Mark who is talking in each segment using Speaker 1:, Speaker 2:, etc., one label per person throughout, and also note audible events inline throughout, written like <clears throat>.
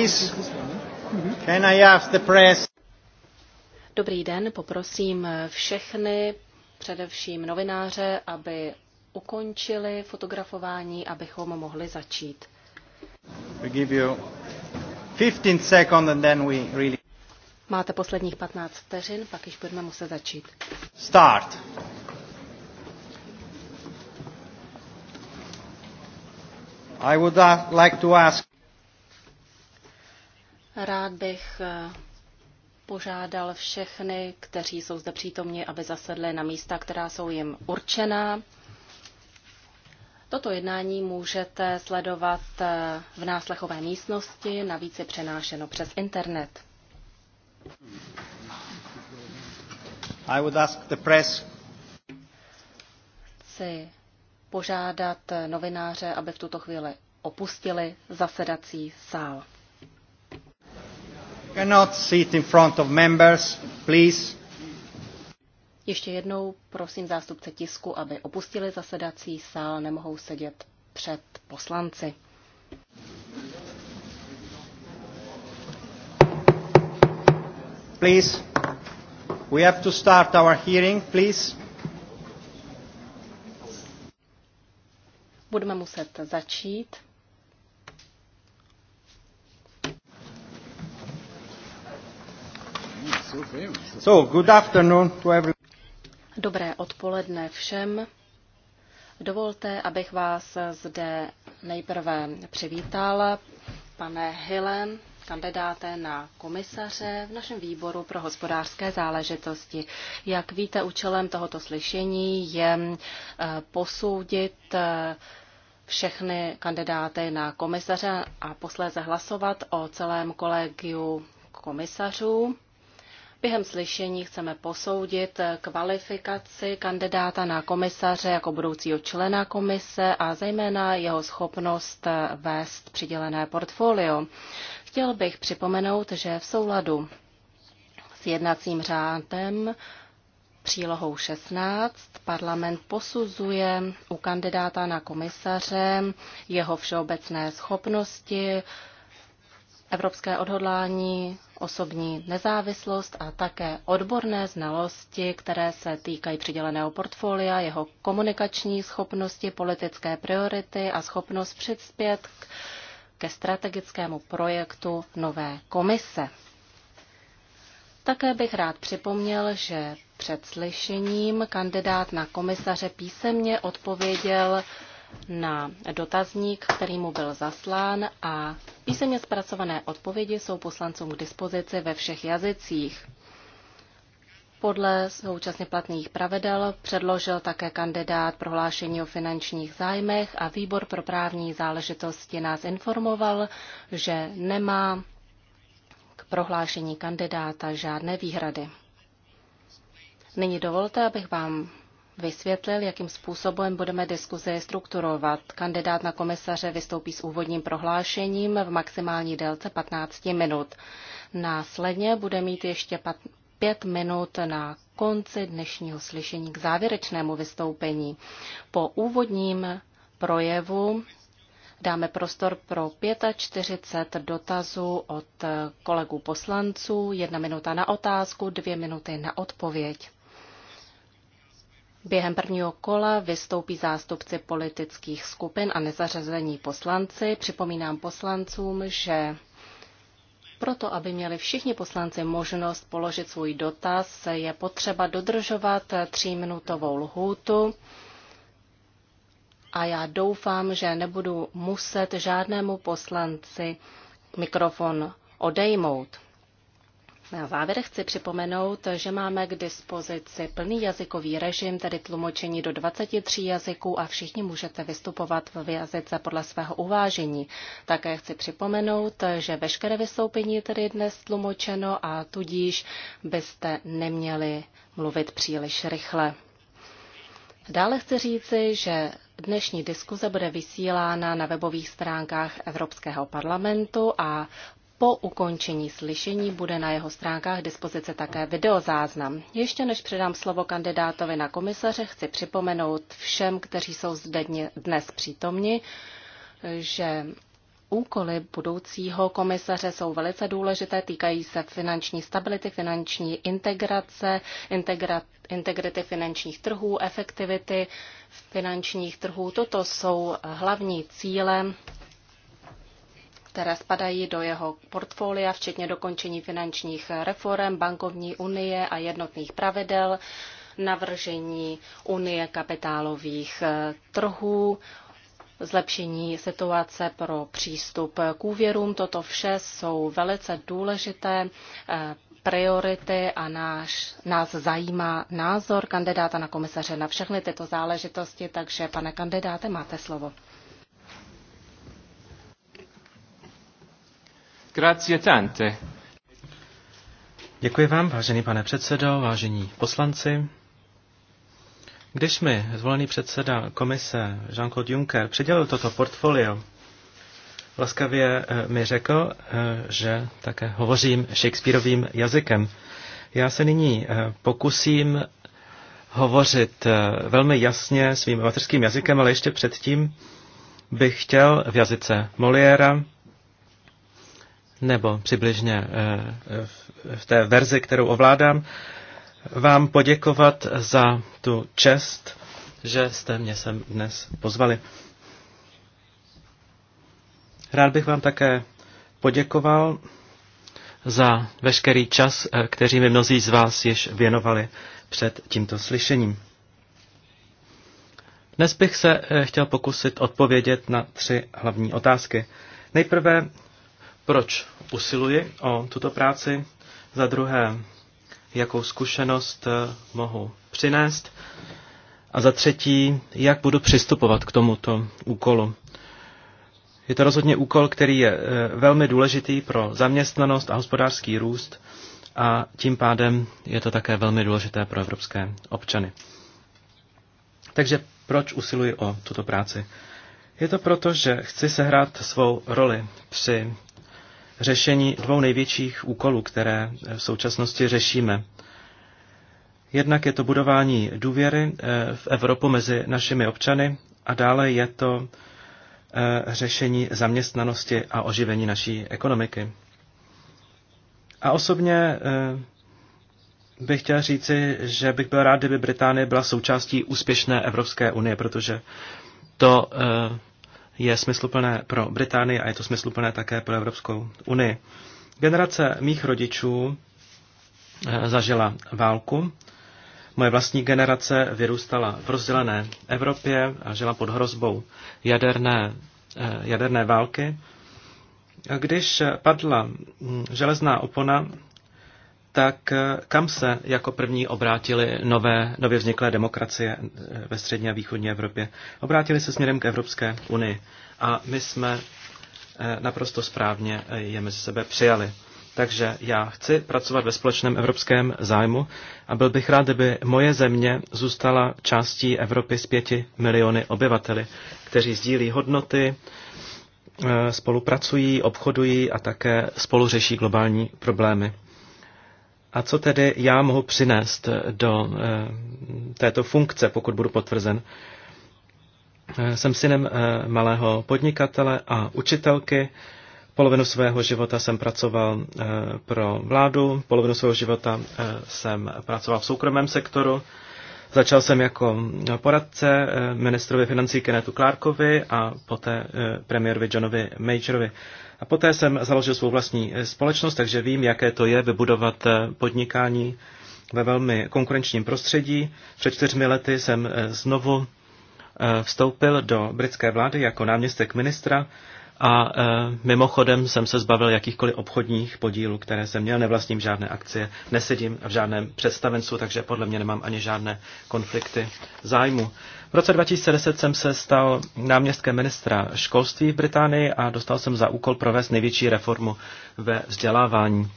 Speaker 1: Please, can I
Speaker 2: ask the press? Dobrý den, poprosím všechny, především novináře, aby ukončili fotografování, abychom mohli začít.
Speaker 1: We give you 15 seconds and then we
Speaker 3: really...
Speaker 2: Máte posledních 15 vteřin, pak již budeme muset začít.
Speaker 3: Start.
Speaker 1: I would uh, like to ask
Speaker 2: Rád bych eh, požádal všechny, kteří jsou zde přítomni, aby zasedli na místa, která jsou jim určená. Toto jednání můžete sledovat eh, v náslechové místnosti, navíc je přenášeno přes internet.
Speaker 1: I would ask the press.
Speaker 2: Chci požádat eh, novináře, aby v tuto chvíli opustili zasedací sál.
Speaker 1: Cannot sit in front of members, please.
Speaker 2: Ještě jednou prosím zástupce tisku, aby opustili zasedací sál, nemohou sedět před poslanci.
Speaker 1: Please, we have to start our hearing, please.
Speaker 2: Budeme muset začít.
Speaker 1: So, good afternoon
Speaker 3: to every...
Speaker 2: Dobré odpoledne všem. Dovolte, abych vás zde nejprve přivítal, pane Hillen, kandidáte na komisaře v našem výboru pro hospodářské záležitosti. Jak víte, účelem tohoto slyšení je eh, posoudit eh, všechny kandidáty na komisaře a posléze hlasovat o celém kolegiu komisařů. Během slyšení chceme posoudit kvalifikaci kandidáta na komisaře jako budoucího člena komise a zejména jeho schopnost vést přidělené portfolio. Chtěl bych připomenout, že v souladu s jednacím řádem přílohou 16 parlament posuzuje u kandidáta na komisaře jeho všeobecné schopnosti, evropské odhodlání, osobní nezávislost a také odborné znalosti, které se týkají přiděleného portfolia, jeho komunikační schopnosti, politické priority a schopnost přispět k, ke strategickému projektu nové komise. Také bych rád připomněl, že před slyšením kandidát na komisaře písemně odpověděl na dotazník, který mu byl zaslán a písemně zpracované odpovědi jsou poslancům k dispozici ve všech jazycích. Podle současně platných pravidel předložil také kandidát prohlášení o finančních zájmech a výbor pro právní záležitosti nás informoval, že nemá k prohlášení kandidáta žádné výhrady. Nyní dovolte, abych vám vysvětlil, jakým způsobem budeme diskuzi strukturovat. Kandidát na komisaře vystoupí s úvodním prohlášením v maximální délce 15 minut. Následně bude mít ještě pět minut na konci dnešního slyšení k závěrečnému vystoupení. Po úvodním projevu dáme prostor pro 45 dotazů od kolegů poslanců, jedna minuta na otázku, dvě minuty na odpověď. Během prvního kola vystoupí zástupci politických skupin a nezařazení poslanci. Připomínám poslancům, že proto, aby měli všichni poslanci možnost položit svůj dotaz, je potřeba dodržovat tříminutovou lhůtu a já doufám, že nebudu muset žádnému poslanci mikrofon odejmout. Na závěr chci připomenout, že máme k dispozici plný jazykový režim, tedy tlumočení do 23 jazyků a všichni můžete vystupovat v jazyce podle svého uvážení. Také chci připomenout, že veškeré vystoupení je tedy dnes tlumočeno a tudíž byste neměli mluvit příliš rychle. Dále chci říci, že dnešní diskuze bude vysílána na webových stránkách Evropského parlamentu a po ukončení slyšení bude na jeho stránkách dispozice také videozáznam. Ještě než předám slovo kandidátovi na komisaře, chci připomenout všem, kteří jsou zde dnes přítomni, že úkoly budoucího komisaře jsou velice důležité, týkají se finanční stability, finanční integrace, integra, integrity finančních trhů, efektivity finančních trhů. Toto jsou hlavní cíle které spadají do jeho portfolia, včetně dokončení finančních reform, bankovní unie a jednotných pravidel, navržení unie kapitálových eh, trhů, zlepšení situace pro přístup k úvěrům. Toto vše jsou velice důležité eh, priority a náš, nás zajímá názor kandidáta na komisaře na všechny tyto záležitosti, takže pane kandidáte, máte slovo.
Speaker 3: Grazie tante. Děkuji vám, vážený pane předsedo, vážení poslanci. Když mi zvolený předseda komise Jean-Claude Juncker přidělil toto portfolio, laskavě eh, mi řekl, eh, že také hovořím Shakespeareovým jazykem. Já se nyní eh, pokusím hovořit velmi jasně svým mateřským jazykem, ale ještě předtím bych chtěl v jazyce Moliéra nebo přibližně eh, v té verzi, kterou ovládám, vám poděkovat za tu čest, že jste mě sem dnes pozvali. Rád bych vám také poděkoval za veškerý čas, eh, který mi mnozí z vás již věnovali před tímto slyšením. Dnes bych se eh, chtěl pokusit odpovědět na tři hlavní otázky. Nejprve proč usiluji o tuto práci, za druhé, jakou zkušenost eh, mohu přinést a za třetí, jak budu přistupovat k tomuto úkolu. Je to rozhodně úkol, který je eh, velmi důležitý pro zaměstnanost a hospodářský růst a tím pádem je to také velmi důležité pro evropské občany. Takže proč usiluji o tuto práci? Je to proto, že chci sehrát svou roli při řešení dvou největších úkolů, které v současnosti řešíme. Jednak je to budování důvěry eh, v Evropu mezi našimi občany a dále je to eh, řešení zaměstnanosti a oživení naší ekonomiky. A osobně eh, bych chtěl říci, že bych byl rád, kdyby Británie byla součástí úspěšné Evropské unie, protože to je smysluplné pro Británii a je to smysluplné také pro Evropskou unii. Generace mých rodičů eh, zažila válku. Moje vlastní generace vyrůstala v rozdělené Evropě a žila pod hrozbou jaderné, eh, jaderné války. Když padla mm, železná opona, tak eh, kam se jako první obrátili nové, nově vzniklé demokracie eh, ve střední a východní Evropě? Obrátili se směrem k Evropské unii a my jsme eh, naprosto správně je mezi sebe přijali. Takže já chci pracovat ve společném evropském zájmu a byl bych rád, kdyby moje země zůstala částí Evropy s pěti miliony obyvateli, kteří sdílí hodnoty, spolupracují, obchodují a také spolu řeší globální problémy. A co tedy já mohu přinést eh, do eh, této funkce, pokud budu potvrzen? Eh, jsem synem malého podnikatele a učitelky. Polovinu svého života jsem pracoval pro vládu, polovinu svého života jsem pracoval v soukromém sektoru Začal jsem jako poradce eh, ministrovi financí Kennethu Clarkovi a poté eh, premiérovi Johnovi Majorovi. A poté jsem založil svou vlastní eh, společnost, takže vím, jaké to je vybudovat podnikání ve velmi konkurenčním prostředí. Před čtyřmi lety jsem znovu vstoupil do britské vlády jako náměstek ministra a e, mimochodem jsem se zbavil jakýchkoliv obchodních podílů, které jsem měl, nevlastním žádné akcie, nesedím v žádném představenstvu, takže podle mě nemám ani žádné konflikty zájmu. V roce 2010 jsem se stal náměstkem ministra školství v Británii a dostal jsem za úkol provést největší reformu ve vzdělávání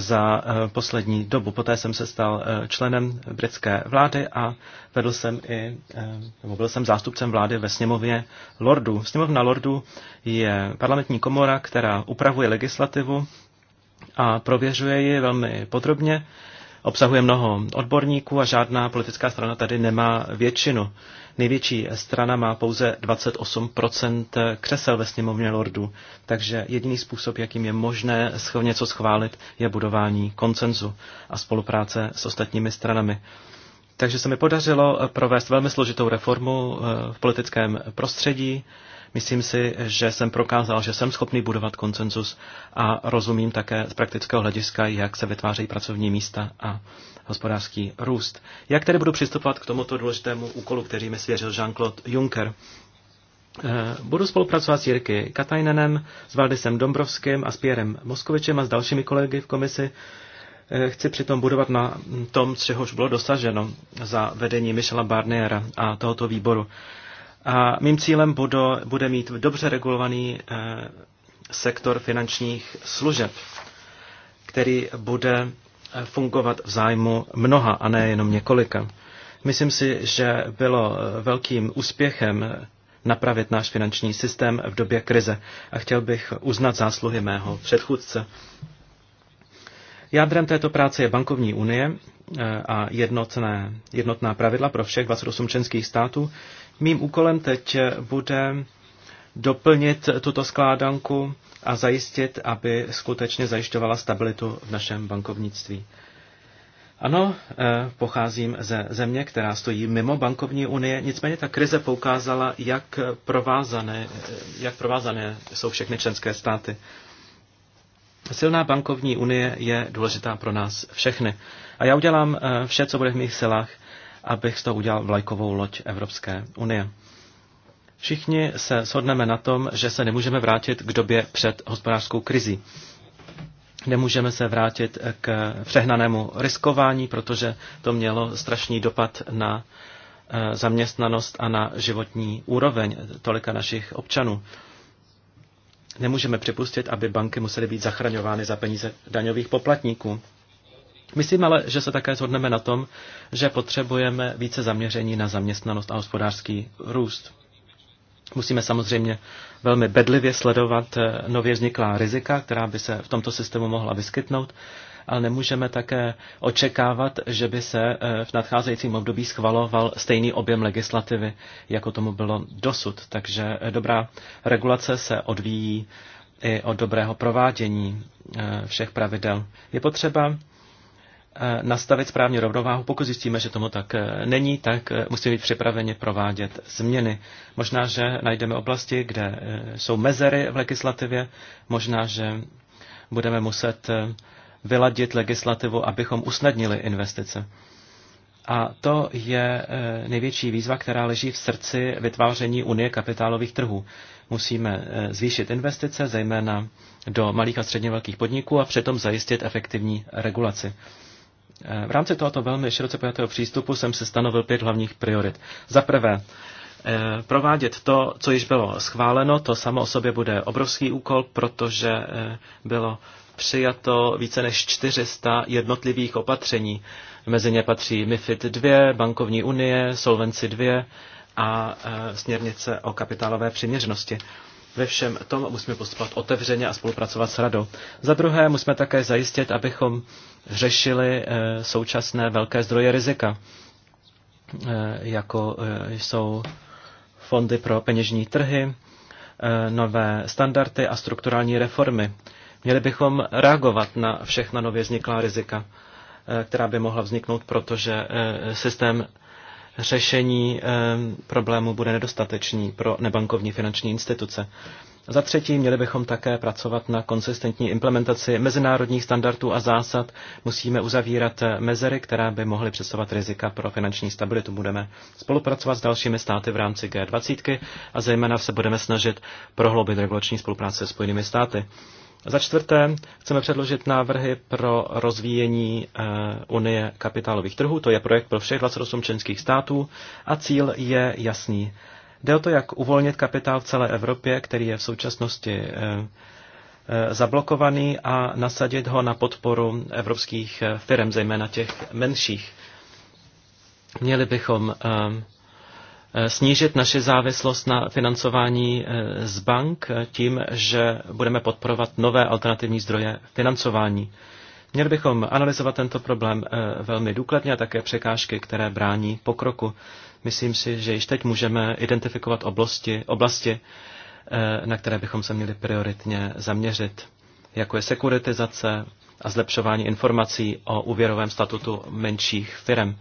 Speaker 3: za eh, poslední dobu. Poté jsem se stal eh, členem britské vlády a vedl jsem i, eh, nebo byl jsem zástupcem vlády ve sněmovně Lordů. Sněmovna Lordů je parlamentní komora, která upravuje legislativu a prověřuje ji velmi podrobně obsahuje mnoho odborníků a žádná politická strana tady nemá většinu. Největší strana má pouze 28% křesel ve sněmovně lordů, takže jediný způsob, jakým je možné něco schválit, je budování koncenzu a spolupráce s ostatními stranami. Takže se mi podařilo provést velmi složitou reformu eh, v politickém prostředí Myslím si, že jsem prokázal, že jsem schopný budovat koncenzus a rozumím také z praktického hlediska, jak se vytvářejí pracovní místa a hospodářský růst. Jak tedy budu přistupovat k tomuto důležitému úkolu, který mi svěřil Jean-Claude Juncker? Eh, budu spolupracovat s Jirky Katajnenem, s Valdisem Dombrovským a s Pierem Moskovičem a s dalšími kolegy v komisi. Eh, chci přitom budovat na tom, čehož bylo dosaženo za vedení Michela Barniera a tohoto výboru. A mým cílem budo, bude mít dobře regulovaný eh, sektor finančních služeb, který bude eh, fungovat v zájmu mnoha a ne jenom několika. Myslím si, že bylo eh, velkým úspěchem eh, napravit náš finanční systém v době krize a chtěl bych uznat zásluhy mého předchůdce. Jádrem této práce je bankovní unie a jednotné, jednotná pravidla pro všech 28 členských států, Mým úkolem teď bude doplnit tuto skládanku a zajistit, aby skutečně zajišťovala stabilitu v našem bankovnictví. Ano, eh, pocházím ze země, která stojí mimo bankovní unie, nicméně ta krize poukázala, jak provázané, eh, jak provázané jsou všechny členské státy. Silná bankovní unie je důležitá pro nás všechny. A já udělám eh, vše, co bude v mých silách, abych z toho udělal vlajkovou loď Evropské unie. Všichni se shodneme na tom, že se nemůžeme vrátit k době před hospodářskou krizí. Nemůžeme se vrátit k přehnanému riskování, protože to mělo strašný dopad na eh, zaměstnanost a na životní úroveň tolika našich občanů. Nemůžeme připustit, aby banky musely být zachraňovány za peníze daňových poplatníků. Myslím ale, že se také shodneme na tom, že potřebujeme více zaměření na zaměstnanost a hospodářský růst. Musíme samozřejmě velmi bedlivě sledovat eh, nově vzniklá rizika, která by se v tomto systému mohla vyskytnout, ale nemůžeme také očekávat, že by se eh, v nadcházejícím období schvaloval stejný objem legislativy, jako tomu bylo dosud. Takže eh, dobrá regulace se odvíjí i od dobrého provádění všech pravidel. Je potřeba Eh, nastavit správně rovnováhu. Pokud zjistíme, že tomu tak eh, není, tak eh, musíme být připraveni provádět změny. Možná, že najdeme oblasti, kde jsou mezery v legislativě, možná, že budeme muset vyladit legislativu, abychom usnadnili investice. A to je největší výzva, která leží v srdci vytváření Unie kapitálových trhů. Musíme zvýšit investice, zejména do malých a středně velkých podniků, a přitom zajistit efektivní regulaci. Eh, v rámci tohoto velmi široce pojatého přístupu jsem se stanovil pět hlavních priorit. Za prvé, eh, provádět to, co již bylo schváleno, to samo o sobě bude obrovský úkol, protože eh, bylo přijato více než 400 jednotlivých opatření. Mezi ně patří MIFID 2, bankovní unie, Solvency 2 a směrnice o kapitálové přiměřenosti. Ve všem tom musíme postupovat otevřeně a spolupracovat s radou. Za druhé musíme také zajistit, abychom řešili eh, současné velké zdroje rizika, eh, jako eh, jsou fondy pro peněžní trhy, nové standardy a strukturální reformy. Měli bychom reagovat na všechna nově vzniklá rizika, která by mohla vzniknout, protože systém řešení eh, problému bude nedostatečný pro nebankovní finanční instituce. Za třetí, měli bychom také pracovat na konsistentní implementaci mezinárodních standardů a zásad. Musíme uzavírat eh, mezery, která by mohly představovat rizika pro finanční stabilitu. Budeme spolupracovat s dalšími státy v rámci G20 a zejména se budeme snažit prohloubit regulační spolupráce s Spojenými státy. Za čtvrté, chceme předložit návrhy pro rozvíjení eh, Unie kapitálových trhů. To je projekt pro všech 28 členských států a cíl je jasný. Jde o to, jak uvolnit kapitál v celé Evropě, který je v současnosti eh, eh, zablokovaný a nasadit ho na podporu evropských firm, zejména těch menších. Měli bychom Eh, snížit naši závislost na financování eh, z bank eh, tím, že budeme podporovat nové alternativní zdroje financování. Měli bychom analyzovat tento problém velmi důkladně a také překážky, které brání pokroku. Myslím si, že již teď můžeme identifikovat oblasti, oblasti na které bychom se měli prioritně zaměřit, jako je sekuritizace a zlepšování informací o úvěrovém statutu menších firm.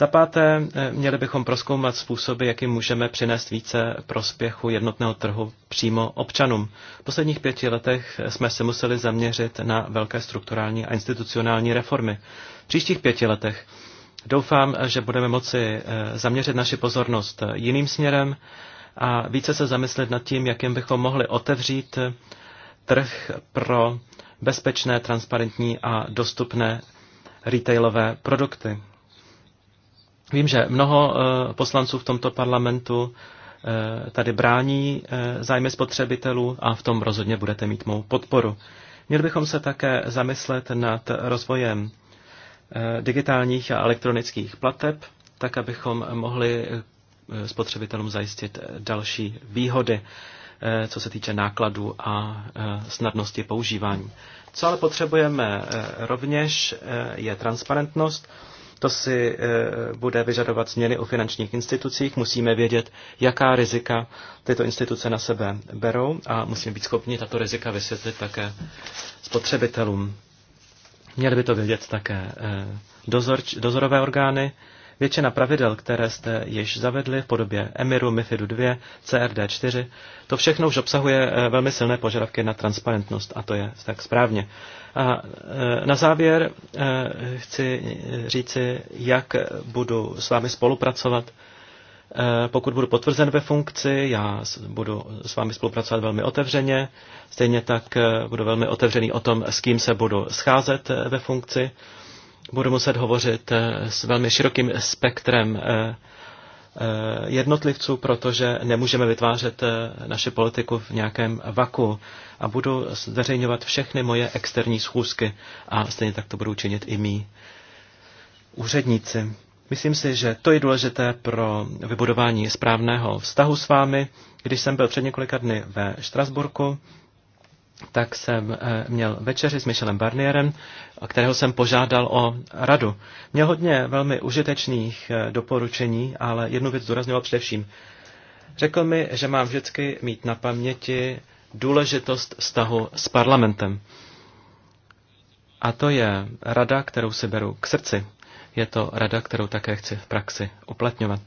Speaker 3: Za páté, eh, měli bychom proskoumat způsoby, jakým můžeme přinést více prospěchu jednotného trhu přímo občanům. V posledních pěti letech jsme se museli zaměřit na velké strukturální a institucionální reformy. V příštích pěti letech doufám, že budeme moci eh, zaměřit naši pozornost eh, jiným směrem a více se zamyslet nad tím, jakým bychom mohli otevřít trh pro bezpečné, transparentní a dostupné retailové produkty. Vím, že mnoho eh, poslanců v tomto parlamentu eh, tady brání eh, zájmy spotřebitelů a v tom rozhodně budete mít mou podporu. Měli bychom se také zamyslet nad rozvojem digitálních a elektronických plateb, tak abychom mohli spotřebitelům zajistit další výhody, co se týče nákladů a snadnosti používání. Co ale potřebujeme rovněž je transparentnost to si eh, bude vyžadovat změny u finančních institucích. Musíme vědět, jaká rizika tyto instituce na sebe berou a musíme být schopni tato rizika vysvětlit také spotřebitelům. Měly by to vědět také eh, dozor, dozorové orgány, Většina pravidel, které jste již zavedli v podobě Emiru, MIFIDu 2, CRD 4, to všechno už obsahuje eh, velmi silné požadavky na transparentnost a to je tak správně. A eh, na závěr eh, chci říci, jak budu s vámi spolupracovat. Pokud budu potvrzen ve funkci, já budu s vámi spolupracovat velmi otevřeně, stejně tak budu velmi otevřený o tom, s kým se budu scházet ve funkci budu muset hovořit eh, s velmi širokým spektrem eh, eh, jednotlivců, protože nemůžeme vytvářet naše politiku v nějakém vaku a budu zveřejňovat všechny moje externí schůzky a stejně tak to budou činit i mý úředníci. Myslím si, že to je důležité pro vybudování správného vztahu s vámi. Když jsem byl před několika dny ve Štrasburku, tak jsem eh, měl večeři s Michelem Barnierem, kterého jsem požádal o radu. Měl hodně velmi užitečných eh, doporučení, ale jednu věc zdůrazňoval především. Řekl mi, že mám vždycky mít na paměti důležitost vztahu s parlamentem. A to je rada, kterou si beru k srdci. Je to rada, kterou také chci v praxi uplatňovat.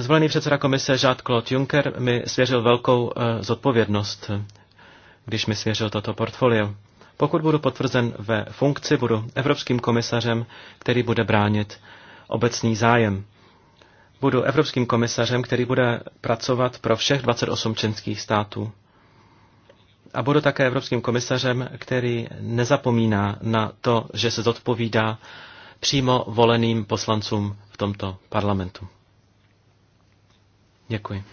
Speaker 3: Zvolený předseda komise Jean-Claude Juncker mi svěřil velkou eh, zodpovědnost, když mi svěřil toto portfolio. Pokud budu potvrzen ve funkci, budu evropským komisařem, který bude bránit obecný zájem. Budu evropským komisařem, který bude pracovat pro všech 28 členských států. A budu také evropským komisařem, který nezapomíná na to, že se zodpovídá přímo voleným poslancům v tomto parlamentu. Děkuji.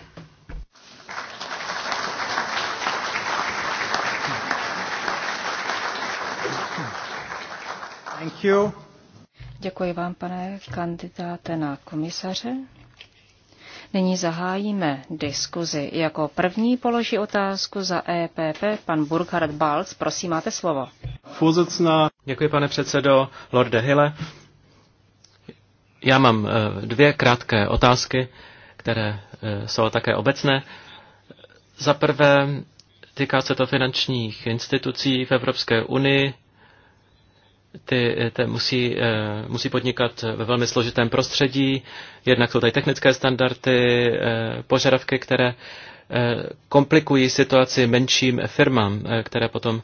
Speaker 1: Thank you. Děkuji vám, pane kandidáte na komisaře. Nyní zahájíme diskuzi. Jako první položí otázku za EPP pan Burkhard Balc. Prosím, máte slovo.
Speaker 3: Fuzecná. Děkuji, pane předsedo. Lorde Hille. Já mám eh, dvě krátké otázky které eh, jsou také obecné. Za prvé týká se to finančních institucí v Evropské unii. Ty, eh, ty musí, eh, musí podnikat ve velmi složitém prostředí. Jednak jsou tady technické standardy, požadavky, které komplikují situaci menším firmám, které potom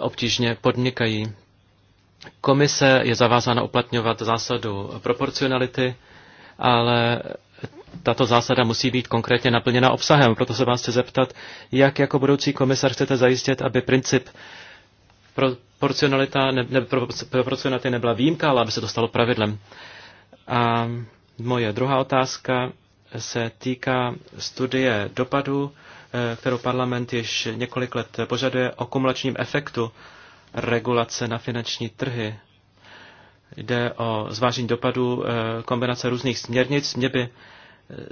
Speaker 3: obtížně podnikají. Komise je zavázána uplatňovat zásadu proporcionality, ale tato zásada musí být konkrétně naplněna obsahem. Proto se vás chci zeptat, jak jako budoucí komisar chcete zajistit, aby princip proporcionalita, ne, ne, proporcionality nebyla výjimka, ale aby se to stalo pravidlem. A moje druhá otázka se týká studie dopadu, eh, kterou parlament již několik let požaduje o kumulačním efektu regulace na finanční trhy. Jde o zvážení dopadu eh, kombinace různých směrnic. Mě by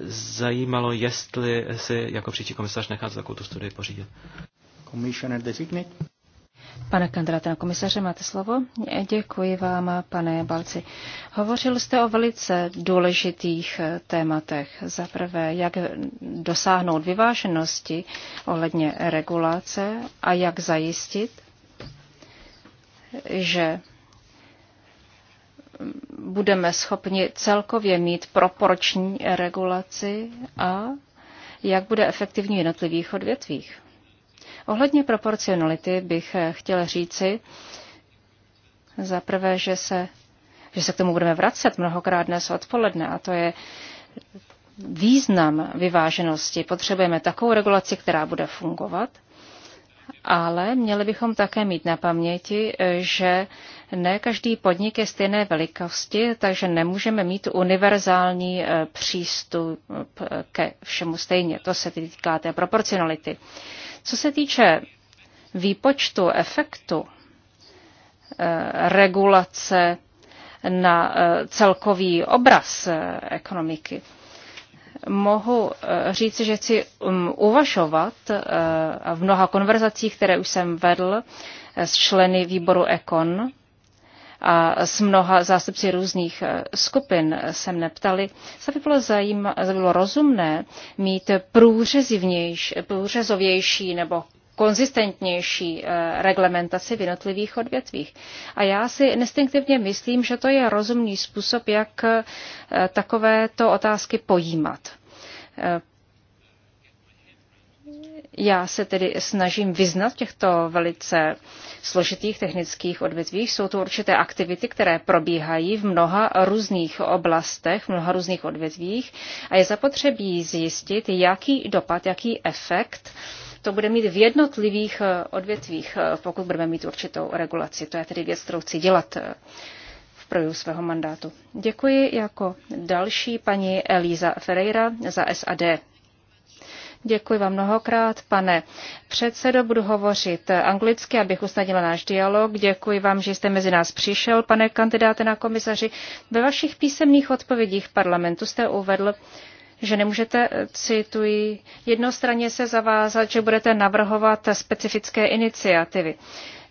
Speaker 3: zajímalo, jestli si jako příští komisař necháte takovou tu studii pořídit.
Speaker 1: Pane kandidáte na komisaře, máte slovo. Děkuji vám, pane Balci. Hovořil jste o velice důležitých eh, tématech. Za prvé, jak dosáhnout vyváženosti ohledně regulace a jak zajistit, že budeme schopni celkově mít proporční regulaci a jak bude efektivní v jednotlivých odvětvích. Ohledně proporcionality bych eh, chtěl říci za prvé, že se, že se k tomu budeme vracet mnohokrát dnes odpoledne a to je význam vyváženosti. Potřebujeme takovou regulaci, která bude fungovat ale měli bychom také mít na paměti, že ne každý podnik je stejné velikosti, takže nemůžeme mít univerzální eh, přístup eh, ke všemu stejně. To se týká té proporcionality. Co se týče výpočtu efektu eh, regulace na celkový obraz ekonomiky, mohu eh, říct, že chci um, uvažovat eh, v mnoha konverzacích, které už jsem vedl eh, s členy výboru ekon a s mnoha zástupci různých skupin se mne ptali, zda by bylo, zajímavé, zda by bylo rozumné mít průřezovější nebo konzistentnější eh, reglementaci v jednotlivých odvětvích. A já si instinktivně myslím, že to je rozumný způsob, jak eh, takovéto otázky pojímat. Eh, já se tedy snažím vyznat těchto velice složitých technických odvětvích. Jsou to určité aktivity, které probíhají v mnoha různých oblastech, v mnoha různých odvětvích a je zapotřebí zjistit, jaký dopad, jaký efekt uh, to bude mít v jednotlivých eh, odvětvích, eh, pokud budeme mít určitou regulaci. To je tedy věc, kterou chci dělat eh, v projevu svého mandátu. Děkuji jako další paní Elíza Ferreira za SAD. Děkuji vám mnohokrát, pane předsedo. Budu hovořit anglicky, abych usnadnila náš dialog. Děkuji vám, že jste mezi nás přišel, pane kandidáte na komisaři. Ve vašich písemných odpovědích parlamentu jste uvedl, že nemůžete, eh, cituji, jednostranně se zavázat, že budete navrhovat specifické iniciativy.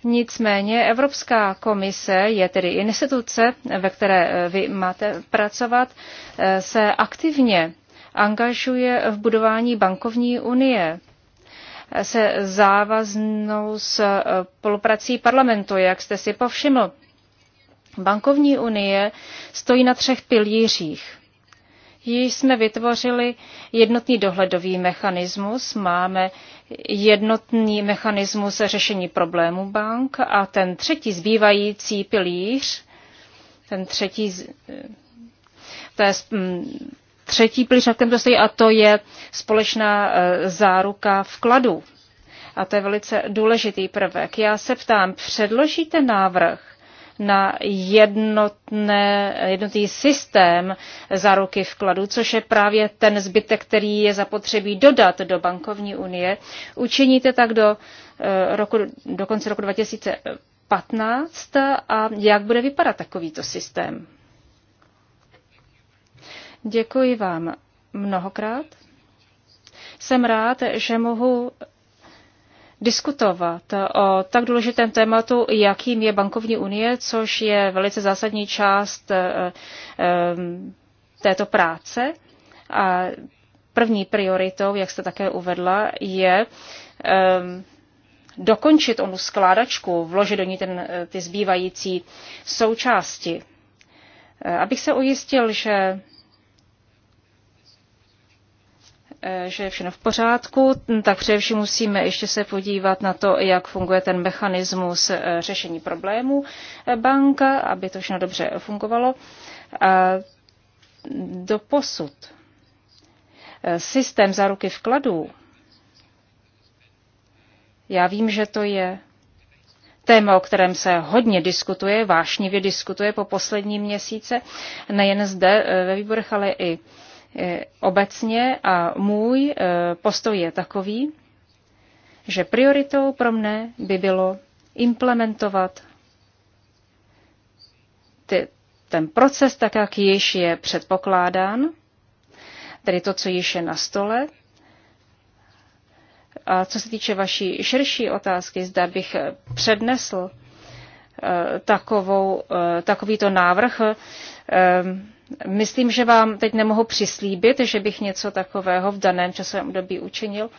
Speaker 1: Nicméně Evropská komise je tedy instituce, ve které eh, vy máte pracovat, eh, se aktivně angažuje v budování bankovní unie se závaznou spoluprací parlamentu, jak jste si povšiml. Bankovní unie stojí na třech pilířích již jsme vytvořili jednotný dohledový mechanismus, máme jednotný mechanismus řešení problémů bank a ten třetí zbývající pilíř, ten třetí, to je mm, třetí pilíř, na kterém stojí, a to je společná e, záruka vkladů. A to je velice důležitý prvek. Já se ptám, předložíte návrh na jednotné, jednotný systém záruky vkladu, což je právě ten zbytek, který je zapotřebí dodat do bankovní unie. Učiníte tak do, eh, roku, do konce roku 2015 a jak bude vypadat takovýto systém? Děkuji vám mnohokrát. Jsem rád, že mohu diskutovat o tak důležitém tématu, jakým je bankovní unie, což je velice zásadní část eh, eh, této práce. A první prioritou, jak jste také uvedla, je eh, dokončit onu skládačku, vložit do ní ten, ty zbývající součásti. Abych se ujistil, že Eh, že je všechno v pořádku, hm, tak především musíme ještě se podívat na to, jak funguje ten mechanismus eh, řešení problémů eh, banka, aby to všechno dobře fungovalo. A do posud systém záruky vkladů, já vím, že to je téma, o kterém se hodně diskutuje, vášnivě diskutuje po poslední měsíce, nejen zde ve výborech, ale i E, obecně a můj e, postoj je takový, že prioritou pro mne by bylo implementovat ty, ten proces tak, jak již je předpokládán, tedy to, co již je na stole. A co se týče vaší širší otázky, zda bych přednesl e, takovou, takovýto návrh, Myslím, že vám teď nemohu přislíbit, že bych něco takového v daném časovém období učinil,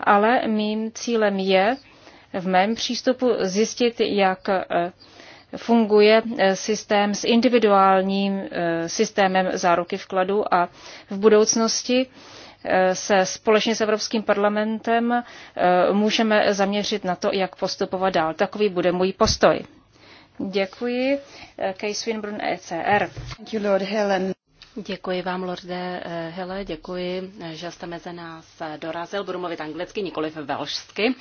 Speaker 1: ale mým cílem je v mém přístupu zjistit, jak eh, funguje eh, systém s individuálním eh, systémem záruky vkladu a v budoucnosti se společně s Evropským parlamentem můžeme zaměřit na to, jak postupovat dál. Takový bude můj postoj. Děkuji. Eh, Kay Swinburne, ECR. Thank you, Lord Helen.
Speaker 2: Děkuji vám, Lorde eh, Hele, děkuji, eh, že jste mezi nás dorazil. Budu mluvit anglicky, ve velšsky.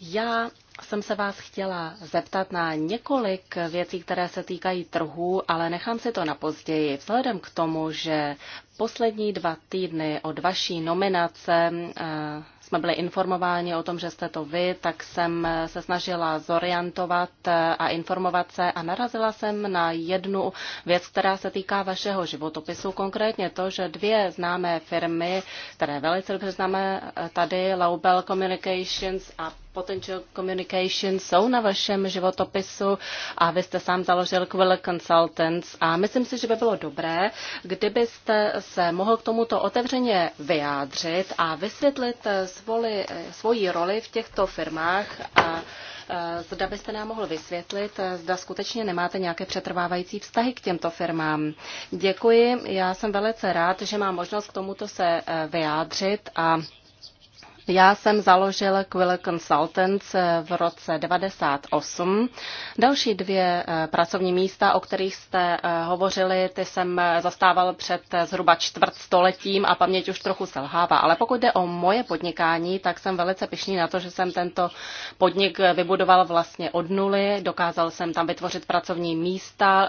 Speaker 2: Já jsem se vás chtěla zeptat na několik věcí, které se týkají trhu, ale nechám si to na později. Vzhledem k tomu, že poslední dva týdny od vaší nominace jsme byli informováni o tom, že jste to vy, tak jsem se snažila zorientovat a informovat se a narazila jsem na jednu věc, která se týká vašeho životopisu, konkrétně to, že dvě známé firmy, které velice dobře známe tady, Laubel Communications a Potential Communication jsou na vašem životopisu a vy jste sám založil Quill Consultants a myslím si, že by bylo dobré, kdybyste se mohl k tomuto otevřeně vyjádřit a vysvětlit s svoli, eh, svoji roli v těchto firmách a eh, zda byste nám mohl vysvětlit, eh, zda skutečně nemáte nějaké přetrvávající vztahy k těmto firmám. Děkuji, já jsem velice rád, že mám možnost k tomuto se vyjádřit a já jsem založil Quill Consultants v roce 98. Další dvě eh, pracovní místa, o kterých jste eh, hovořili, ty jsem zastával před eh, zhruba čtvrtstoletím a paměť už trochu selhává. Ale pokud jde o moje podnikání, tak jsem velice pišný na to, že jsem tento podnik vybudoval vlastně od nuly. Dokázal jsem tam vytvořit pracovní místa,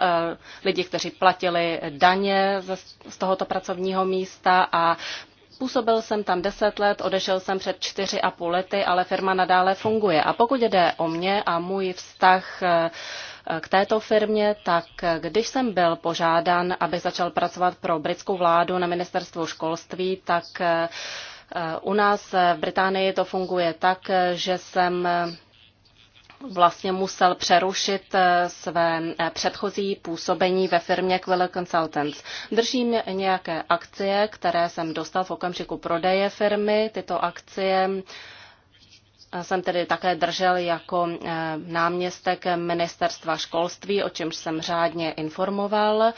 Speaker 2: lidi, kteří platili daně z tohoto pracovního místa a Působil jsem tam deset let, odešel jsem před čtyři a půl lety, ale firma nadále funguje. A pokud jde o mě a můj vztah eh, k této firmě, tak eh, když jsem byl požádán, aby začal pracovat pro britskou vládu na ministerstvu školství, tak eh, u nás v Británii to funguje tak, že jsem vlastně musel přerušit eh, své eh, předchozí působení ve firmě Quill Consultants. Držím nějaké akcie, které jsem dostal v okamžiku prodeje firmy. Tyto akcie eh, jsem tedy také držel jako náměstek ministerstva školství, o čemž jsem řádně informoval.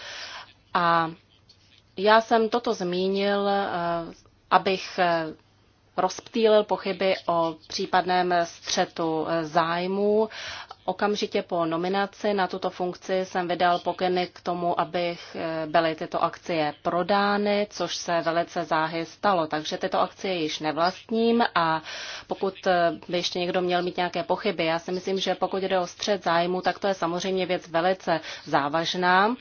Speaker 2: A já jsem toto zmínil, abych rozptýlil pochyby o případném střetu zájmů. Okamžitě po nominaci na tuto funkci jsem vydal pokyny k tomu, abych eh, byly tyto akcie prodány, což se velice záhy stalo. Takže tyto akcie již nevlastním a pokud eh, by ještě někdo měl mít nějaké pochyby, já si myslím, že pokud jde o střed zájmu, tak to je samozřejmě věc velice závažná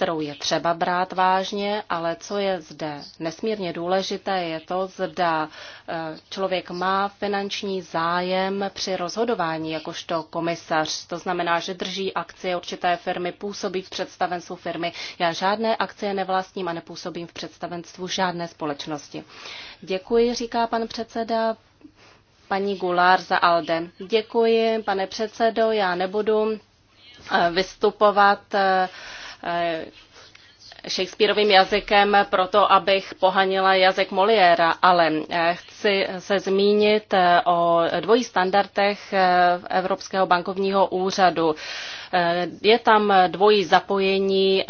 Speaker 2: kterou je třeba brát vážně, ale co je zde nesmírně důležité, je to, zda eh, člověk má finanční zájem při rozhodování jakožto komisař. To znamená, že drží akcie určité firmy, působí v představenstvu firmy. Já žádné akcie nevlastním a nepůsobím v představenstvu žádné společnosti. Děkuji, říká pan předseda paní Gulár za Alde. Děkuji, pane předsedo, já nebudu eh, vystupovat eh, Eh, Shakespeareovým jazykem proto, abych pohanila jazyk Moliéra, ale eh, chci se zmínit eh, o dvojí standardech Evropského bankovního úřadu. Je tam dvojí zapojení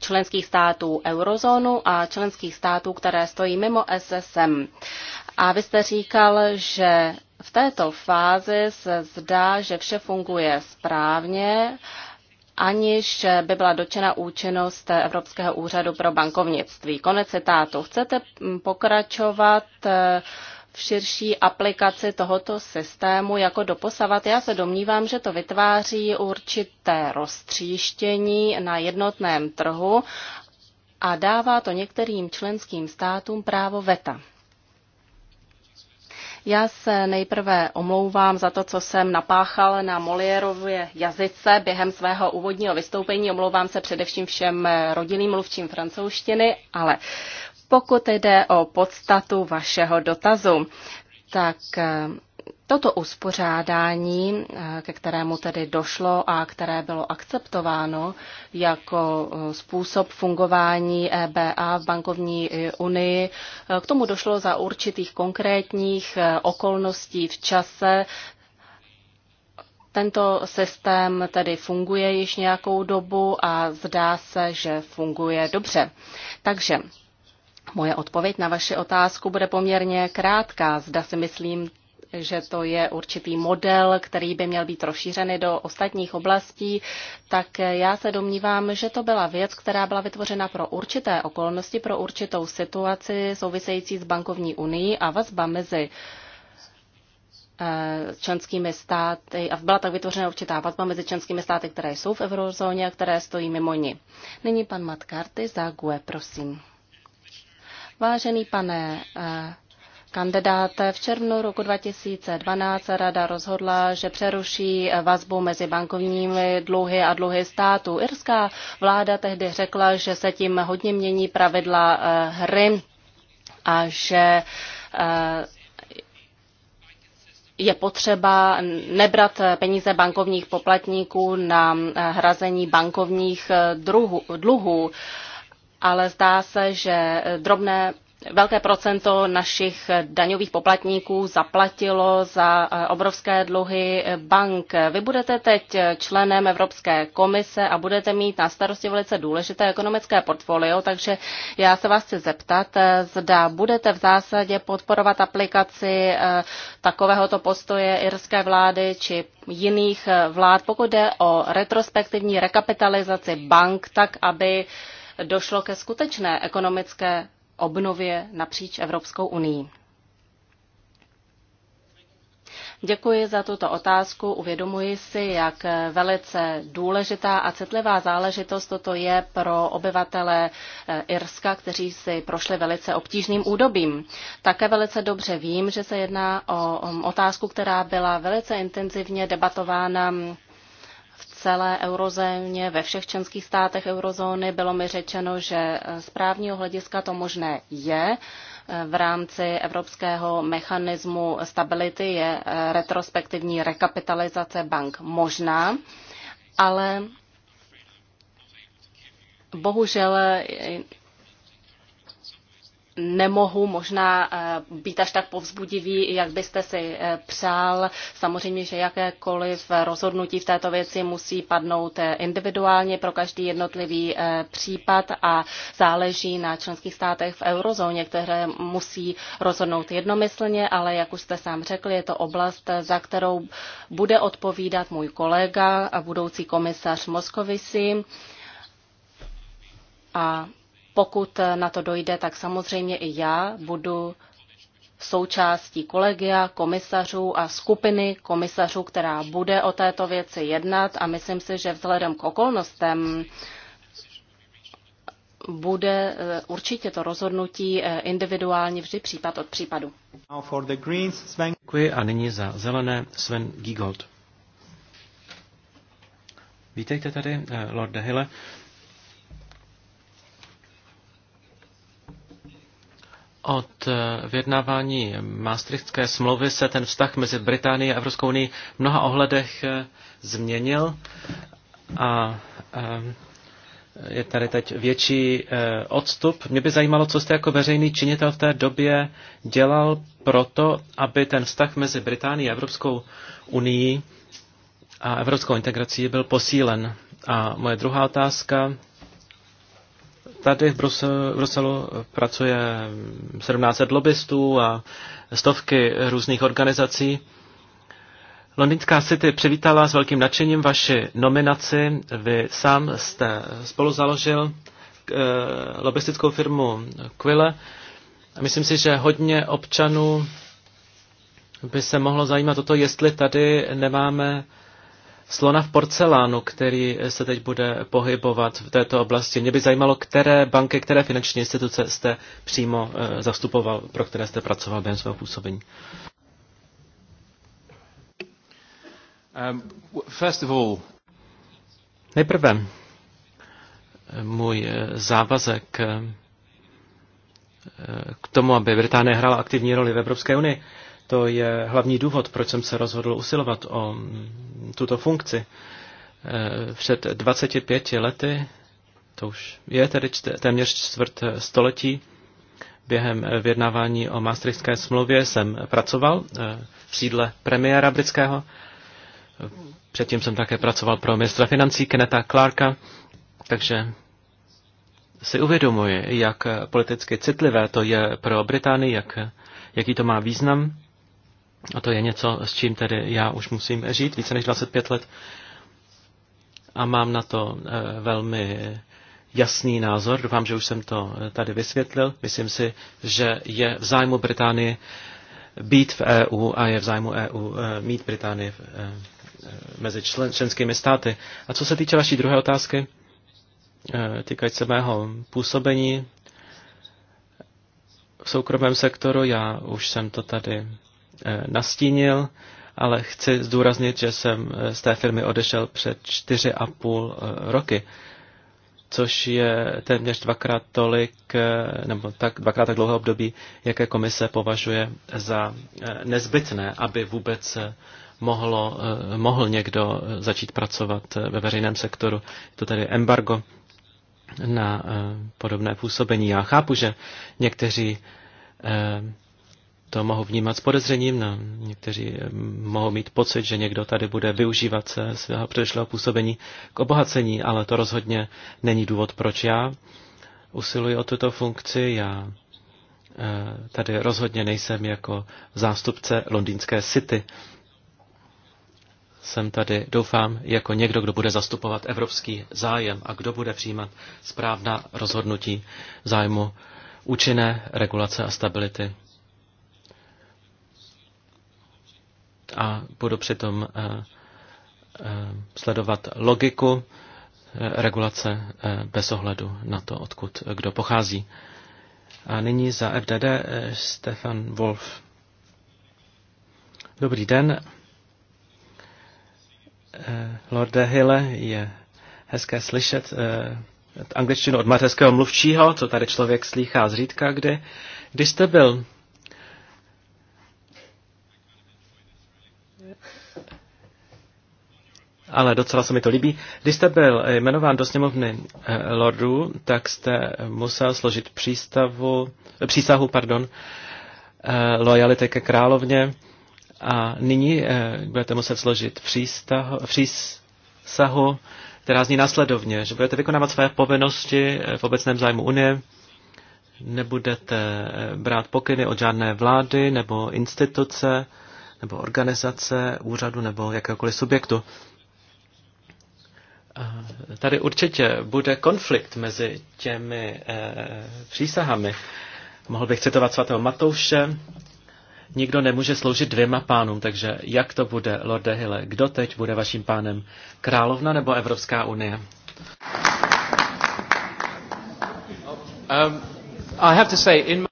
Speaker 2: členských států eurozónu a členských států, které stojí mimo SSM. A vy jste říkal, že v této fázi se zdá, že vše funguje správně, aniž by byla dočena účinnost Evropského úřadu pro bankovnictví. Konec citátu. Chcete pokračovat eh, v širší aplikaci tohoto systému jako doposavat. Já se domnívám, že to vytváří určité roztříštění na jednotném trhu a dává to některým členským státům právo veta. Já se nejprve omlouvám za to, co jsem napáchal na Molierově jazyce během svého úvodního vystoupení. Omlouvám se především všem rodinným mluvčím francouzštiny, ale pokud jde o podstatu vašeho dotazu, tak eh, Toto uspořádání, eh, ke kterému tedy došlo a které bylo akceptováno jako eh, způsob fungování EBA v bankovní eh, unii, k tomu došlo za určitých konkrétních okolností v čase. Tento systém tedy funguje již nějakou dobu a zdá se, že funguje dobře. Takže Moje odpověď na vaši otázku bude poměrně krátká. Zda si myslím, že to je určitý model, který by měl být rozšířený do ostatních oblastí, tak já se domnívám, že to byla věc, která byla vytvořena pro určité okolnosti, pro určitou situaci související s bankovní unii a vazba mezi eh, členskými státy a byla tak vytvořena určitá vazba mezi členskými státy, které jsou v eurozóně a které stojí mimo ní. Nyní pan Matkarty za GUE, prosím. Vážený pane eh, kandidáte. V červnu roku 2012 rada rozhodla, že přeruší vazbu mezi bankovními dluhy a dluhy státu. Irská vláda tehdy řekla, že se tím hodně mění pravidla eh, hry a že eh, je potřeba nebrat peníze bankovních poplatníků na eh, hrazení bankovních dluhů, ale zdá se, že drobné velké procento našich daňových poplatníků zaplatilo za eh, obrovské dluhy bank. Vy budete teď členem Evropské komise a budete mít na starosti velice důležité ekonomické portfolio, takže já se vás chci zeptat, eh, zda budete v zásadě podporovat aplikaci eh, takovéhoto postoje irské vlády či jiných vlád, pokud jde o retrospektivní rekapitalizaci bank, tak aby došlo ke skutečné ekonomické obnově napříč Evropskou unii. Děkuji za tuto otázku. Uvědomuji si, jak velice důležitá a citlivá záležitost toto je pro obyvatele eh, Irska, kteří si prošli velice obtížným údobím. Také velice dobře vím, že se jedná o otázku, která byla velice intenzivně debatována celé eurozóně, ve všech členských státech eurozóny. Bylo mi řečeno, že eh, z právního hlediska to možné je. Eh, v rámci evropského mechanismu stability je eh, retrospektivní rekapitalizace bank možná, ale bohužel nemohu možná eh, být až tak povzbudivý, jak byste si eh, přál. Samozřejmě, že jakékoliv rozhodnutí v této věci musí padnout eh, individuálně pro každý jednotlivý případ a záleží na členských státech v eurozóně, které musí rozhodnout jednomyslně, ale jak už jste sám řekl, je to oblast, za kterou bude odpovídat můj kolega a budoucí komisař Moskovisi. A pokud na to dojde, tak samozřejmě i já budu součástí kolegia komisařů a skupiny komisařů, která bude o této věci jednat a myslím si, že vzhledem k okolnostem bude eh, určitě to rozhodnutí eh, individuálně vždy případ od případu.
Speaker 3: Děkuji a nyní za zelené Sven Giegold. Vítejte tady, eh, Lorde Hille. Od eh, vyjednávání Maastrichtské smlouvy se ten vztah mezi Británií a Evropskou unii v mnoha ohledech eh, změnil a eh, je tady teď větší odstup. Mě by zajímalo, co jste jako veřejný činitel v té době dělal proto, aby ten vztah mezi Británií a Evropskou unii a evropskou integrací byl posílen. A moje druhá otázka Tady v Bruselu, v Bruselu pracuje 1700 lobbystů a stovky různých organizací. Londýnská City přivítala s velkým nadšením vaši nominaci. Vy sám jste spolu založil eh, lobbystickou firmu Quille. Myslím si, že hodně občanů by se mohlo zajímat o to, jestli tady nemáme slona v porcelánu, který se teď bude pohybovat v této oblasti. Mě by zajímalo, které banky, které finanční instituce jste přímo eh, zastupoval, pro které jste pracoval během svého působení. Um, first of all, Nejprve eh, můj eh, závazek k tomu, aby Británie hrála aktivní roli v Evropské unii. To je hlavní důvod, proč jsem se rozhodl usilovat o tuto funkci. Eh, před 25 lety, to už je tedy téměř čtvrt století, během vyjednávání o Maastrichtské smlouvě jsem pracoval eh, v sídle premiéra britského. Předtím jsem také pracoval pro ministra financí Keneta Clarka, takže si uvědomuji, jak politicky citlivé to je pro Británii, jak, jaký to má význam. A to je něco, s čím tedy já už musím žít více než 25 let. A mám na to eh, velmi jasný názor. Doufám, že už jsem to eh, tady vysvětlil. Myslím si, že je v zájmu Británie být v EU a je v zájmu EU eh, mít Británii mezi člen, členskými státy. A co se týče vaší druhé otázky, týkající se mého působení v soukromém sektoru, já už jsem to tady Eh, nastínil, ale chci zdůraznit, že jsem eh, z té firmy odešel před čtyři a půl eh, roky, což je téměř dvakrát tolik, nebo tak, dvakrát tak dlouhé období, jaké komise považuje za nezbytné, aby vůbec mohlo, mohl někdo začít pracovat ve veřejném sektoru. Je to tedy embargo na podobné působení. Já chápu, že někteří to mohou vnímat s podezřením, no, někteří eh, mohou mít pocit, že někdo tady bude využívat se svého předešlého působení k obohacení, ale to rozhodně není důvod, proč já usiluji o tuto funkci. Já eh, tady rozhodně nejsem jako zástupce londýnské city. Jsem tady, doufám, jako někdo, kdo bude zastupovat evropský zájem a kdo bude přijímat správná rozhodnutí zájmu účinné regulace a stability a budu přitom eh, eh, sledovat logiku eh, regulace bez ohledu na to, odkud kdo pochází. A nyní za FDD Stefan Wolf. Dobrý den. Lorde Hille, je hezké slyšet angličtinu od mateřského mluvčího, co tady člověk slýchá zřídka, kdy. Když jste byl ale docela se mi to líbí. Když jste byl eh, jmenován do sněmovny eh, lordů, tak jste musel složit přístavu, eh, přísahu pardon, lojality ke královně a nyní budete muset složit přístahu, přísahu, která zní následovně, že budete vykonávat své povinnosti v obecném zájmu Unie, nebudete brát pokyny od žádné vlády nebo instituce, nebo organizace, úřadu nebo jakéhokoliv subjektu tady určitě bude konflikt mezi těmi eh, přísahami. Mohl bych citovat svatého Matouše. Nikdo nemůže sloužit dvěma pánům, takže jak to bude, Lorde Hille? Kdo teď bude vaším pánem? Královna nebo Evropská unie? Um, I have to say, in my...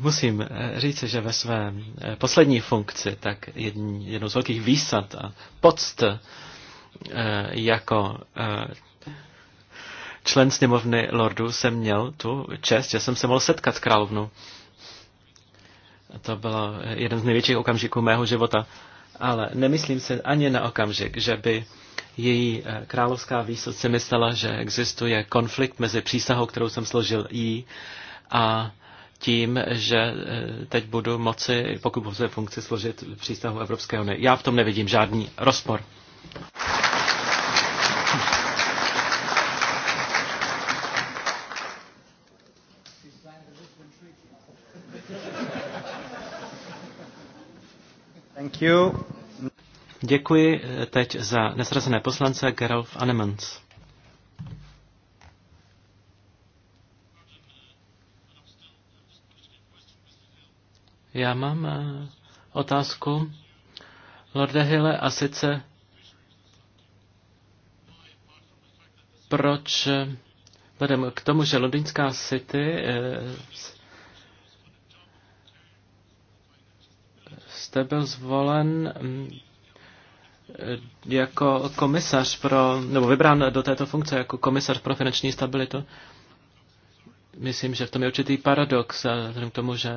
Speaker 3: Musím eh, říct, že ve své eh, poslední funkci, tak jednou z velkých výsad a poct Eh, jako eh, člen sněmovny lordů jsem měl tu čest, že jsem se mohl setkat s královnou. To byl jeden z největších okamžiků mého života. Ale nemyslím se ani na okamžik, že by její eh, královská výsoce myslela, že existuje konflikt mezi přísahou, kterou jsem složil jí, a tím, že teď budu moci, pokud budu své funkci, složit přístavu Evropské unie. Já v tom nevidím žádný rozpor. Děkuji teď za nesrazené poslance Gerolf Anemans. Já mám eh, otázku, Lorde Hille, a sice proč eh, vedem k tomu, že londýnská city eh, jste byl zvolen mm, jako komisař pro, nebo vybrán do této funkce jako komisař pro finanční stabilitu. Myslím, že v tom je určitý paradox, vzhledem k tomu, že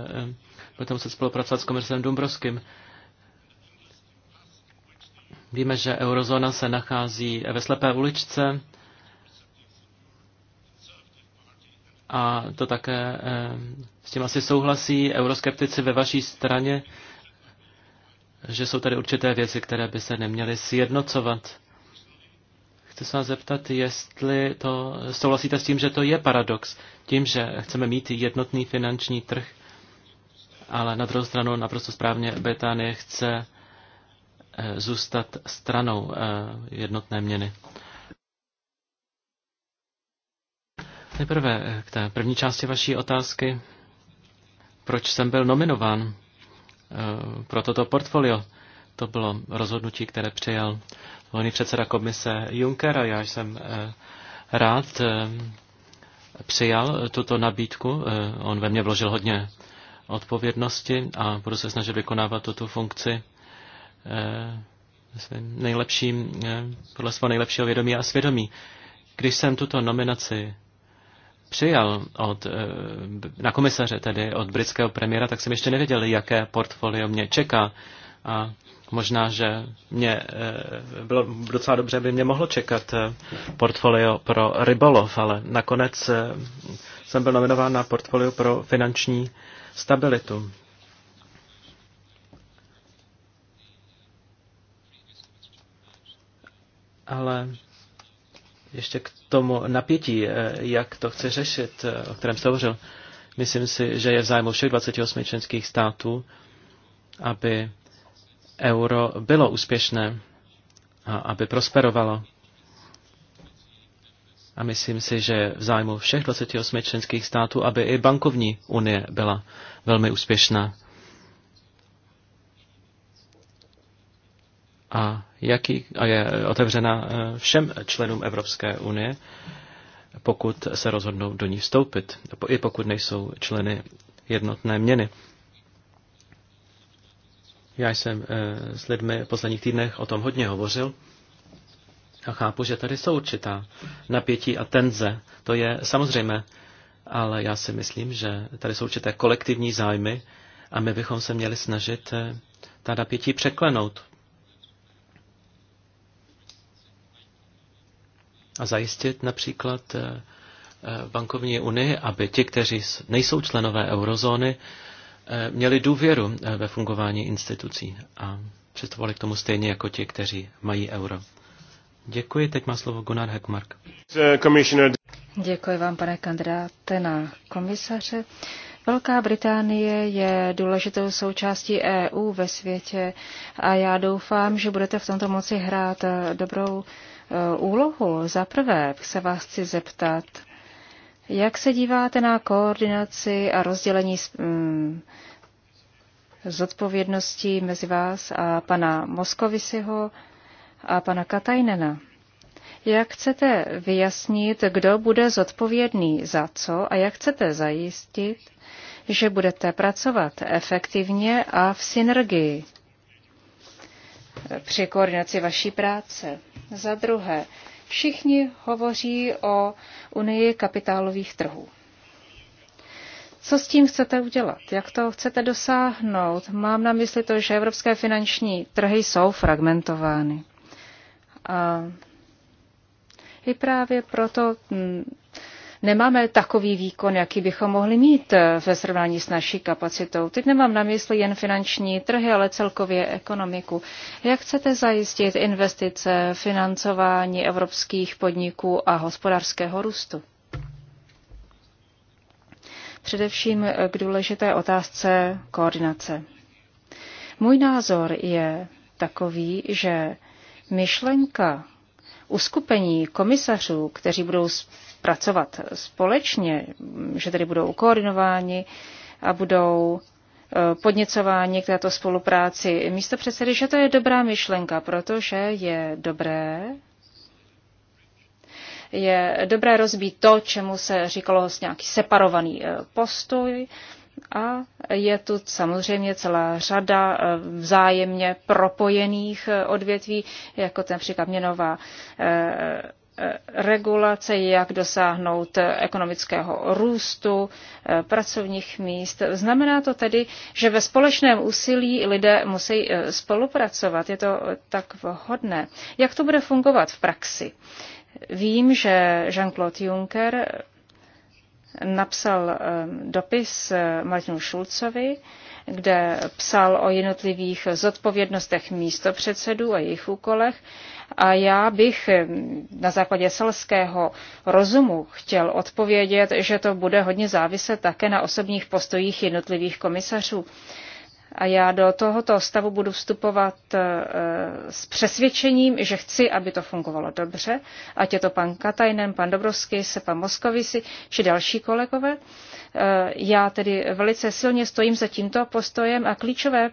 Speaker 3: potom mm, se spolupracovat s komisarem Dombrovským. Víme, že eurozóna se nachází ve slepé uličce a to také mm, s tím asi souhlasí euroskeptici ve vaší straně že jsou tady určité věci, které by se neměly sjednocovat. Chci se vás zeptat, jestli to souhlasíte s tím, že to je paradox, tím, že chceme mít jednotný finanční trh, ale na druhou stranu naprosto správně Británie chce eh, zůstat stranou eh, jednotné měny. Nejprve eh, k té první části vaší otázky. Proč jsem byl nominován? Eh, pro toto portfolio. To bylo rozhodnutí, které přijal volný předseda komise Juncker a já jsem eh, rád eh, přijal tuto nabídku. On ve mně vložil hodně odpovědnosti a budu se snažit vykonávat tuto funkci nejlepším, podle svého nejlepšího vědomí a svědomí. Když jsem tuto nominaci přijal od, eh, na komisaře, tedy od britského premiéra, tak jsem ještě nevěděl, jaké portfolio mě čeká. A možná, že mě eh, bylo docela dobře, by mě mohlo čekat eh, portfolio pro rybolov, ale nakonec jsem byl nominován na portfolio pro finanční stabilitu. Ale ještě k tomu napětí, eh, jak to chce řešit, eh, o kterém jste hovořil. Myslím si, že je v zájmu všech 28 členských států, aby euro bylo úspěšné a aby prosperovalo. A myslím si, že v zájmu všech 28 členských států, aby i bankovní unie byla velmi úspěšná. a, jaký, a je otevřena eh, všem členům Evropské unie, pokud se rozhodnou do ní vstoupit, i pokud nejsou členy jednotné měny. Já jsem eh, s lidmi v posledních týdnech o tom hodně hovořil a chápu, že tady jsou určitá napětí a tenze. To je samozřejmé, ale já si myslím, že tady jsou určité kolektivní zájmy a my bychom se měli snažit eh, ta napětí překlenout. a zajistit například eh, eh, bankovní unii, aby ti, kteří nejsou členové eurozóny, eh, měli důvěru ve fungování institucí a přistupovali k tomu stejně jako ti, kteří mají euro. Děkuji, teď má slovo Gunnar Heckmark.
Speaker 1: Děkuji vám, pane kandidáte na komisaře. Velká Británie je důležitou součástí EU ve světě a já doufám, že budete v tomto moci hrát dobrou Eh, úlohu. Za prvé se vás chci zeptat, jak se díváte na koordinaci a rozdělení mm, zodpovědností mezi vás a pana Moskovisiho a pana Katajnena? Jak chcete vyjasnit, kdo bude zodpovědný za co a jak chcete zajistit, že budete pracovat efektivně a v synergii? při koordinaci vaší práce. Za druhé, všichni hovoří o unii kapitálových trhů. Co s tím chcete udělat? Jak to chcete dosáhnout? Mám na mysli to, že evropské finanční trhy jsou fragmentovány. A i právě proto hm, nemáme takový výkon, jaký bychom mohli mít eh, ve srovnání s naší kapacitou. Teď nemám na mysli jen finanční trhy, ale celkově ekonomiku. Jak chcete zajistit investice, financování evropských podniků a hospodářského růstu? Především eh, k důležité otázce koordinace. Můj názor je takový, že myšlenka uskupení komisařů, kteří budou pracovat společně, že tedy budou koordinováni a budou eh, podněcování k této spolupráci místo předsedy, že to je dobrá myšlenka, protože je dobré je dobré rozbít to, čemu se říkalo nějaký separovaný eh, postoj a je tu samozřejmě celá řada eh, vzájemně propojených odvětví, jako ten příklad měnová regulace, jak dosáhnout ekonomického růstu, eh, pracovních míst. Znamená to tedy, že ve společném úsilí lidé musí eh, spolupracovat. Je to eh, tak vhodné. Jak to bude fungovat v praxi? Vím, že Jean-Claude Juncker napsal dopis Martinu Šulcovi, kde psal o jednotlivých zodpovědnostech místopředsedů a jejich úkolech. A já bych na základě selského rozumu chtěl odpovědět, že to bude hodně záviset také na osobních postojích jednotlivých komisařů. A já do tohoto stavu budu vstupovat eh, s přesvědčením, že chci, aby to fungovalo dobře, ať je to pan Katajnen, pan Dobrovský, se pan Moskovisi či další kolegové. Eh, já tedy velice silně stojím za tímto postojem a klíčové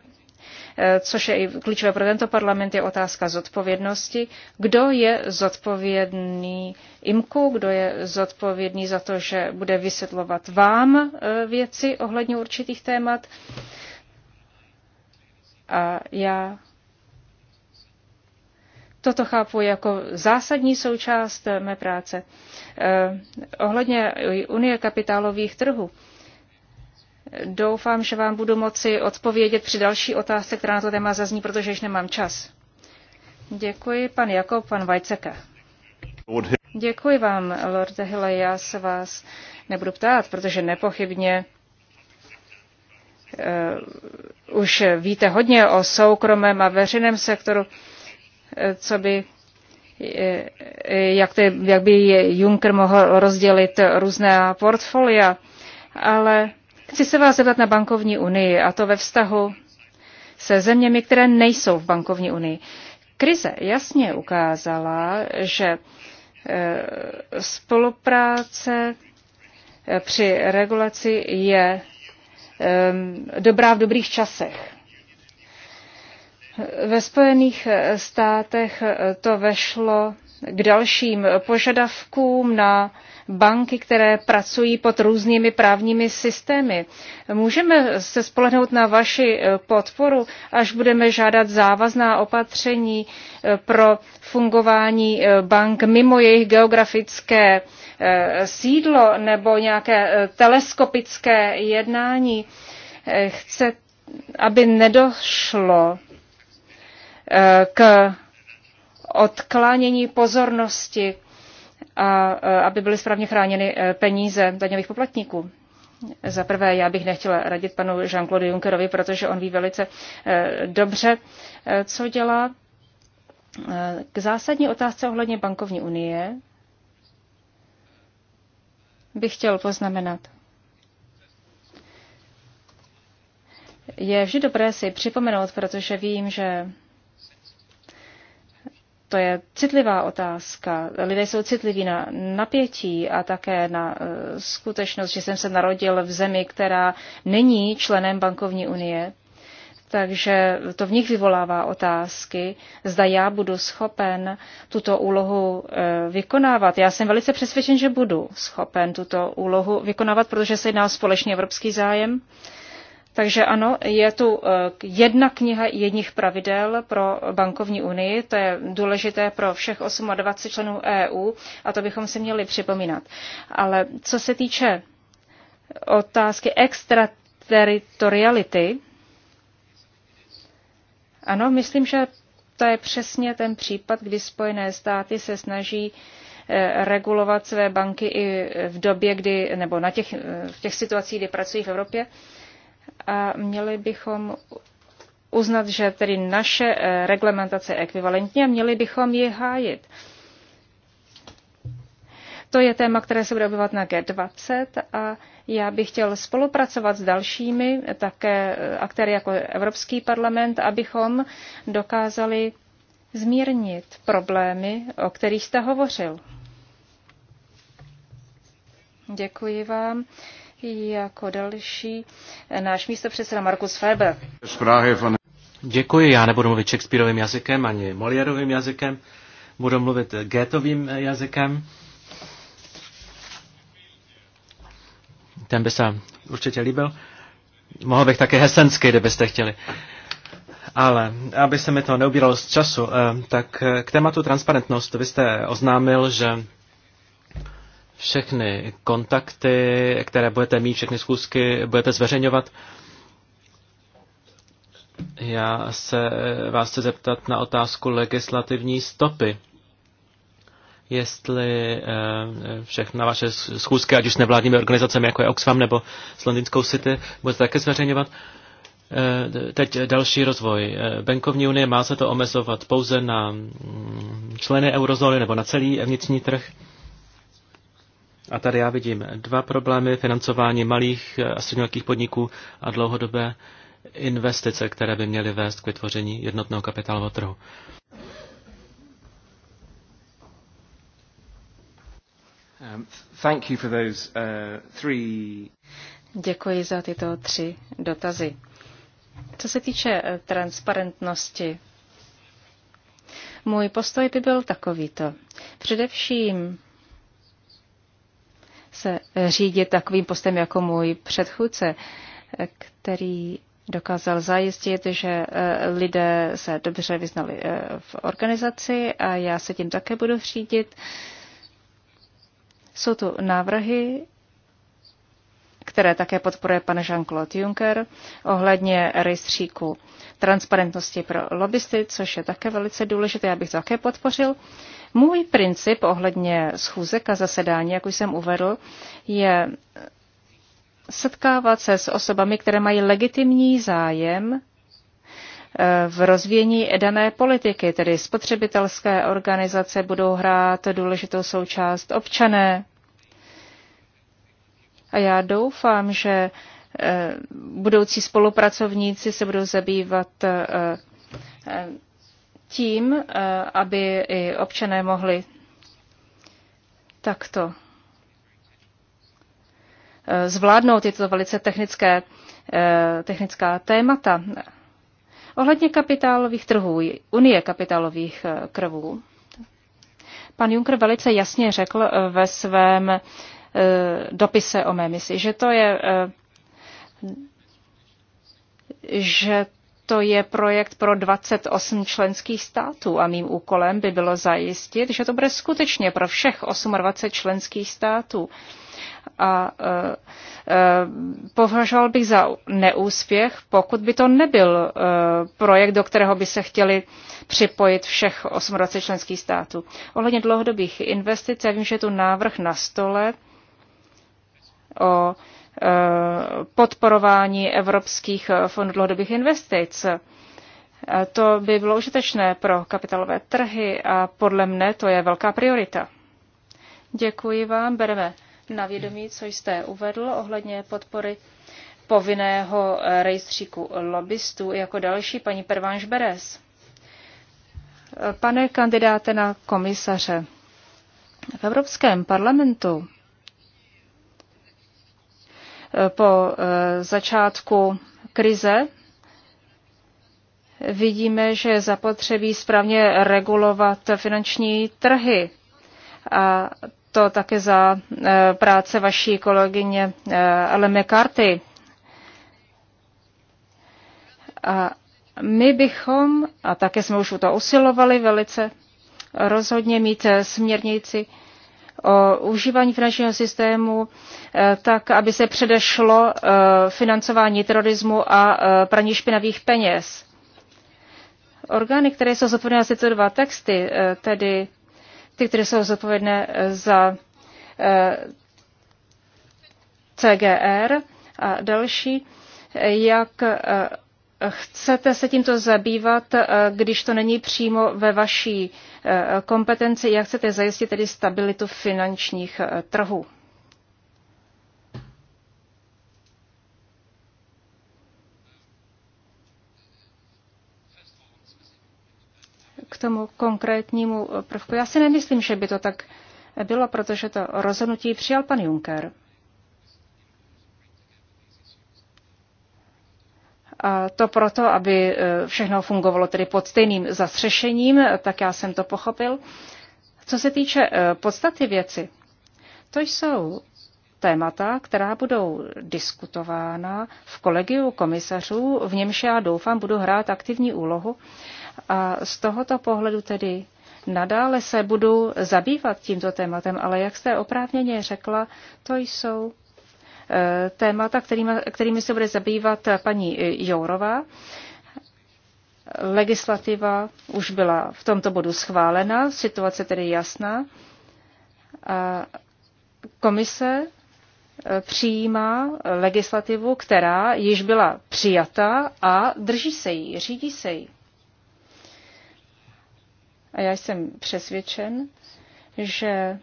Speaker 1: eh, což je i klíčové pro tento parlament, je otázka zodpovědnosti. Kdo je zodpovědný IMKU, kdo je zodpovědný za to, že bude vysvětlovat vám eh, věci ohledně určitých témat. A já Toto chápu jako zásadní součást mé práce. Eh, ohledně Unie kapitálových trhů. Doufám, že vám budu moci odpovědět při další otázce, která na to téma zazní, protože již nemám čas. Děkuji, pan Jakob, pan Vajceka. Děkuji vám, Lord Hill, já se vás nebudu ptát, protože nepochybně uh, už víte hodně o soukromém a veřejném sektoru co by jak, ty, jak by Juncker mohl rozdělit různá portfolia, ale chci se vás zeptat na bankovní unii a to ve vztahu se zeměmi, které nejsou v bankovní unii. Krize jasně ukázala, že eh, spolupráce eh, při regulaci je eh, dobrá v dobrých časech. Ve Spojených státech to vešlo k dalším požadavkům na banky, které pracují pod různými právními systémy. Můžeme se spolehnout na vaši podporu, až budeme žádat závazná opatření pro fungování bank mimo jejich geografické eh, sídlo nebo nějaké eh, teleskopické jednání. Eh, chce, aby nedošlo k odklánění pozornosti, a, e, aby byly správně chráněny e, peníze daňových poplatníků. Za prvé, já bych nechtěla radit panu Jean-Claude Junckerovi, protože on ví velice e, dobře, co dělá. K zásadní otázce ohledně bankovní unie bych chtěl poznamenat. Je vždy dobré si připomenout, protože vím, že to je citlivá otázka. Lidé jsou citliví na napětí a také na eh, skutečnost, že jsem se narodil v zemi, která není členem bankovní unie. Takže to v nich vyvolává otázky, zda já budu schopen tuto úlohu eh, vykonávat. Já jsem velice přesvědčen, že budu schopen tuto úlohu vykonávat, protože se jedná o společný evropský zájem takže ano, je tu eh, jedna kniha jedních pravidel pro bankovní unii, to je důležité pro všech 28 členů EU a to bychom si měli připomínat. Ale co se týče otázky extrateritoriality, ano, myslím, že to je přesně ten případ, kdy Spojené státy se snaží eh, regulovat své banky i v době, kdy, nebo na těch, eh, v těch situacích, kdy pracují v Evropě a měli bychom uznat, že tedy naše eh, reglementace je ekvivalentní a měli bychom ji hájit. To je téma, které se bude objevovat na G20 a já bych chtěl spolupracovat s dalšími také eh, aktéry jako Evropský parlament, abychom dokázali zmírnit problémy, o kterých jste hovořil. Děkuji vám. Jako další eh, náš místo předseda Markus Feber.
Speaker 3: Děkuji, já nebudu mluvit Shakespeareovým jazykem ani Moliérovým jazykem, budu mluvit getovým eh, jazykem. Ten by se určitě líbil. Mohl bych také hesensky, kdybyste chtěli. Ale aby se mi to neubíralo z času, eh, tak k tématu transparentnost vy jste oznámil, že všechny kontakty, které budete mít, všechny zkusky budete zveřejňovat. Já se vás chci zeptat na otázku legislativní stopy. Jestli eh, všechna vaše schůzky, ať už s nevládními organizacemi, jako je Oxfam nebo s Londýnskou City, budete také zveřejňovat. Eh, teď další rozvoj. Eh, bankovní unie má se to omezovat pouze na mm, členy eurozóny nebo na celý vnitřní trh. A tady já vidím dva problémy. Financování malých eh, a středních podniků a dlouhodobé investice, které by měly vést k vytvoření jednotného kapitálového trhu. Um, thank you for those, uh, three...
Speaker 1: Děkuji za tyto tři dotazy. Co se týče eh, transparentnosti, můj postoj by byl takovýto. Především se řídit takovým postem jako můj předchůdce, který dokázal zajistit, že eh, lidé se dobře vyznali eh, v organizaci a já se tím také budu řídit. Jsou tu návrhy, které také podporuje pan Jean-Claude Juncker ohledně rejstříku transparentnosti pro lobbysty, což je také velice důležité, já bych to také podpořil. Můj princip ohledně schůzek a zasedání, jak už jsem uvedl, je setkávat se s osobami, které mají legitimní zájem eh, v rozvíjení dané politiky, tedy spotřebitelské organizace budou hrát důležitou součást občané. A já doufám, že eh, budoucí spolupracovníci se budou zabývat eh, tím, eh, aby i občané mohli takto eh, zvládnout tyto velice technické, eh, technická témata. Ohledně kapitálových trhů, Unie kapitálových krvů, pan Juncker velice jasně řekl ve svém dopise o mé misi, že to je že to je projekt pro 28 členských států a mým úkolem by bylo zajistit, že to bude skutečně pro všech 28 členských států. A uh, uh, považoval bych za neúspěch, pokud by to nebyl uh, projekt, do kterého by se chtěli připojit všech 28 členských států. Ohledně dlouhodobých investic, já vím, že je tu návrh na stole o uh, podporování evropských fondů dlouhodobých investic. To by bylo užitečné pro kapitalové trhy a podle mne to je velká priorita. Děkuji vám, bereme na vědomí, co jste uvedl ohledně podpory povinného rejstříku lobbystů jako další paní Pervanš Beres. Pane kandidáte na komisaře, v Evropském parlamentu po eh, začátku krize vidíme, že je zapotřebí správně regulovat finanční trhy. A to také za eh, práce vaší kolegyně eh, Ellen Karty. A my bychom, a také jsme už o to usilovali velice, rozhodně mít směrnici o užívání finančního systému eh, tak, aby se předešlo eh, financování terorismu a eh, praní špinavých peněz. Orgány, které jsou zodpovědné za tyto dva texty, tedy ty, které jsou zodpovědné za CGR a další, jak Chcete se tímto zabývat, eh, když to není přímo ve vaší eh, kompetenci? Jak chcete zajistit tedy stabilitu finančních eh, trhů? K tomu konkrétnímu prvku. Já si nemyslím, že by to tak bylo, protože to rozhodnutí přijal pan Juncker. A to proto, aby e, všechno fungovalo tedy pod stejným zastřešením, tak já jsem to pochopil. Co se týče e, podstaty věci, to jsou témata, která budou diskutována v kolegiu komisařů, v němž já doufám budu hrát aktivní úlohu. A z tohoto pohledu tedy nadále se budu zabývat tímto tématem, ale jak jste oprávněně řekla, to jsou Eh, témata, kterými, kterými se bude zabývat paní Jourová. Legislativa už byla v tomto bodu schválena, situace tedy jasná. A komise eh, přijímá legislativu, která již byla přijata a drží se jí, řídí se jí. A já jsem přesvědčen, že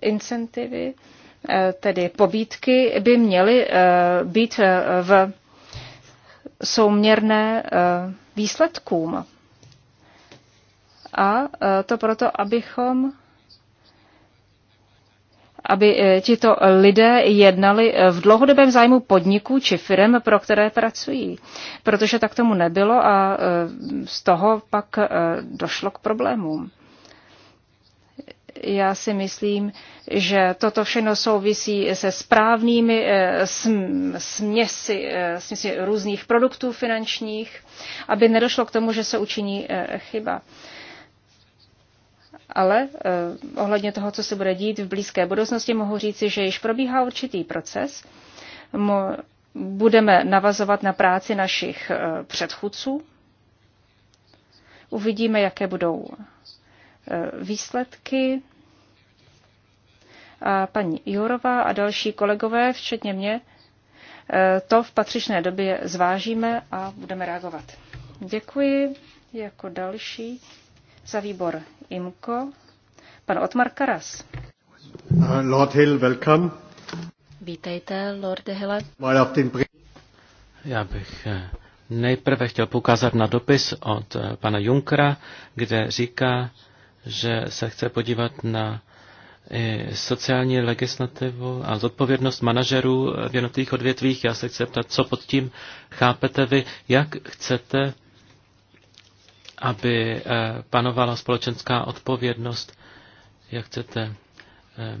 Speaker 1: incentivy Eh, tedy pobídky by měly eh, být eh, v souměrné výsledkům. A to proto, abychom aby tito lidé jednali v dlouhodobém zájmu podniků či firm, pro které pracují. Protože tak tomu nebylo a z toho pak došlo k problémům já si myslím, že toto všechno souvisí se správnými eh, směsi, eh, směsi různých produktů finančních, aby nedošlo k tomu, že se učiní eh, chyba. Ale ohledně toho, co se bude dít v blízké budoucnosti, mohu říci, že již probíhá určitý proces. Budeme navazovat na práci našich předchůdců. Uvidíme, jaké budou Eh, výsledky. A paní Jurová a další kolegové, včetně mě, eh, to v patřičné době zvážíme a budeme reagovat. Děkuji jako další za výbor IMKO. Pan Otmar Karas.
Speaker 3: Uh, Lord Hill, welcome.
Speaker 1: Vítejte, Lord Hille.
Speaker 3: Já bych eh, nejprve chtěl poukázat na dopis od pana Junkra, kde říká, že se chce podívat na eh, sociální legislativu a zodpovědnost manažerů v jednotlivých odvětvích. Já se chci ptat, co pod tím chápete vy, jak chcete, aby eh, panovala společenská odpovědnost, jak chcete eh,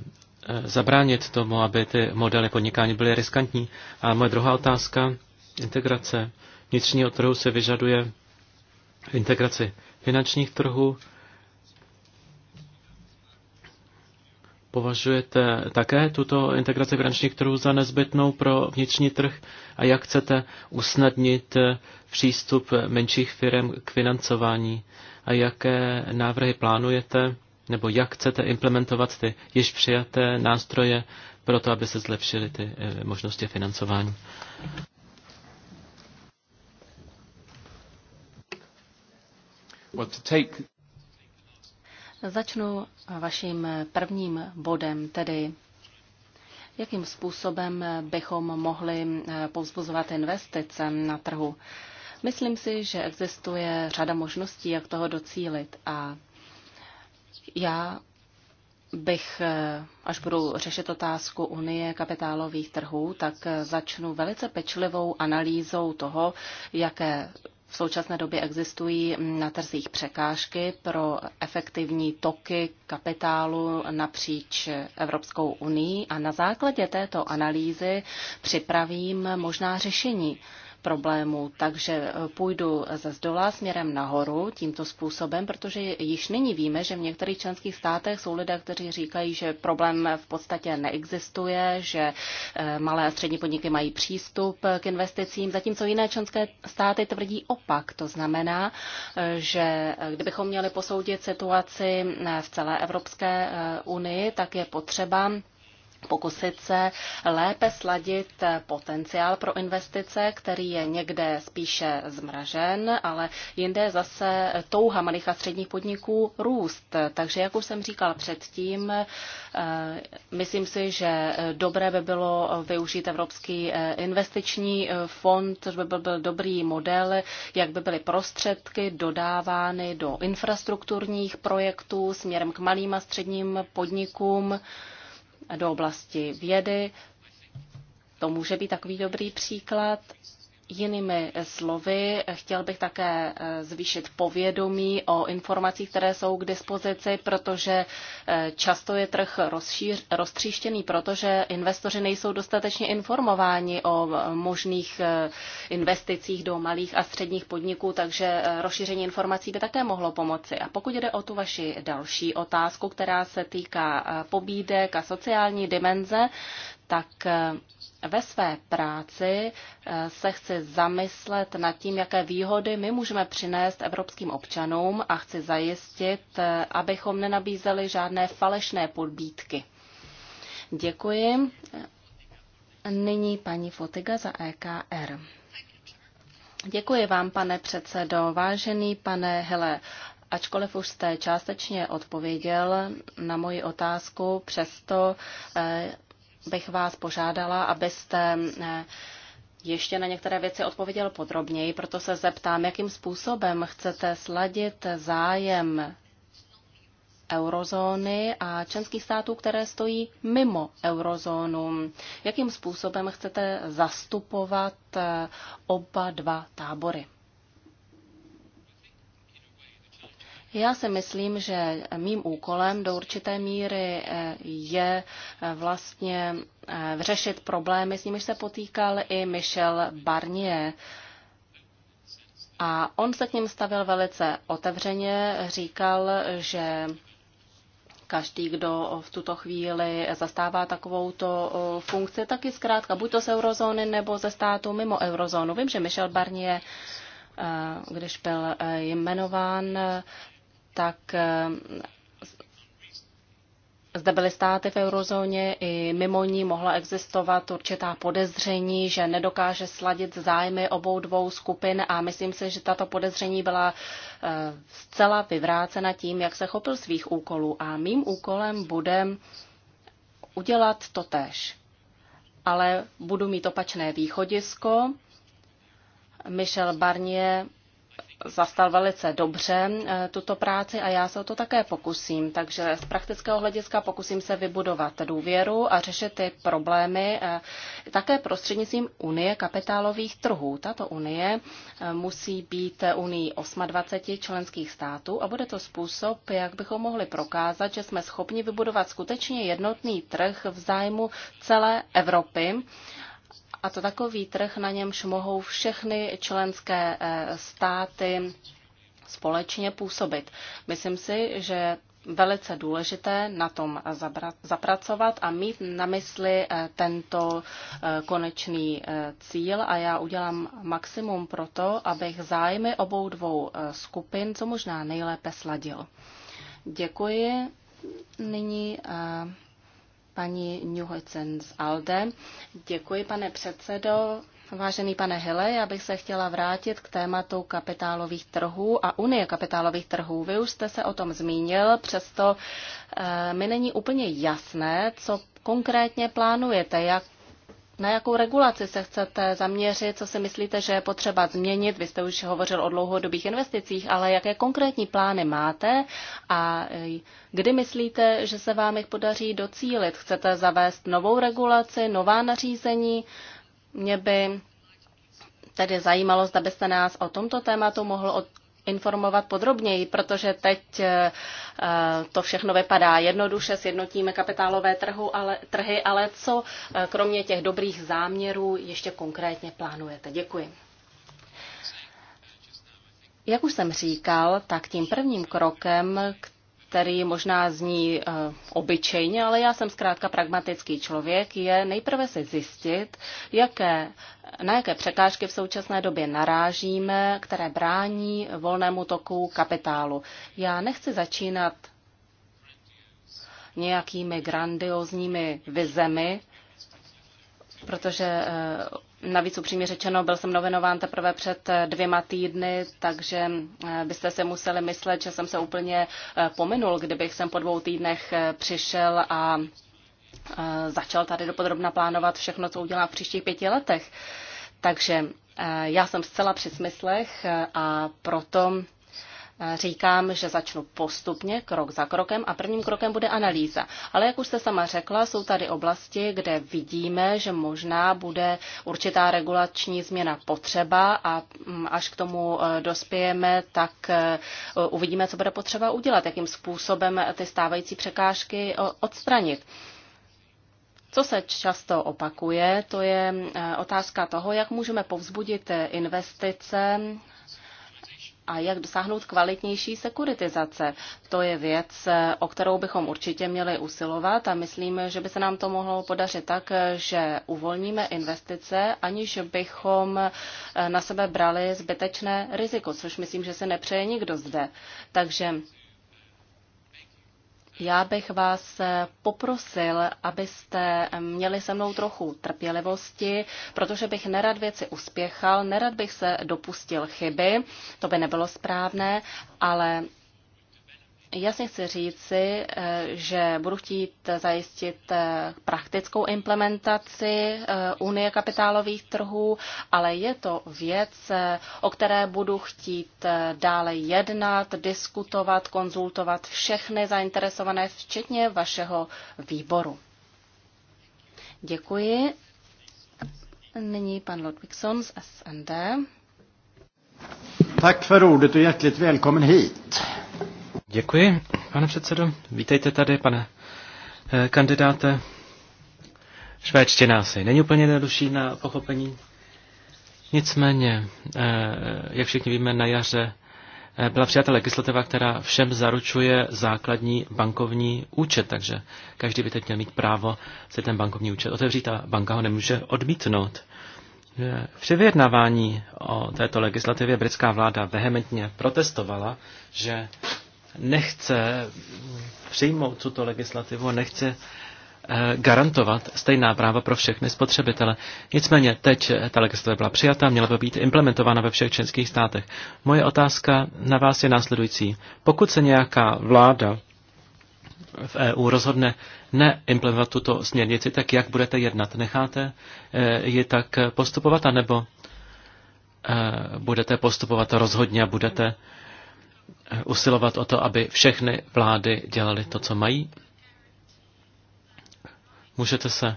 Speaker 3: zabránit tomu, aby ty modely podnikání byly riskantní. A moje druhá otázka, integrace vnitřního trhu se vyžaduje integraci finančních trhů, Považujete také tuto integraci finančních trhů za nezbytnou pro vnitřní trh a jak chcete usnadnit přístup menších firm k financování a jaké návrhy plánujete nebo jak chcete implementovat ty již přijaté nástroje pro to, aby se zlepšily ty eh, možnosti financování? Well, to take
Speaker 2: Začnu vaším prvním bodem, tedy jakým způsobem bychom mohli eh, povzbuzovat investice na trhu. Myslím si, že existuje řada možností, jak toho docílit a já bych, eh, až budu řešit otázku Unie kapitálových trhů, tak eh, začnu velice pečlivou analýzou toho, jaké v současné době existují na trzích překážky pro efektivní toky kapitálu napříč Evropskou unii a na základě této analýzy připravím možná řešení problémů, takže e, půjdu ze zdola směrem nahoru tímto způsobem, protože již nyní víme, že v některých členských státech jsou lidé, kteří říkají, že problém v podstatě neexistuje, že e, malé a střední podniky mají přístup k investicím, zatímco jiné členské státy tvrdí opak. To znamená, e, že kdybychom měli posoudit situaci v celé Evropské unii, tak je potřeba pokusit se lépe sladit potenciál pro investice, který je někde spíše zmražen, ale jinde zase touha malých a středních podniků růst. Takže, jak už jsem říkal předtím, eh, myslím si, že dobré by bylo využít Evropský eh, investiční eh, fond, což by byl dobrý model, jak by byly prostředky dodávány do infrastrukturních projektů směrem k malým a středním podnikům do oblasti vědy. To může být takový dobrý příklad Jinými eh, slovy, chtěl bych také eh, zvýšit povědomí o informacích, které jsou k dispozici, protože eh, často je trh rozšíř, roztříštěný, protože investoři nejsou dostatečně informováni o možných investicích do malých a středních podniků, takže rozšíření informací by také mohlo pomoci. A pokud jde o tu vaši další otázku, která se týká pobídek a sociální dimenze, tak eh, ve své práci eh, se chci zamyslet nad tím, jaké výhody my můžeme přinést evropským občanům a chci zajistit, eh, abychom nenabízeli žádné falešné podbídky. Děkuji. Nyní paní Fotiga za EKR. Děkuji vám, pane předsedo. Vážený pane Hele, ačkoliv už jste částečně odpověděl na moji otázku, přesto bych vás požádala, abyste eh, ještě na některé věci odpověděl podrobněji, proto se zeptám, jakým způsobem chcete sladit zájem eurozóny a členských států, které stojí mimo eurozónu. Jakým způsobem chcete zastupovat eh, oba dva tábory? Já si myslím, že mým úkolem do určité míry eh, je eh, vlastně eh, řešit problémy, s nimiž se potýkal i Michel Barnier. A on se k ním stavil velice otevřeně, říkal, že každý, kdo v tuto chvíli zastává takovouto funkci, taky zkrátka buď to z eurozóny nebo ze státu mimo eurozónu. Vím, že Michel Barnier když byl jmenován, tak eh, zde byly státy v eurozóně i mimo ní mohla existovat určitá podezření, že nedokáže sladit zájmy obou dvou skupin a myslím si, že tato podezření byla eh, zcela vyvrácena tím, jak se chopil svých úkolů a mým úkolem bude udělat to tež. Ale budu mít opačné východisko. Michel Barnier zastal velice dobře e, tuto práci a já se o to také pokusím. Takže z praktického hlediska pokusím se vybudovat důvěru a řešit ty problémy e, také prostřednictvím Unie kapitálových trhů. Tato Unie e, musí být Unii 28 členských států a bude to způsob, jak bychom mohli prokázat, že jsme schopni vybudovat skutečně jednotný trh v zájmu celé Evropy a to takový trh, na němž mohou všechny členské eh, státy společně působit. Myslím si, že velice důležité na tom zapracovat a mít na mysli eh, tento eh, konečný cíl a já udělám maximum pro to, abych zájmy obou dvou skupin co možná nejlépe sladil. Děkuji. Nyní paní Newhojcen z ALDE. Děkuji, pane předsedo. Vážený pane Hele, já bych se chtěla vrátit k tématu kapitálových trhů a Unie kapitálových trhů. Vy už jste se o tom zmínil, přesto eh, mi není úplně jasné, co konkrétně plánujete, jak na jakou regulaci se chcete zaměřit, co si myslíte, že je potřeba změnit? Vy jste už hovořil o dlouhodobých investicích, ale jaké konkrétní plány máte a kdy myslíte, že se vám jich podaří docílit? Chcete zavést novou regulaci, nová nařízení? Mě by tedy zajímalo, zda byste nás o tomto tématu mohl informovat podrobněji, protože teď eh, eh, to všechno vypadá jednoduše, sjednotíme kapitálové trhu, ale, trhy, ale co eh, kromě těch dobrých záměrů ještě konkrétně plánujete? Děkuji. Jak už jsem říkal, tak tím prvním krokem, který možná zní eh, obyčejně, ale já jsem zkrátka pragmatický člověk, je nejprve si zjistit, jaké, na jaké překážky v současné době narážíme, které brání volnému toku kapitálu. Já nechci začínat nějakými grandiozními vizemi, protože eh, Navíc upřímně řečeno, byl jsem novinován teprve před dvěma týdny, takže eh, byste se museli myslet, že jsem se úplně eh, pominul, kdybych jsem po dvou týdnech eh, přišel a začal tady dopodrobna plánovat všechno, co udělám v příštích pěti letech. Takže já jsem zcela při smyslech a proto říkám, že začnu postupně, krok za krokem a prvním krokem bude analýza. Ale jak už jste sama řekla, jsou tady oblasti, kde vidíme, že možná bude určitá regulační změna potřeba a mm, až k tomu eh, dospějeme, tak eh, uvidíme, co bude potřeba udělat, jakým způsobem ty stávající překážky odstranit. Co se často opakuje, to je eh, otázka toho, jak můžeme povzbudit investice a jak dosáhnout kvalitnější sekuritizace. To je věc, o kterou bychom určitě měli usilovat a myslím, že by se nám to mohlo podařit tak, že uvolníme investice, aniž bychom eh, na sebe brali zbytečné riziko, což myslím, že se nepřeje nikdo zde. Takže já bych vás eh, poprosil, abyste eh, měli se mnou trochu trpělivosti, protože bych nerad věci uspěchal, nerad bych se dopustil chyby, to by nebylo správné, ale Jasně chci říci, eh, že budu chtít zajistit eh, praktickou implementaci eh, Unie kapitálových trhů, ale je to věc, o které budu chtít dále jednat, diskutovat, konzultovat všechny zainteresované, včetně vašeho výboru. Děkuji. Nyní pan Ludvíkson z SND.
Speaker 3: Tak, för ordet och hjärtligt välkommen hit. Děkuji, pane předsedo. Vítejte tady, pane eh, kandidáte. Švédština asi není úplně jednodušší na pochopení. Nicméně, eh, jak všichni víme, na jaře eh, byla přijata legislativa, která všem zaručuje základní bankovní účet, takže každý by teď měl mít právo si ten bankovní účet otevřít a banka ho nemůže odmítnout. Při vyjednávání o této legislativě britská vláda vehementně protestovala, že nechce přijmout tuto legislativu, nechce eh, garantovat stejná práva pro všechny spotřebitele. Nicméně teď eh, ta legislativa byla přijata, měla by být implementována ve všech členských státech. Moje otázka na vás je následující. Pokud se nějaká vláda v EU rozhodne neimplementovat tuto směrnici, tak jak budete jednat? Necháte eh, ji tak postupovat, anebo budete postupovat rozhodně a budete usilovat o to, aby všechny vlády dělaly to, co mají? Můžete se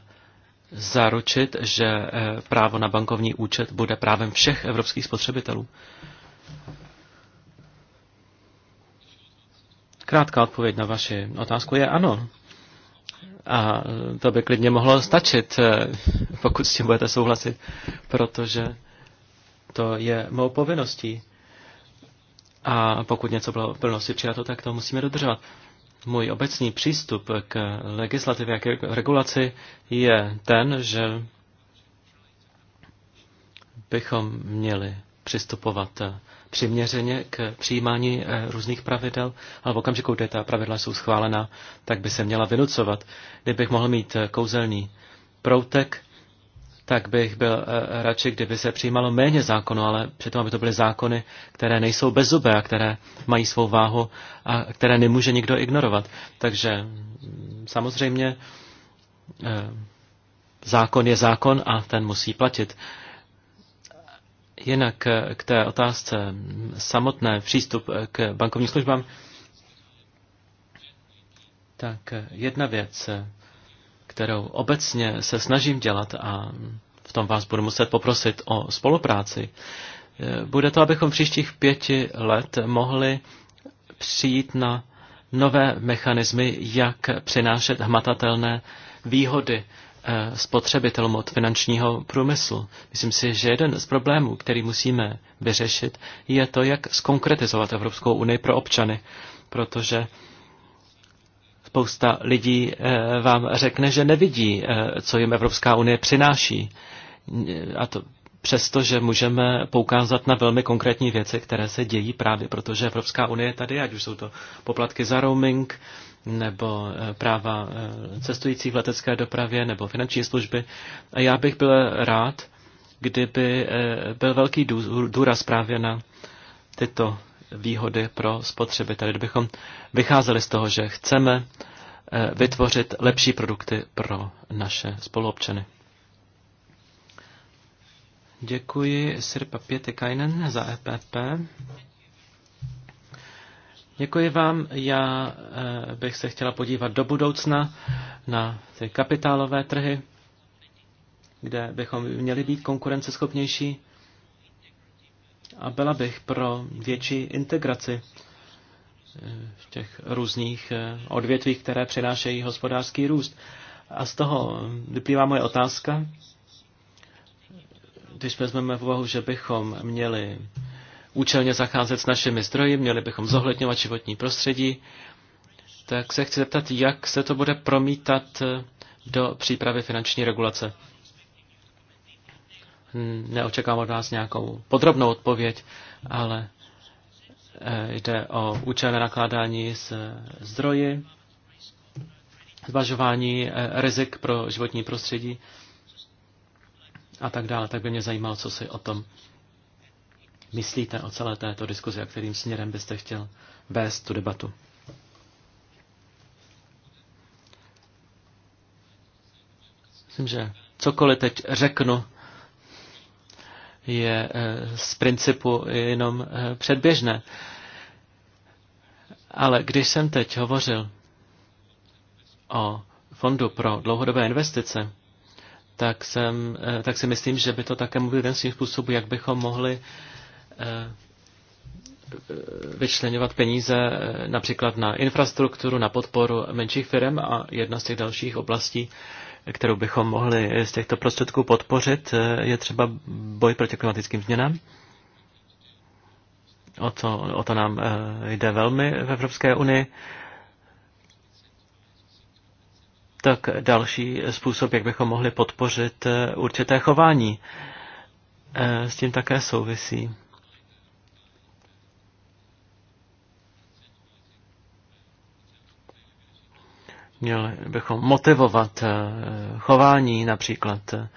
Speaker 3: zaručit, že eh, právo na bankovní účet bude právem všech evropských spotřebitelů? Krátká odpověď na vaši otázku je ano. A to by klidně mohlo stačit, eh, pokud s tím budete souhlasit, protože to je mou povinností a pokud něco bylo v plnosti přijato, tak to musíme dodržovat. Můj obecný přístup k legislativě a k regulaci je ten, že bychom měli přistupovat přiměřeně k přijímání eh, různých pravidel, ale v okamžiku, kdy ta pravidla jsou schválena, tak by se měla vynucovat. Kdybych mohl mít kouzelný proutek, tak bych byl eh, radši, kdyby se přijímalo méně zákonů, ale přitom, aby to byly zákony, které nejsou bezzubé a které mají svou váhu a které nemůže nikdo ignorovat. Takže mm, samozřejmě eh, zákon je zákon a ten musí platit. Jinak eh, k té otázce mm, samotné přístup k bankovním službám, tak jedna věc kterou obecně se snažím dělat a v tom vás budu muset poprosit o spolupráci, eh, bude to, abychom v příštích pěti let mohli přijít na nové mechanismy, jak přinášet hmatatelné výhody eh, spotřebitelům od finančního průmyslu. Myslím si, že jeden z problémů, který musíme vyřešit, je to, jak skonkretizovat Evropskou unii pro občany, protože Spousta lidí eh, vám řekne, že nevidí, eh, co jim Evropská unie přináší. A to přesto, že můžeme poukázat na velmi konkrétní věci, které se dějí právě proto, že Evropská unie je tady, ať už jsou to poplatky za roaming, nebo eh, práva cestujících v letecké dopravě, nebo finanční služby. A já bych byl rád, kdyby byl velký důraz právě na tyto výhody pro spotřebitele. Kdybychom vycházeli z toho, že chceme eh, vytvořit lepší produkty pro naše spoluobčany. Děkuji Sirpa Kajnen za EPP. Děkuji vám. Já eh, bych se chtěla podívat do budoucna na ty kapitálové trhy, kde bychom měli být konkurenceschopnější a byla bych pro větší integraci eh, v těch různých eh, odvětvích, které přinášejí hospodářský růst. A z toho vyplývá moje otázka, když vezmeme v úvahu, že bychom měli účelně zacházet s našimi zdroji, měli bychom zohledňovat životní prostředí, tak se chci zeptat, jak se to bude promítat eh, do přípravy finanční regulace. Hmm, neočekávám od vás nějakou podrobnou odpověď, ale eh, jde o účelné nakládání s eh, zdroji, zvažování eh, rizik pro životní prostředí a tak dále. Tak by mě zajímalo, co si o tom myslíte, o celé této diskuzi a kterým směrem byste chtěl vést tu debatu. Myslím, že cokoliv teď řeknu, je eh, z principu jenom eh, předběžné. Ale když jsem teď hovořil o fondu pro dlouhodobé investice, tak, jsem, eh, tak si myslím, že by to také mohl ten svým způsobem, jak bychom mohli vyčleňovat peníze například na infrastrukturu, na podporu menších firm a jedna z těch dalších oblastí kterou bychom mohli z těchto prostředků podpořit, eh, je třeba boj proti klimatickým změnám. O to, o to nám eh, jde velmi v Evropské unii. Tak další způsob, jak bychom mohli podpořit eh, určité chování, s tím také souvisí. Měli bychom motivovat eh, chování například eh,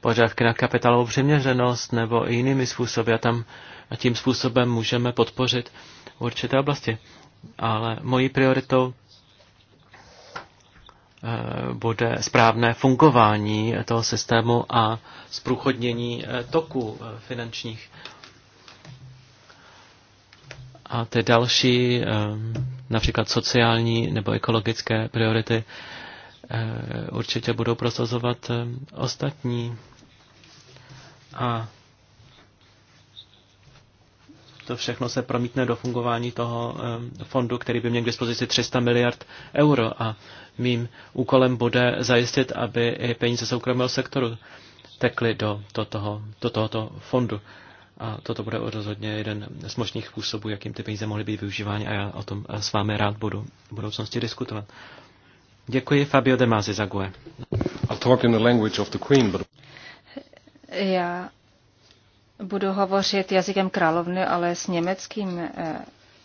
Speaker 3: požadavky na kapitálovou přiměřenost nebo i jinými způsoby a, tam, a tím způsobem můžeme podpořit určité oblasti. Ale mojí prioritou eh, bude správné fungování toho systému a zprůchodnění toku finančních. A ty další, ehm, například sociální nebo ekologické priority, eh, určitě budou prosazovat ehm, ostatní. A to všechno se promítne do fungování toho ehm, fondu, který by měl k dispozici 300 miliard euro. A mým úkolem bude zajistit, aby i peníze soukromého sektoru tekly do, toho, do tohoto fondu. A toto bude rozhodně jeden z možných způsobů, jakým ty peníze mohly být využívány a já o tom s vámi rád budu v budoucnosti diskutovat. Děkuji Fabio De Masi Zague.
Speaker 1: Já budu hovořit jazykem královny, ale s německým eh,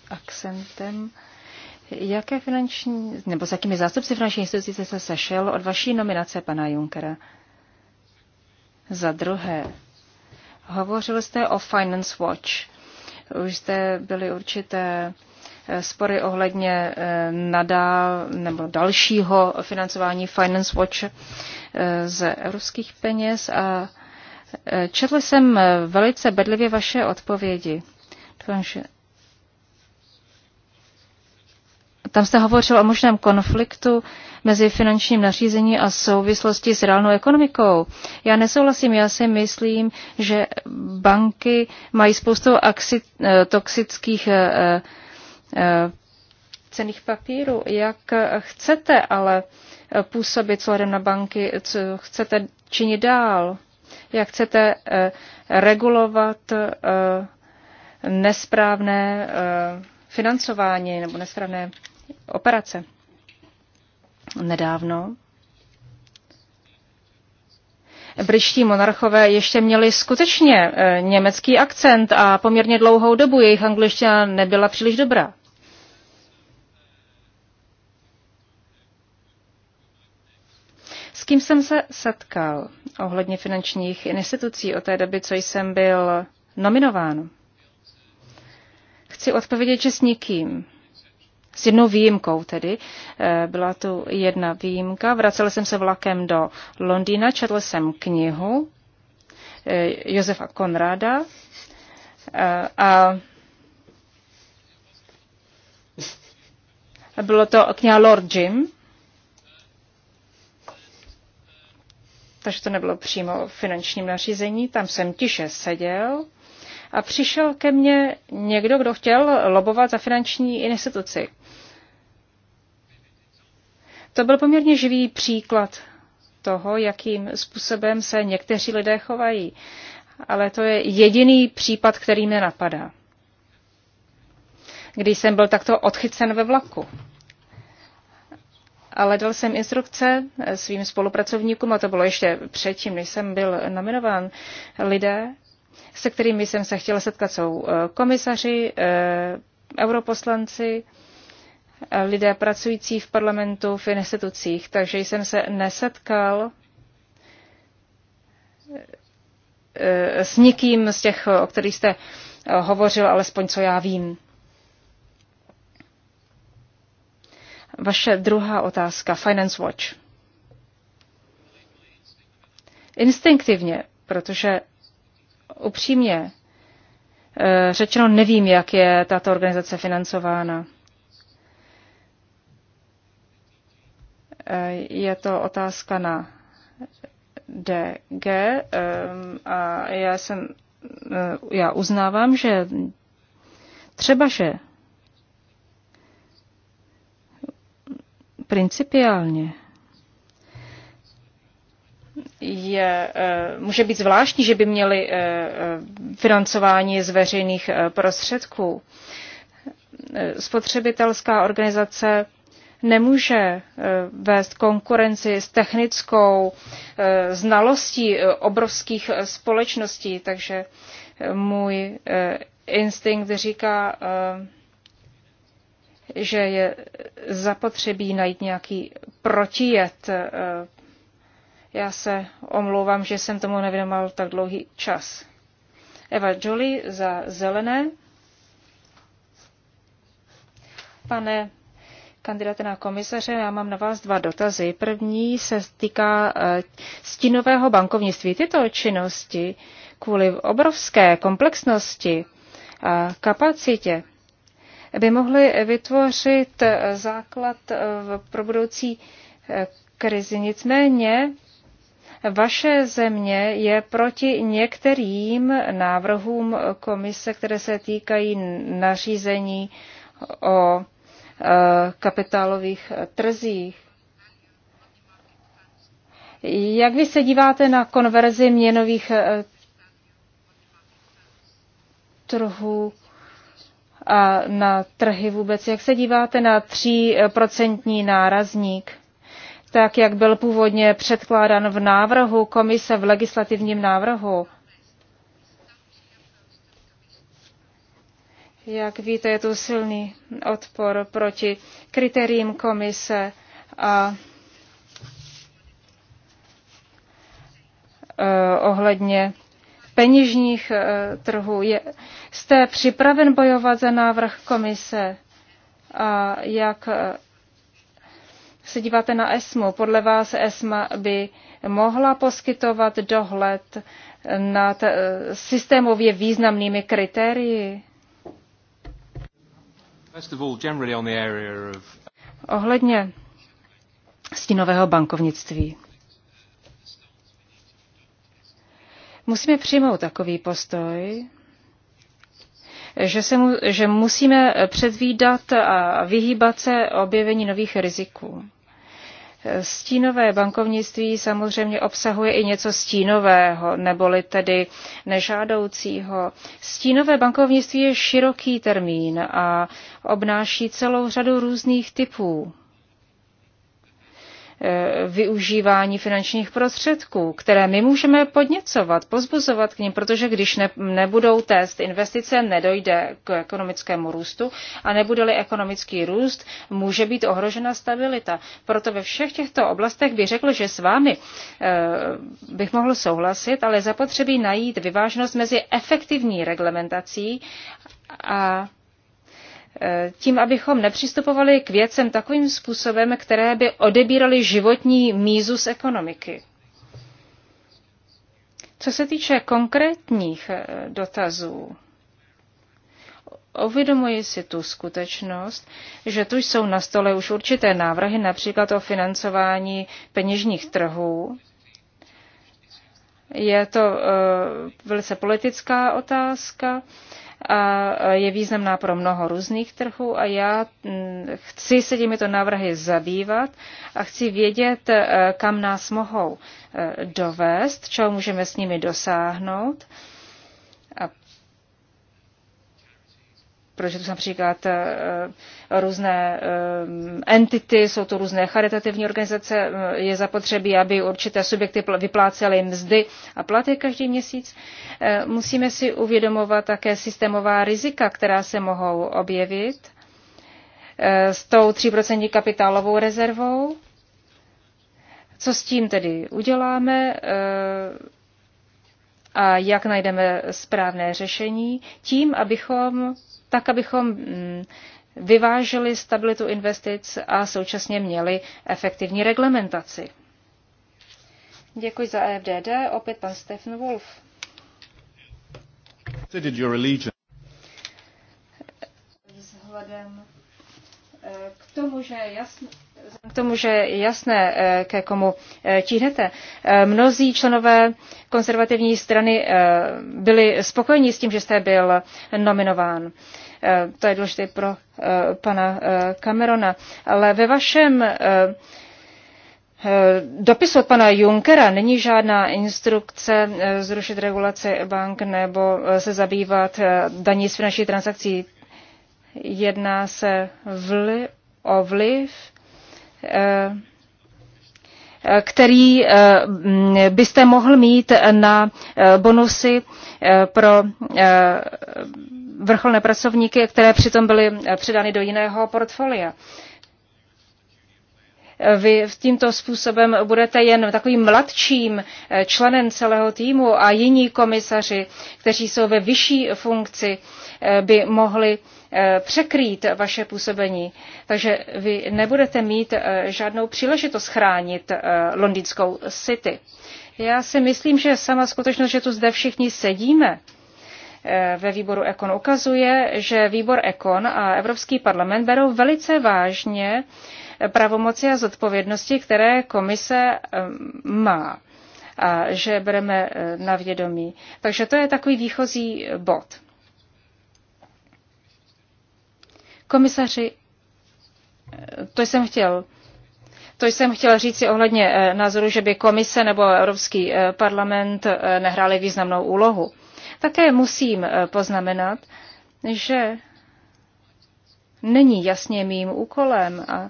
Speaker 1: akcentem. Jaké finanční, nebo s jakými zástupci finanční instituce se sešel od vaší nominace pana Junkera? Za druhé, Hovořil jste o Finance Watch. Už jste byly určité eh, spory ohledně eh, nadál nebo dalšího financování Finance Watch eh, z evropských peněz a četl jsem velice bedlivě vaše odpovědi. Tam se hovořil o možném konfliktu mezi finančním nařízením a souvislosti s reálnou ekonomikou. Já nesouhlasím, já si myslím, že banky mají spoustu axi, eh, toxických eh, eh, cených papírů. Jak chcete ale působit sladem na banky, co chcete činit dál, jak chcete regulovat nesprávné financování nebo nesprávné operace. Nedávno britští monarchové ještě měli skutečně eh, německý akcent a poměrně dlouhou dobu jejich angličtina nebyla příliš dobrá. S kým jsem se setkal ohledně finančních institucí od té doby, co jsem byl nominován? Chci odpovědět, že s nikým. S jednou výjimkou tedy. Eh, byla tu jedna výjimka. Vracel jsem se vlakem do Londýna, četl jsem knihu eh, Josefa Konrada eh, a bylo to kniha Lord Jim, takže to nebylo přímo finančním nařízení. Tam jsem tiše seděl a přišel ke mně někdo, kdo chtěl lobovat za finanční instituci. To byl poměrně živý příklad toho, jakým způsobem se někteří lidé chovají. Ale to je jediný případ, který mě napadá. Když jsem byl takto odchycen ve vlaku. Ale dal jsem instrukce svým spolupracovníkům, a to bylo ještě předtím, než jsem byl nominován, lidé, se kterými jsem se chtěla setkat, jsou eh, komisaři, eh, europoslanci, lidé pracující v parlamentu, v institucích, takže jsem se nesetkal eh, s nikým z těch, o kterých jste hovořil, alespoň co já vím. Vaše druhá otázka, Finance Watch. Instinktivně, protože upřímně eh, řečeno nevím, jak je tato organizace financována. Eh, je to otázka na DG eh, a já jsem, já uznávám, že třeba, že principiálně je, eh, může být zvláštní, že by měli eh, eh, financování z veřejných prostředků. Spotřebitelská organizace nemůže vést konkurenci s technickou znalostí obrovských společností, takže můj instinkt říká, že je zapotřebí najít nějaký protijet já se omlouvám, že jsem tomu nevěnoval tak dlouhý čas. Eva Jolie za zelené. Pane kandidáte na komisaře, já mám na vás dva dotazy. První se týká eh, stínového bankovnictví. Tyto činnosti kvůli obrovské komplexnosti a kapacitě by mohly vytvořit eh, základ eh, pro budoucí krizi. Nicméně vaše země je proti některým návrhům komise, které se týkají nařízení o eh, kapitálových trzích. Jak vy se díváte na konverzi měnových eh, trhů a na trhy vůbec? Jak se díváte na tříprocentní nárazník? tak jak byl původně předkládán v návrhu komise v legislativním návrhu. Jak víte, je tu silný odpor proti kritériím komise a e, ohledně peněžních e, trhů. Je, jste připraven bojovat za návrh komise? A jak e, se díváte na ESMU. Podle vás ESMA by mohla poskytovat dohled nad eh, systémově významnými kritérii? Ohledně stínového bankovnictví. Musíme přijmout takový postoj, že, se mu, že musíme předvídat a vyhýbat se objevení nových riziků. Stínové bankovnictví samozřejmě obsahuje i něco stínového, neboli tedy nežádoucího. Stínové bankovnictví je široký termín a obnáší celou řadu různých typů. Eh, využívání finančních prostředků, které my můžeme podněcovat, pozbuzovat k ním, protože když ne, nebudou test investice, nedojde k ekonomickému růstu a nebude-li ekonomický růst, může být ohrožena stabilita. Proto ve všech těchto oblastech bych řekl, že s vámi e, bych mohl souhlasit, ale zapotřebí najít vyvážnost mezi efektivní reglementací a tím, abychom nepřistupovali k věcem takovým způsobem, které by odebíraly životní mízu z ekonomiky. Co se týče konkrétních eh, dotazů, Ovědomuji si tu skutečnost, že tu jsou na stole už určité návrhy, například o financování peněžních trhů. Je to uh, velice politická otázka. Uh, a je významná pro mnoho různých trhů a já mm, chci se těmito návrhy zabývat a chci vědět, e, kam nás mohou e, dovést, čeho můžeme s nimi dosáhnout protože to jsou například eh, různé eh, entity, jsou to různé charitativní organizace, eh, je zapotřebí, aby určité subjekty vyplácely mzdy a platy každý měsíc. Musíme si uvědomovat také systémová rizika, která se mohou objevit s tou 3% kapitálovou rezervou. Co s tím tedy uděláme? a jak najdeme správné řešení, tím, abychom tak abychom mm, vyvážili stabilitu investic a současně měli efektivní reglementaci. Děkuji za EFDD. Opět pan Stefan Wolf. Vzhledem eh, k tomu, že jasně k tomu, že je jasné, eh, ke komu eh, tíhnete. Eh, mnozí členové konzervativní strany byli spokojeni s tím, že jste byl nominován. To je důležité pro pana Camerona. Ale ve vašem dopisu od pana Junckera není žádná instrukce zrušit regulace bank nebo se zabývat daní z finančních transakcí. Jedná se vli, o vliv Eh, který eh, byste mohl mít na eh, bonusy pro vrcholné pracovníky, které přitom byly předány do jiného portfolia. Vy tímto způsobem budete jen takovým mladším eh, členem celého týmu a jiní komisaři, kteří jsou ve vyšší funkci, eh, by mohli eh, překrýt vaše působení. Takže vy nebudete mít žádnou příležitost chránit londýnskou city. Já si myslím, že sama skutečnost, že tu zde všichni sedíme, ve výboru Ekon ukazuje, že výbor Ekon a Evropský parlament berou velice vážně pravomoci a zodpovědnosti, které komise eh, má a že bereme eh, na vědomí. Takže to je takový výchozí bod. Komisaři, eh, to jsem chtěl to jsem chtěla si ohledně názoru, že by komise nebo Evropský parlament nehráli významnou úlohu. Také musím poznamenat, že není jasně mým úkolem a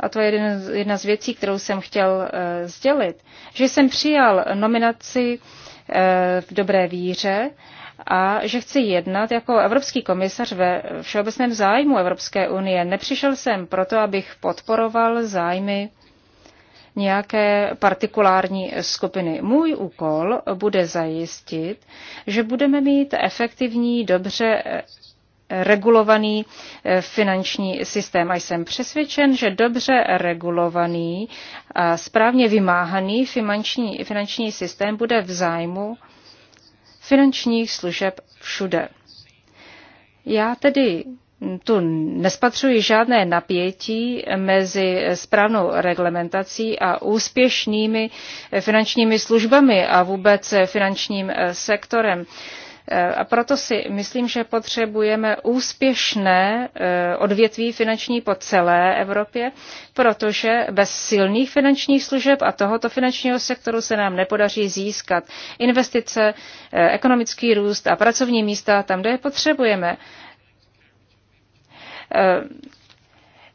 Speaker 1: a to je jeden, jedna z věcí, kterou jsem chtěl e, sdělit, že jsem přijal nominaci eh, v dobré víře a že chci jednat jako evropský komisař ve všeobecném zájmu Evropské unie. Nepřišel jsem proto, abych podporoval zájmy nějaké partikulární skupiny. Můj úkol bude zajistit, že budeme mít efektivní, dobře eh, regulovaný eh, finanční systém. A jsem přesvědčen, že dobře regulovaný a správně vymáhaný finanční, finanční systém bude v zájmu finančních služeb všude. Já tedy tu nespatřuji žádné napětí mezi správnou reglementací a úspěšnými finančními službami a vůbec finančním sektorem. A proto si myslím, že potřebujeme úspěšné eh, odvětví finanční po celé Evropě, protože bez silných finančních služeb a tohoto finančního sektoru se nám nepodaří získat investice, eh, ekonomický růst a pracovní místa tam, kde je potřebujeme. Eh,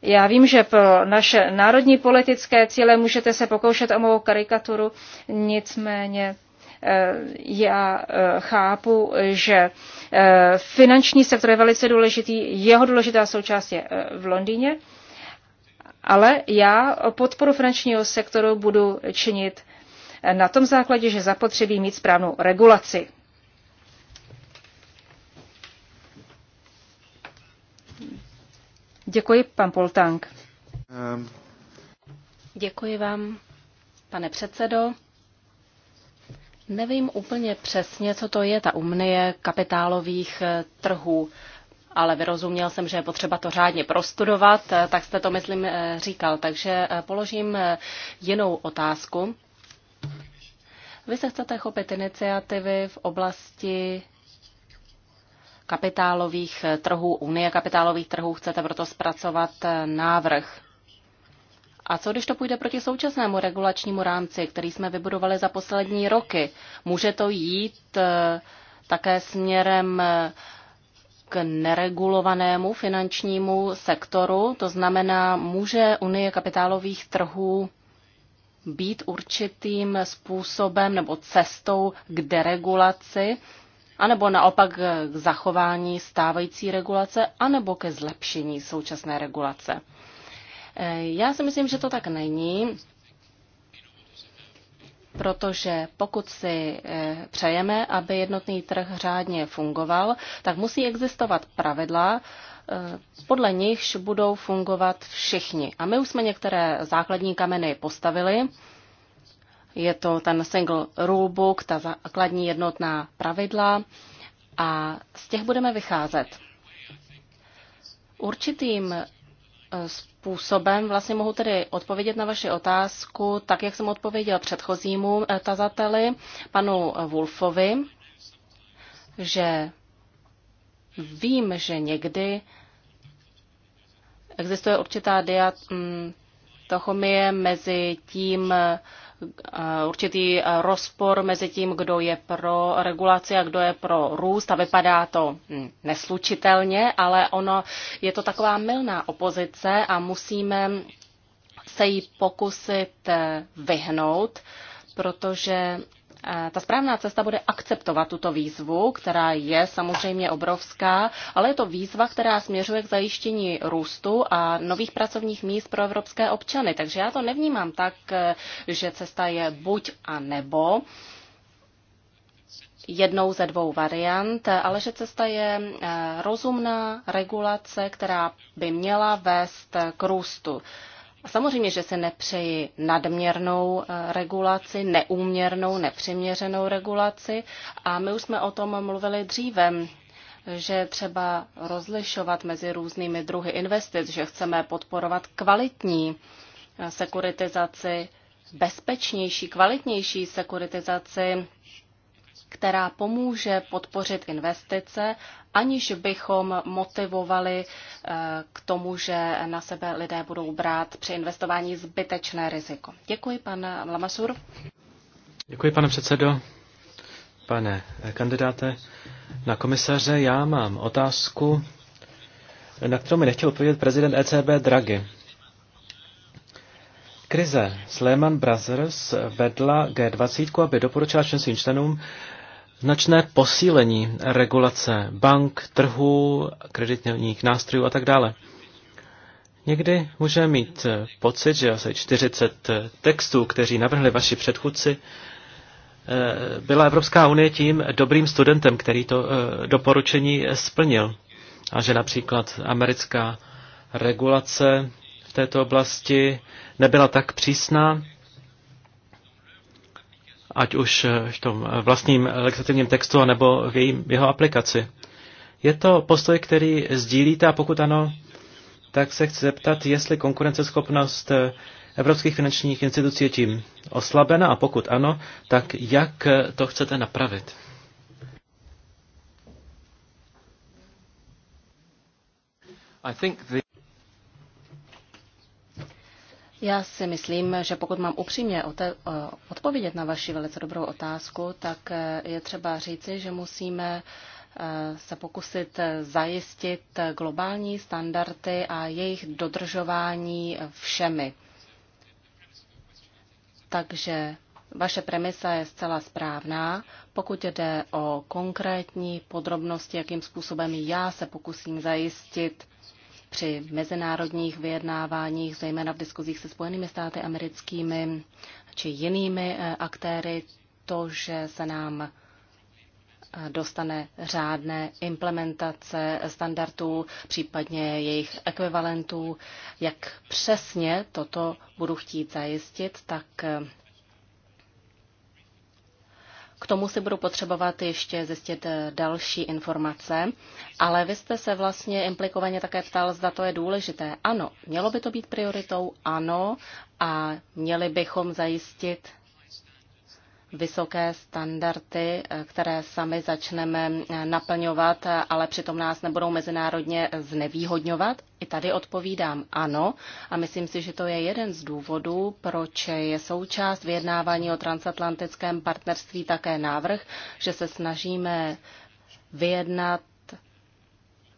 Speaker 1: já vím, že pro naše národní politické cíle můžete se pokoušet o mou karikaturu, nicméně Eh, já eh, chápu, že eh, finanční sektor je velice důležitý, jeho důležitá součást je v Londýně, ale já podporu finančního sektoru budu činit na tom základě, že zapotřebí mít správnou regulaci. Děkuji, pan Poltank.
Speaker 3: Ehm.
Speaker 2: Děkuji vám, pane předsedo. Nevím úplně přesně, co to je ta umnie kapitálových eh, trhů, ale vyrozuměl jsem, že je potřeba to řádně prostudovat, eh, tak jste to, myslím, eh, říkal. Takže položím jinou otázku. Vy se chcete chopit iniciativy v oblasti kapitálových trhů, Unie kapitálových trhů, chcete proto zpracovat návrh. A co když to půjde proti současnému regulačnímu rámci, který jsme vybudovali za poslední roky? Může to jít eh, také směrem eh, k neregulovanému finančnímu sektoru, to znamená, může Unie kapitálových trhů být určitým způsobem nebo cestou k deregulaci, anebo naopak k zachování stávající regulace, anebo ke zlepšení současné regulace. Eh, já si myslím, že to tak není, protože pokud si eh, přejeme, aby jednotný trh řádně fungoval, tak musí existovat pravidla, eh, podle nichž budou fungovat všichni. A my už jsme některé základní kameny postavili. Je to ten single rulebook, ta základní jednotná pravidla a z těch budeme vycházet. Určitým E, způsobem vlastně mohu tedy odpovědět na vaši otázku, tak jak jsem odpověděl předchozímu e, tazateli, panu Wolfovi, že vím, že někdy existuje určitá diatochomie mezi tím, určitý eh, rozpor mezi tím, kdo je pro regulaci a kdo je pro růst a vypadá to hm, neslučitelně, ale ono je to taková milná opozice a musíme se jí pokusit eh, vyhnout, protože Eh, ta správná cesta bude akceptovat tuto výzvu, která je samozřejmě obrovská, ale je to výzva, která směřuje k zajištění růstu a nových pracovních míst pro evropské občany. Takže já to nevnímám tak, eh, že cesta je buď a nebo jednou ze dvou variant, eh, ale že cesta je rozumná regulace, která by měla vést k růstu. Samozřejmě, že se nepřeji nadměrnou eh, regulaci, neúměrnou, nepřiměřenou regulaci a my už jsme o tom mluvili dříve že třeba rozlišovat mezi různými druhy investic, že chceme podporovat kvalitní eh, sekuritizaci, bezpečnější, kvalitnější sekuritizaci která pomůže podpořit investice, aniž bychom motivovali eh, k tomu, že na sebe lidé budou brát při investování zbytečné riziko. Děkuji, pan Lamasur.
Speaker 3: Děkuji, pane předsedo. Pane kandidáte na komisaře, já mám otázku, na kterou mi nechtěl odpovědět prezident ECB Draghi. Krize s Lehman Brothers vedla G20, aby doporučila členským členům značné posílení regulace bank, trhů, kreditních nástrojů a tak dále. Někdy můžeme mít pocit, že asi 40 textů, kteří navrhli vaši předchůdci, eh, byla Evropská unie tím dobrým studentem, který to eh, doporučení splnil. A že například americká regulace v této oblasti nebyla tak přísná, ať už v tom vlastním legislativním textu, nebo v jejím, jeho aplikaci. Je to postoj, který sdílíte a pokud ano, tak se chci zeptat, jestli konkurenceschopnost eh, evropských finančních institucí je tím oslabena a pokud ano, tak jak eh, to chcete napravit? I think the...
Speaker 2: Já si myslím, že pokud mám upřímně eh, odpovědět na vaši velice dobrou otázku, tak eh, je třeba říci, že musíme eh, se pokusit zajistit globální standardy a jejich dodržování všemi. Takže vaše premisa je zcela správná. Pokud jde o konkrétní podrobnosti, jakým způsobem já se pokusím zajistit při mezinárodních vyjednáváních, zejména v diskuzích se Spojenými státy americkými či jinými eh, aktéry, to, že se nám eh, dostane řádné implementace standardů, případně jejich ekvivalentů. Jak přesně toto budu chtít zajistit, tak eh, k tomu si budu potřebovat ještě zjistit eh, další informace, ale vy jste se vlastně implikovaně také ptal, zda to je důležité. Ano, mělo by to být prioritou, ano, a měli bychom zajistit vysoké standardy, eh, které sami začneme eh, naplňovat, eh, ale přitom nás nebudou mezinárodně znevýhodňovat? I tady odpovídám ano a myslím si, že to je jeden z důvodů, proč je součást vyjednávání o transatlantickém partnerství také návrh, že se snažíme vyjednat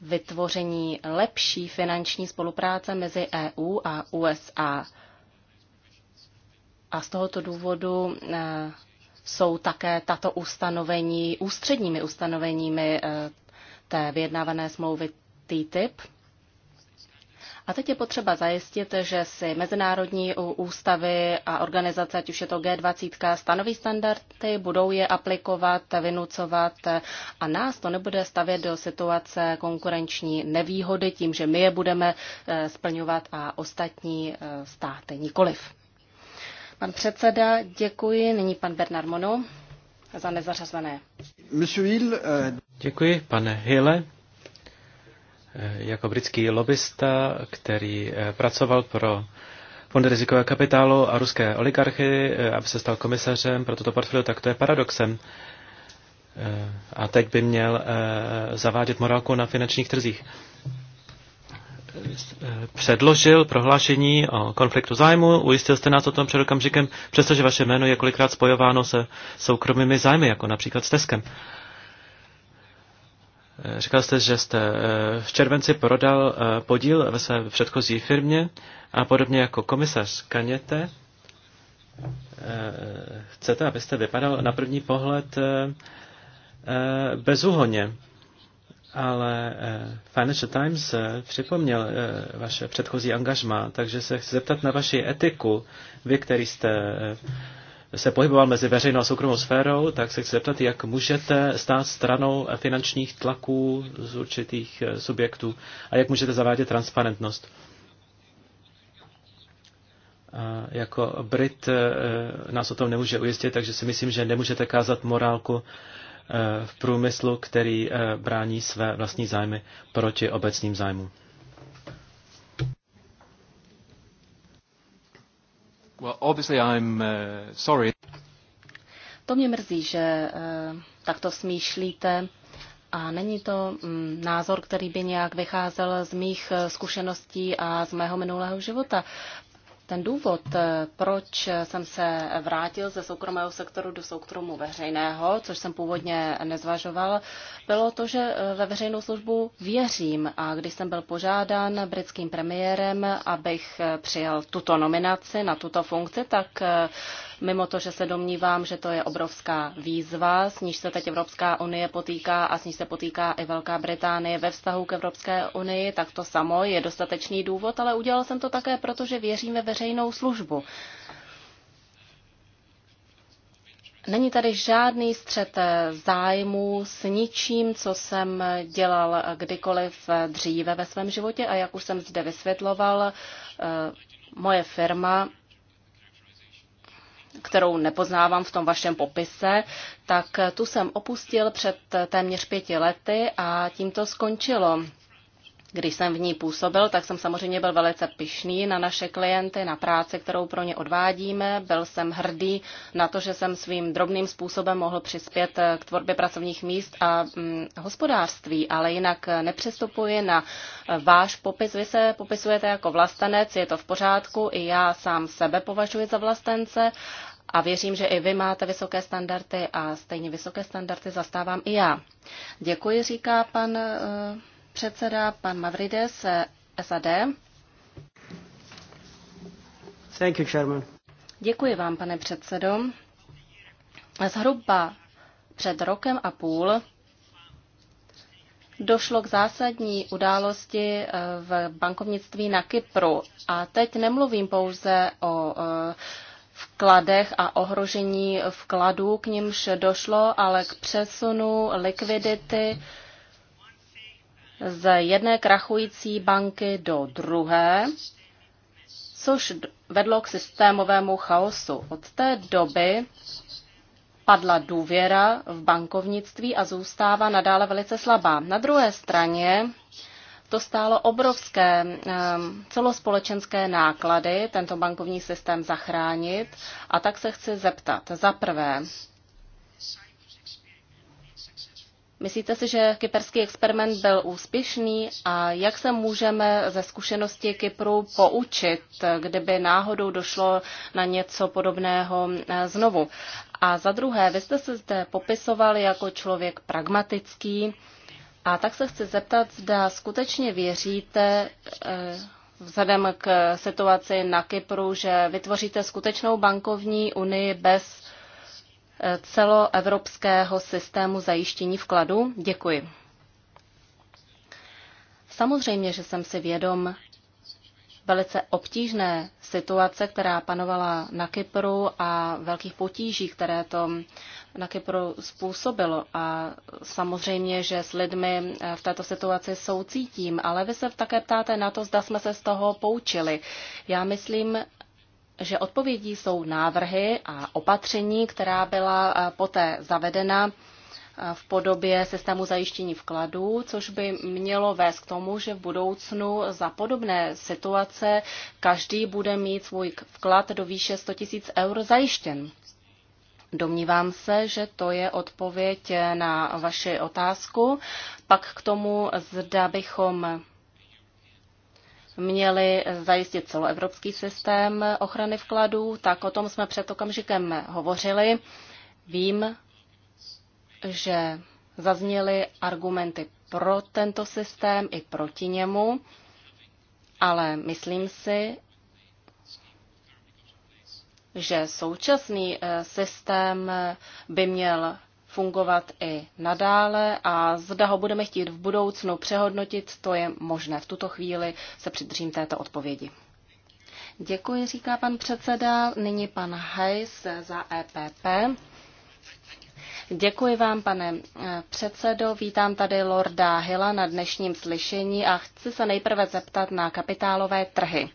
Speaker 2: vytvoření lepší finanční spolupráce mezi EU a USA. A z tohoto důvodu jsou také tato ustanovení ústředními ustanoveními eh, té vyjednávané smlouvy TTIP. A teď je potřeba zajistit, že si mezinárodní ústavy a organizace, ať už je to G20, stanoví standardy, budou je aplikovat, vynucovat eh, a nás to nebude stavět do situace konkurenční nevýhody tím, že my je budeme eh, splňovat a ostatní státy nikoliv. Pan předseda, děkuji. Nyní pan Bernard Mono za nezařazené.
Speaker 3: Eh, děkuji, pane Hille. Eh, jako britský lobista, který eh, pracoval pro Fond rizikového kapitálu a ruské oligarchy, aby se stal komisařem pro toto portfolio, tak to je paradoxem. A teď by měl zavádět morálku na finančních trzích předložil prohlášení o konfliktu zájmu. Ujistil jste nás o tom před okamžikem, přestože vaše jméno je kolikrát spojováno se soukromými zájmy, jako například s Teskem. Říkal jste, že jste eh, v červenci prodal eh, podíl ve své předchozí firmě a podobně jako komisař Kaněte eh, chcete, abyste vypadal na první pohled bezúhoně ale eh, Financial Times eh, připomněl eh, vaše předchozí angažma, takže se chci zeptat na vaši etiku. Vy, který jste se pohyboval mezi veřejnou a soukromou sférou, tak se chci zeptat, jak můžete stát stranou finančních tlaků z určitých subjektů a jak můžete zavádět transparentnost. A jako Brit nás o tom nemůže ujistit, takže si myslím, že nemůžete kázat morálku Eh, v průmyslu, který eh, brání své vlastní zájmy proti obecným zájmům. Well, obviously I'm, uh, sorry.
Speaker 2: To mě mrzí, že uh, takto smýšlíte a není to um, názor, který by nějak vycházel z mých zkušeností a z mého minulého života ten důvod, eh, proč jsem se vrátil ze soukromého sektoru do soukromu veřejného, což jsem původně nezvažoval, bylo to, že eh, ve veřejnou službu věřím. A když jsem byl požádán britským premiérem, abych eh, přijal tuto nominaci na tuto funkci, tak Mimo to, že se domnívám, že to je obrovská výzva, s níž se teď Evropská unie potýká a s níž se potýká i Velká Británie ve vztahu k Evropské unii, tak to samo je dostatečný důvod, ale udělal jsem to také, protože věříme veřejnou službu. Není tady žádný střet zájmů s ničím, co jsem dělal kdykoliv dříve ve svém životě a jak už jsem zde vysvětloval, eh, moje firma kterou nepoznávám v tom vašem popise, tak tu jsem opustil před téměř pěti lety a tím to skončilo. Když jsem v ní působil, tak jsem samozřejmě byl velice pišný na naše klienty, na práci, kterou pro ně odvádíme. Byl jsem hrdý na to, že jsem svým drobným způsobem mohl přispět eh, k tvorbě pracovních míst a hm, hospodářství, ale jinak eh, nepřistupuji na eh, váš popis. Vy se popisujete jako vlastenec, je to v pořádku, i já sám sebe považuji za vlastence a věřím, že i vy máte vysoké standardy a stejně vysoké standardy zastávám i já. Děkuji, říká pan. Uh předseda pan Mavrides SAD. Thank you, Chairman. Děkuji vám, pane předsedo. Zhruba před rokem a půl došlo k zásadní události eh, v bankovnictví na Kypru. A teď nemluvím pouze o eh, vkladech a ohrožení vkladů, k nimž došlo, ale k přesunu likvidity z jedné krachující banky do druhé, což vedlo k systémovému chaosu. Od té doby padla důvěra v bankovnictví a zůstává nadále velice slabá. Na druhé straně to stálo obrovské ehm, celospolečenské náklady tento bankovní systém zachránit a tak se chci zeptat. Za prvé, Myslíte si, že kyperský experiment byl úspěšný a jak se můžeme ze zkušenosti Kypru poučit, kdyby náhodou došlo na něco podobného eh, znovu? A za druhé, vy jste se zde popisoval jako člověk pragmatický a tak se chci zeptat, zda skutečně věříte, eh, vzhledem k situaci na Kypru, že vytvoříte skutečnou bankovní unii bez celoevropského systému zajištění vkladu? Děkuji. Samozřejmě, že jsem si vědom velice obtížné situace, která panovala na Kypru a velkých potíží, které to na Kypru způsobilo. A samozřejmě, že s lidmi v této situaci soucítím, ale vy se také ptáte na to, zda jsme se z toho poučili. Já myslím, že odpovědí jsou návrhy a opatření, která byla eh, poté zavedena eh, v podobě systému zajištění vkladů, což by mělo vést k tomu, že v budoucnu za podobné situace každý bude mít svůj vklad do výše 100 000 eur zajištěn. Domnívám se, že to je odpověď na vaši otázku. Pak k tomu, zda bychom měli zajistit celoevropský systém ochrany vkladů, tak o tom jsme před okamžikem hovořili. Vím, že zazněly argumenty pro tento systém i proti němu, ale myslím si, že současný eh, systém by měl fungovat i nadále a zda ho budeme chtít v budoucnu přehodnotit, to je možné. V tuto chvíli se přidržím této odpovědi. Děkuji, říká pan předseda. Nyní pan Hejs za EPP. Děkuji vám, pane eh, předsedo. Vítám tady Lorda Hilla na dnešním slyšení a chci se nejprve zeptat na kapitálové trhy.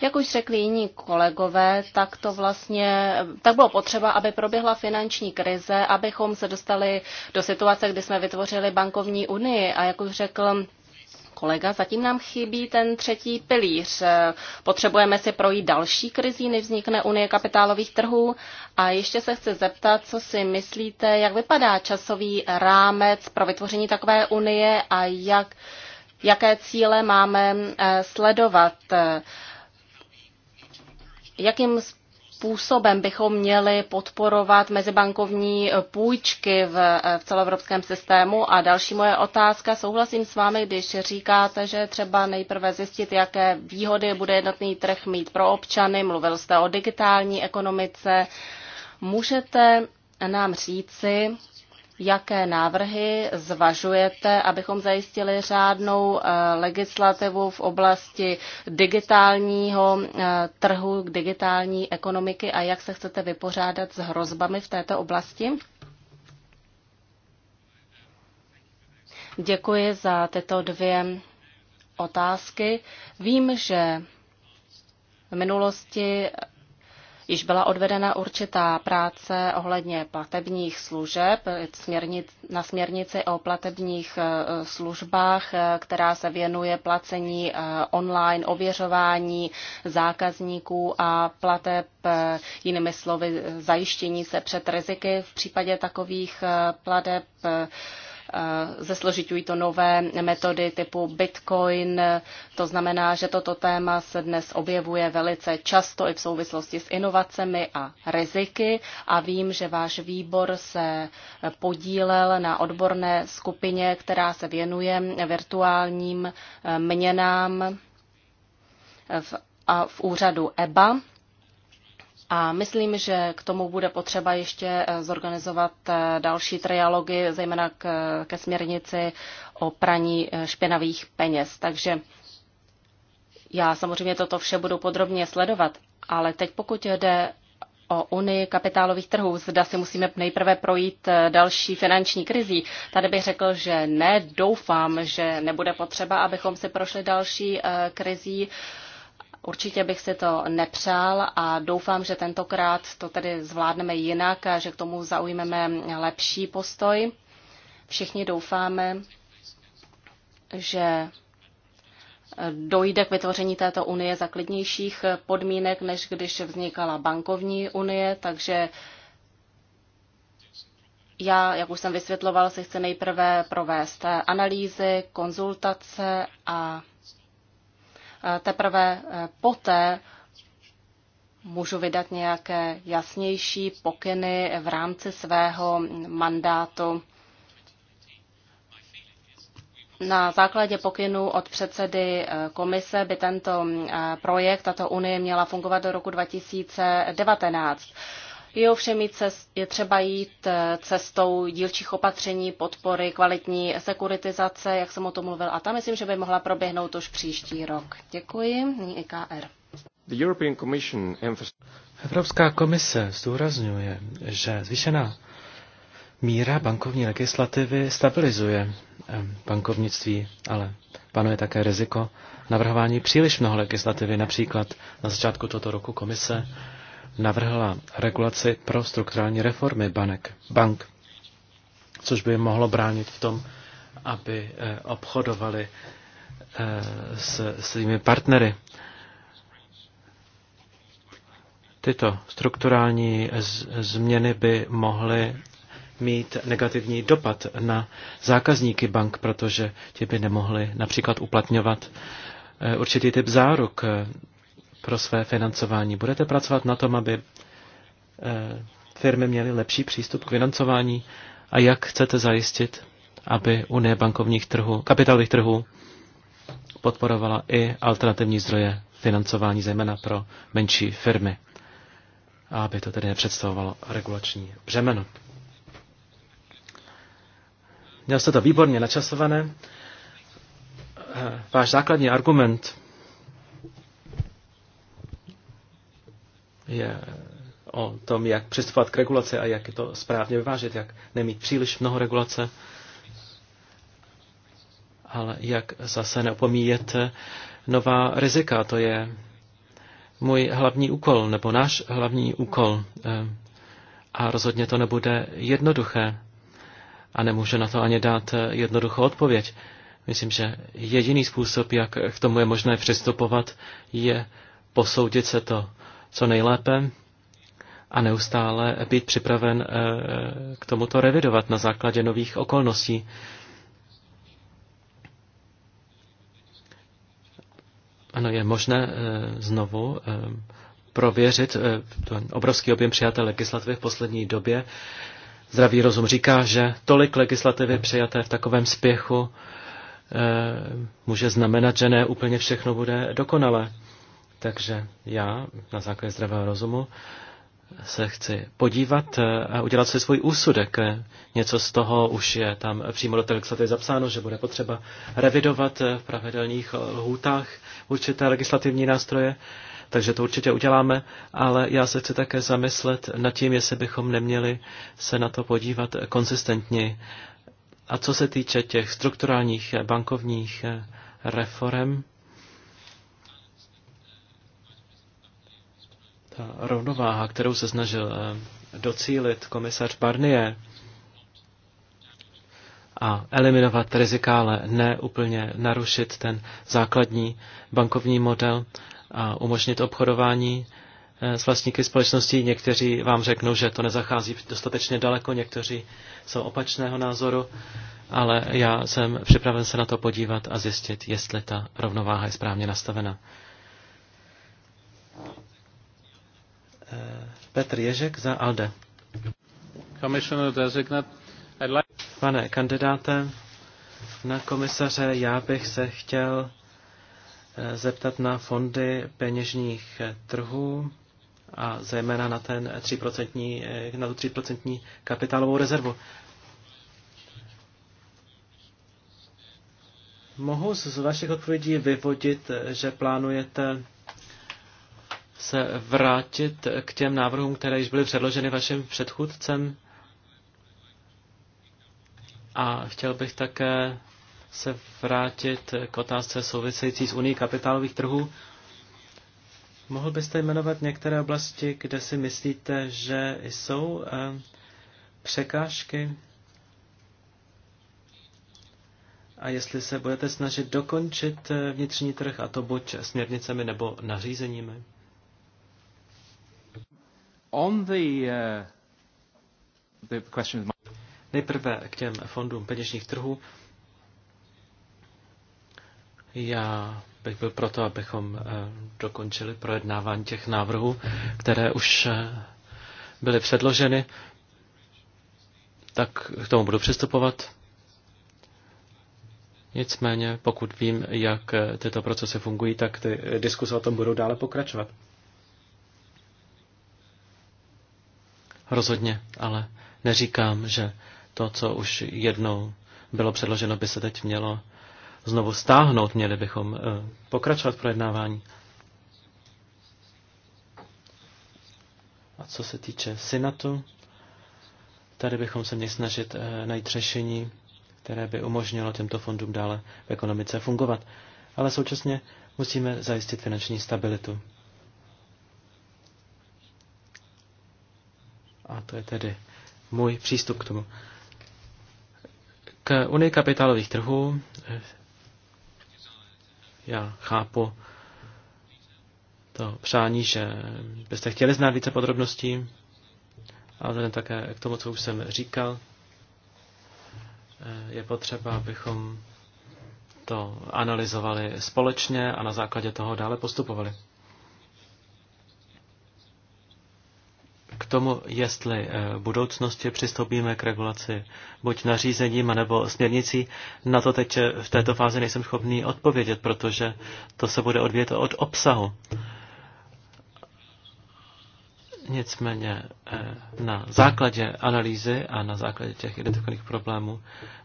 Speaker 2: Jak už řekli jiní kolegové, tak to vlastně, tak bylo potřeba, aby proběhla finanční krize, abychom se dostali do situace, kdy jsme vytvořili bankovní unii a jak už řekl kolega, zatím nám chybí ten třetí pilíř. Potřebujeme si projít další krizí, než vznikne Unie kapitálových trhů. A ještě se chci zeptat, co si myslíte, jak vypadá časový rámec pro vytvoření takové unie a jak, jaké cíle máme eh, sledovat jakým způsobem bychom měli podporovat mezibankovní půjčky v, v celoevropském systému. A další moje otázka, souhlasím s vámi, když říkáte, že třeba nejprve zjistit, jaké výhody bude jednotný trh mít pro občany. Mluvil jste o digitální ekonomice. Můžete nám říci, jaké návrhy zvažujete, abychom zajistili řádnou eh, legislativu v oblasti digitálního eh, trhu, digitální ekonomiky a jak se chcete vypořádat s hrozbami v této oblasti? Děkuji za tyto dvě otázky. Vím, že v minulosti Již byla odvedena určitá práce ohledně platebních služeb na směrnici o platebních e, službách, e, která se věnuje placení e, online, ověřování zákazníků a plateb, jinými slovy zajištění se před riziky v případě takových plateb Eh, zesložitují to nové metody typu Bitcoin. To znamená, že toto téma se dnes objevuje velice často i v souvislosti s inovacemi a riziky a vím, že váš výbor se podílel na odborné skupině, která se věnuje virtuálním eh, měnám v, a v úřadu EBA. A myslím, že k tomu bude potřeba ještě eh, zorganizovat eh, další trialogy, zejména k, eh, ke směrnici o praní špinavých peněz. Takže já samozřejmě toto vše budu podrobně sledovat, ale teď pokud jde o unii kapitálových trhů. Zda si musíme nejprve projít další finanční krizí. Tady bych řekl, že ne, doufám, že nebude potřeba, abychom si prošli další krizí. Určitě bych si to nepřál a doufám, že tentokrát to tedy zvládneme jinak a že k tomu zaujmeme lepší postoj. Všichni doufáme, že dojde k vytvoření této unie za klidnějších podmínek, než když vznikala bankovní unie, takže já, jak už jsem vysvětloval, si chci nejprve provést analýzy, konzultace a teprve e, poté můžu vydat nějaké jasnější pokyny v rámci svého mandátu. Na základě pokynů od předsedy e, komise by tento e, projekt, tato unie měla fungovat do roku 2019. Je ovšem cest, je třeba jít eh, cestou dílčích opatření, podpory, kvalitní sekuritizace, jak jsem o tom mluvil, a tam myslím, že by mohla proběhnout už příští rok. Děkuji. Nyní IKR.
Speaker 3: The European Commission Evropská komise zdůrazňuje, že zvýšená míra bankovní legislativy stabilizuje eh, bankovnictví, ale panuje také riziko navrhování příliš mnoho legislativy. Například na začátku tohoto roku komise navrhla regulaci pro strukturální reformy banek, bank, což by mohlo bránit v tom, aby eh, obchodovali eh, s svými partnery. Tyto strukturální změny by mohly mít negativní dopad na zákazníky bank, protože ti by nemohli například uplatňovat eh, určitý typ záruk pro své financování. Budete pracovat na tom, aby eh, firmy měly lepší přístup k financování a jak chcete zajistit, aby Unie bankovních trhů, kapitálových trhů podporovala i alternativní zdroje financování, zejména pro menší firmy, a aby to tedy nepředstavovalo regulační břemeno. Měl jste to výborně načasované. Eh, váš základní argument je o tom, jak přistupovat k regulaci a jak to správně vyvážit, jak nemít příliš mnoho regulace, ale jak zase neopomíjet nová rizika. To je můj hlavní úkol, nebo náš hlavní úkol. Eh, a rozhodně to nebude jednoduché. A nemůžu na to ani dát eh, jednoduchou odpověď. Myslím, že jediný způsob, jak k tomu je možné přistupovat, je posoudit se to co nejlépe a neustále být připraven eh, k tomuto revidovat na základě nových okolností. Ano, je možné eh, znovu eh, prověřit ten obrovský objem přijaté legislativy v poslední době. Zdravý rozum říká, že tolik legislativy přijaté v takovém spěchu může znamenat, že ne úplně všechno bude dokonalé. Takže já na základě zdravého rozumu se chci podívat eh, a udělat si svůj úsudek. Eh, Něco z toho už je tam přímo do té legislativy zapsáno, že bude potřeba revidovat eh, v pravidelných lhůtách určité legislativní nástroje, takže to určitě uděláme, ale já se chci také zamyslet nad tím, jestli bychom neměli se na to podívat konzistentně. A co se týče těch strukturálních bankovních reform, Ta rovnováha, kterou se snažil eh, docílit komisař Barnier a eliminovat rizika, ale ne úplně narušit ten základní bankovní model a umožnit obchodování eh, s vlastníky společností. Někteří vám řeknou, že to nezachází dostatečně daleko, někteří jsou opačného názoru, ale já jsem připraven se na to podívat a zjistit, jestli ta rovnováha je správně nastavena. Eh, Petr Ježek za ALDE. Pane kandidáte na komisaře, já bych se chtěl eh, zeptat na fondy peněžních eh, trhů a zejména na, ten 3%, na tu 3% kapitálovou rezervu. Mohu z vašich odpovědí vyvodit, že plánujete se vrátit k těm návrhům, které již byly předloženy vašim předchůdcem. A chtěl bych také se vrátit k otázce související s Unii kapitálových trhů. Mohl byste jmenovat některé oblasti, kde si myslíte, že jsou eh, překážky? A jestli se budete snažit dokončit eh, vnitřní trh, a to buď směrnicemi nebo nařízeními? On the, uh, the question... Nejprve k těm fondům peněžních trhů. Já bych byl proto, abychom eh, dokončili projednávání těch návrhů, které už eh, byly předloženy. Tak k tomu budu přistupovat. Nicméně, pokud vím, jak eh, tyto procesy fungují, tak ty diskuse o tom budou dále pokračovat. Rozhodně, ale neříkám, že to, co už jednou bylo předloženo, by se teď mělo znovu stáhnout. Měli bychom eh, pokračovat v projednávání. A co se týče synatu, tady bychom se měli snažit eh, najít řešení, které by umožnilo těmto fondům dále v ekonomice fungovat. Ale současně musíme zajistit finanční stabilitu. A to je tedy můj přístup k tomu. K Unii kapitálových trhů eh, já chápu to přání, že byste chtěli znát více podrobností, ale vzhledem také k tomu, co už jsem říkal, eh, je potřeba, abychom to analyzovali společně a na základě toho dále postupovali. k tomu, jestli eh, v budoucnosti přistoupíme k regulaci buď nařízením, nebo směrnicí. Na to teď eh, v této fázi nejsem schopný odpovědět, protože to se bude odvíjet od obsahu. Nicméně eh, na základě analýzy a na základě těch identifikovaných problémů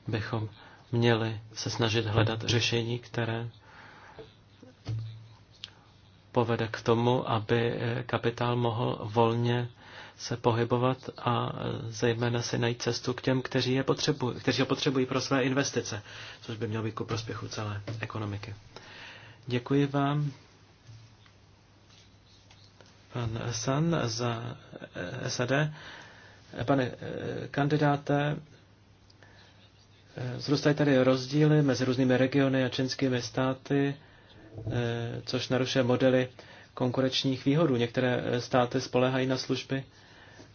Speaker 3: bychom měli se snažit hledat řešení, které povede k tomu, aby kapitál mohl volně se pohybovat a zejména si najít cestu k těm, kteří, je potřebují, kteří ho potřebují pro své investice, což by mělo být ku prospěchu celé ekonomiky. Děkuji vám, pan San za eh, SAD. Pane eh, kandidáte, eh, Zrůstají tady rozdíly mezi různými regiony a čínskými státy, což narušuje modely konkurenčních výhodů. Některé eh, státy spolehají na služby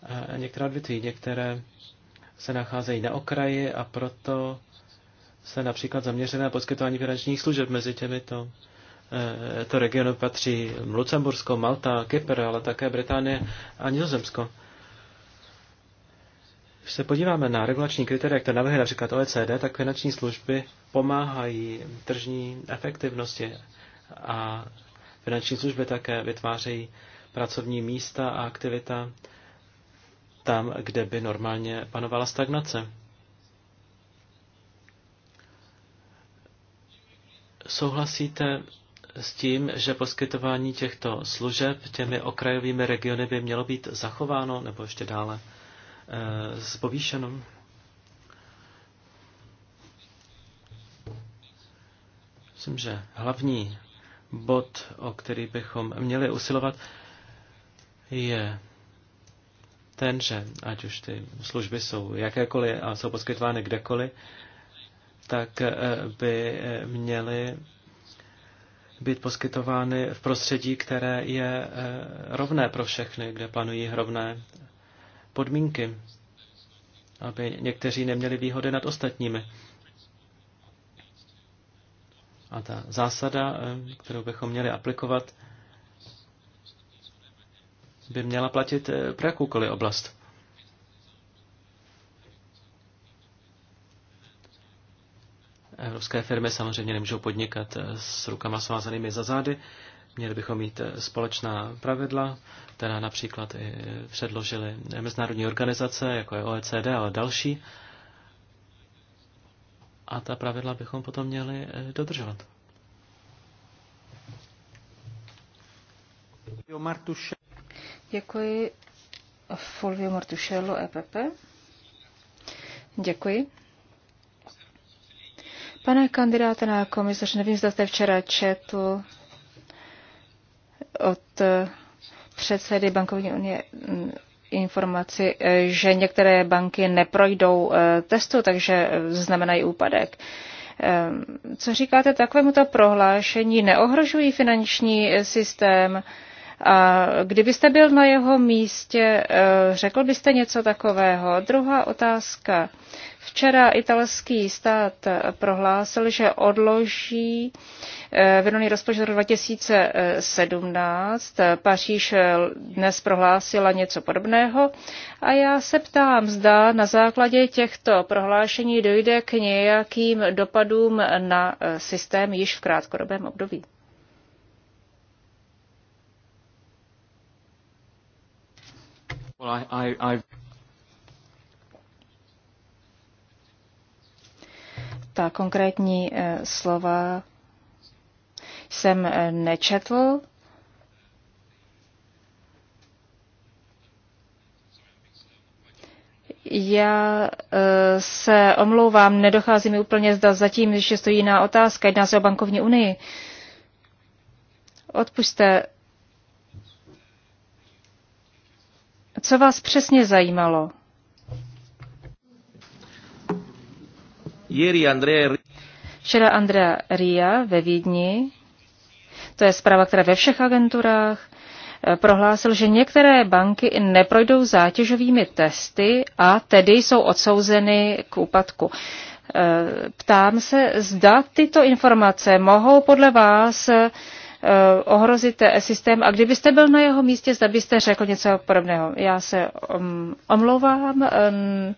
Speaker 3: eh, a některá odvětví. Některé se nacházejí na okraji a proto se například zaměřené na poskytování finančních služeb mezi těmito eh, to regionu patří Lucembursko, Malta, Kypr, ale také Británie a Nizozemsko. Když se podíváme na regulační kritéria, které navrhuje například OECD, tak finanční služby pomáhají tržní efektivnosti a Finanční služby také vytvářejí pracovní místa a aktivita tam, kde by normálně panovala stagnace. Souhlasíte s tím, že poskytování těchto služeb těmi okrajovými regiony by mělo být zachováno nebo ještě dále e, zpovýšeno? Myslím, že hlavní bod, o který bychom měli usilovat, je ten, že ať už ty služby jsou jakékoliv a jsou poskytovány kdekoliv, tak eh, by eh, měly být poskytovány v prostředí, které je eh, rovné pro všechny, kde panují rovné podmínky, aby někteří neměli výhody nad ostatními. A ta zásada, eh, kterou bychom měli aplikovat, by měla platit eh, pro jakoukoliv oblast. Evropské firmy samozřejmě nemůžou podnikat eh, s rukama svázanými za zády. Měli bychom mít společná pravidla, která například i předložili mezinárodní organizace, jako je OECD, ale další a ta pravidla bychom potom měli eh, dodržovat.
Speaker 1: Děkuji Fulvio Martušello, EPP. Děkuji. Pane kandidáte na komisař, nevím, zda jste včera četl od eh, předsedy bankovní unie informaci, eh, že některé banky neprojdou eh, testu, takže eh, znamenají úpadek. Co říkáte takovémuto prohlášení? Neohrožují finanční systém? A kdybyste byl na jeho místě, řekl byste něco takového? Druhá otázka Včera italský stát prohlásil, že odloží eh, vyrovnaný rozpočet roku 2017. Paříž eh, dnes prohlásila něco podobného. A já se ptám, zda na základě těchto prohlášení dojde k nějakým dopadům na eh, systém již v krátkodobém období.
Speaker 3: Well, I, I, I...
Speaker 1: Ta konkrétní eh, slova jsem eh, nečetl. Já eh, se omlouvám, nedochází mi úplně zda zatím, když je stojí jiná otázka. Jedná se o bankovní unii. Odpuste. Co vás přesně zajímalo?
Speaker 3: Ieri Andrea...
Speaker 1: Včera Andrea Ria ve Vídni, to je zpráva, která ve všech agenturách, eh, prohlásil, že některé banky neprojdou zátěžovými testy a tedy jsou odsouzeny k úpadku. Eh, ptám se, zda tyto informace mohou podle vás eh, ohrozit systém a kdybyste byl na jeho místě, zda byste řekl něco podobného. Já se mm, omlouvám, mm,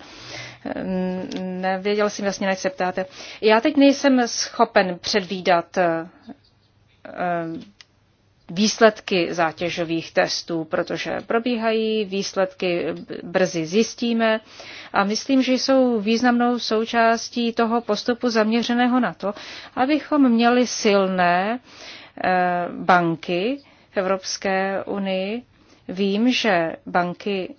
Speaker 1: Ehm, nevěděl jsem jasně, na se ptáte. Já teď nejsem schopen předvídat eh, ehm, výsledky zátěžových testů, protože probíhají, výsledky brzy zjistíme a myslím, že jsou významnou součástí toho postupu zaměřeného na to, abychom měli silné eh, banky v Evropské unii. Vím, že banky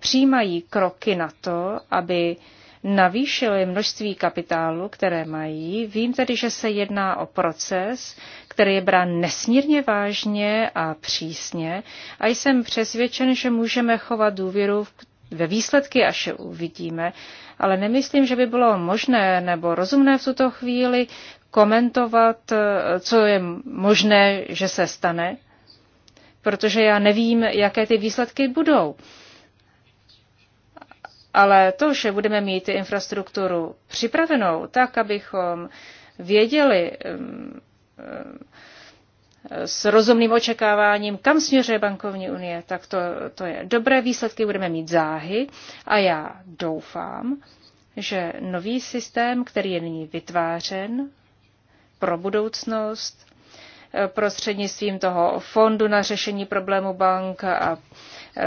Speaker 1: přijímají kroky na to, aby navýšili množství kapitálu, které mají. Vím tedy, že se jedná o proces, který je brán nesmírně vážně a přísně a jsem přesvědčen, že můžeme chovat důvěru ve výsledky, až je uvidíme, ale nemyslím, že by bylo možné nebo rozumné v tuto chvíli komentovat, co je možné, že se stane, protože já nevím, jaké ty výsledky budou. Ale to, že budeme mít infrastrukturu připravenou tak, abychom věděli um, um, s rozumným očekáváním, kam směřuje bankovní unie, tak to, to je dobré. Výsledky budeme mít záhy a já doufám, že nový systém, který je nyní vytvářen pro budoucnost, prostřednictvím toho fondu na řešení problému bank a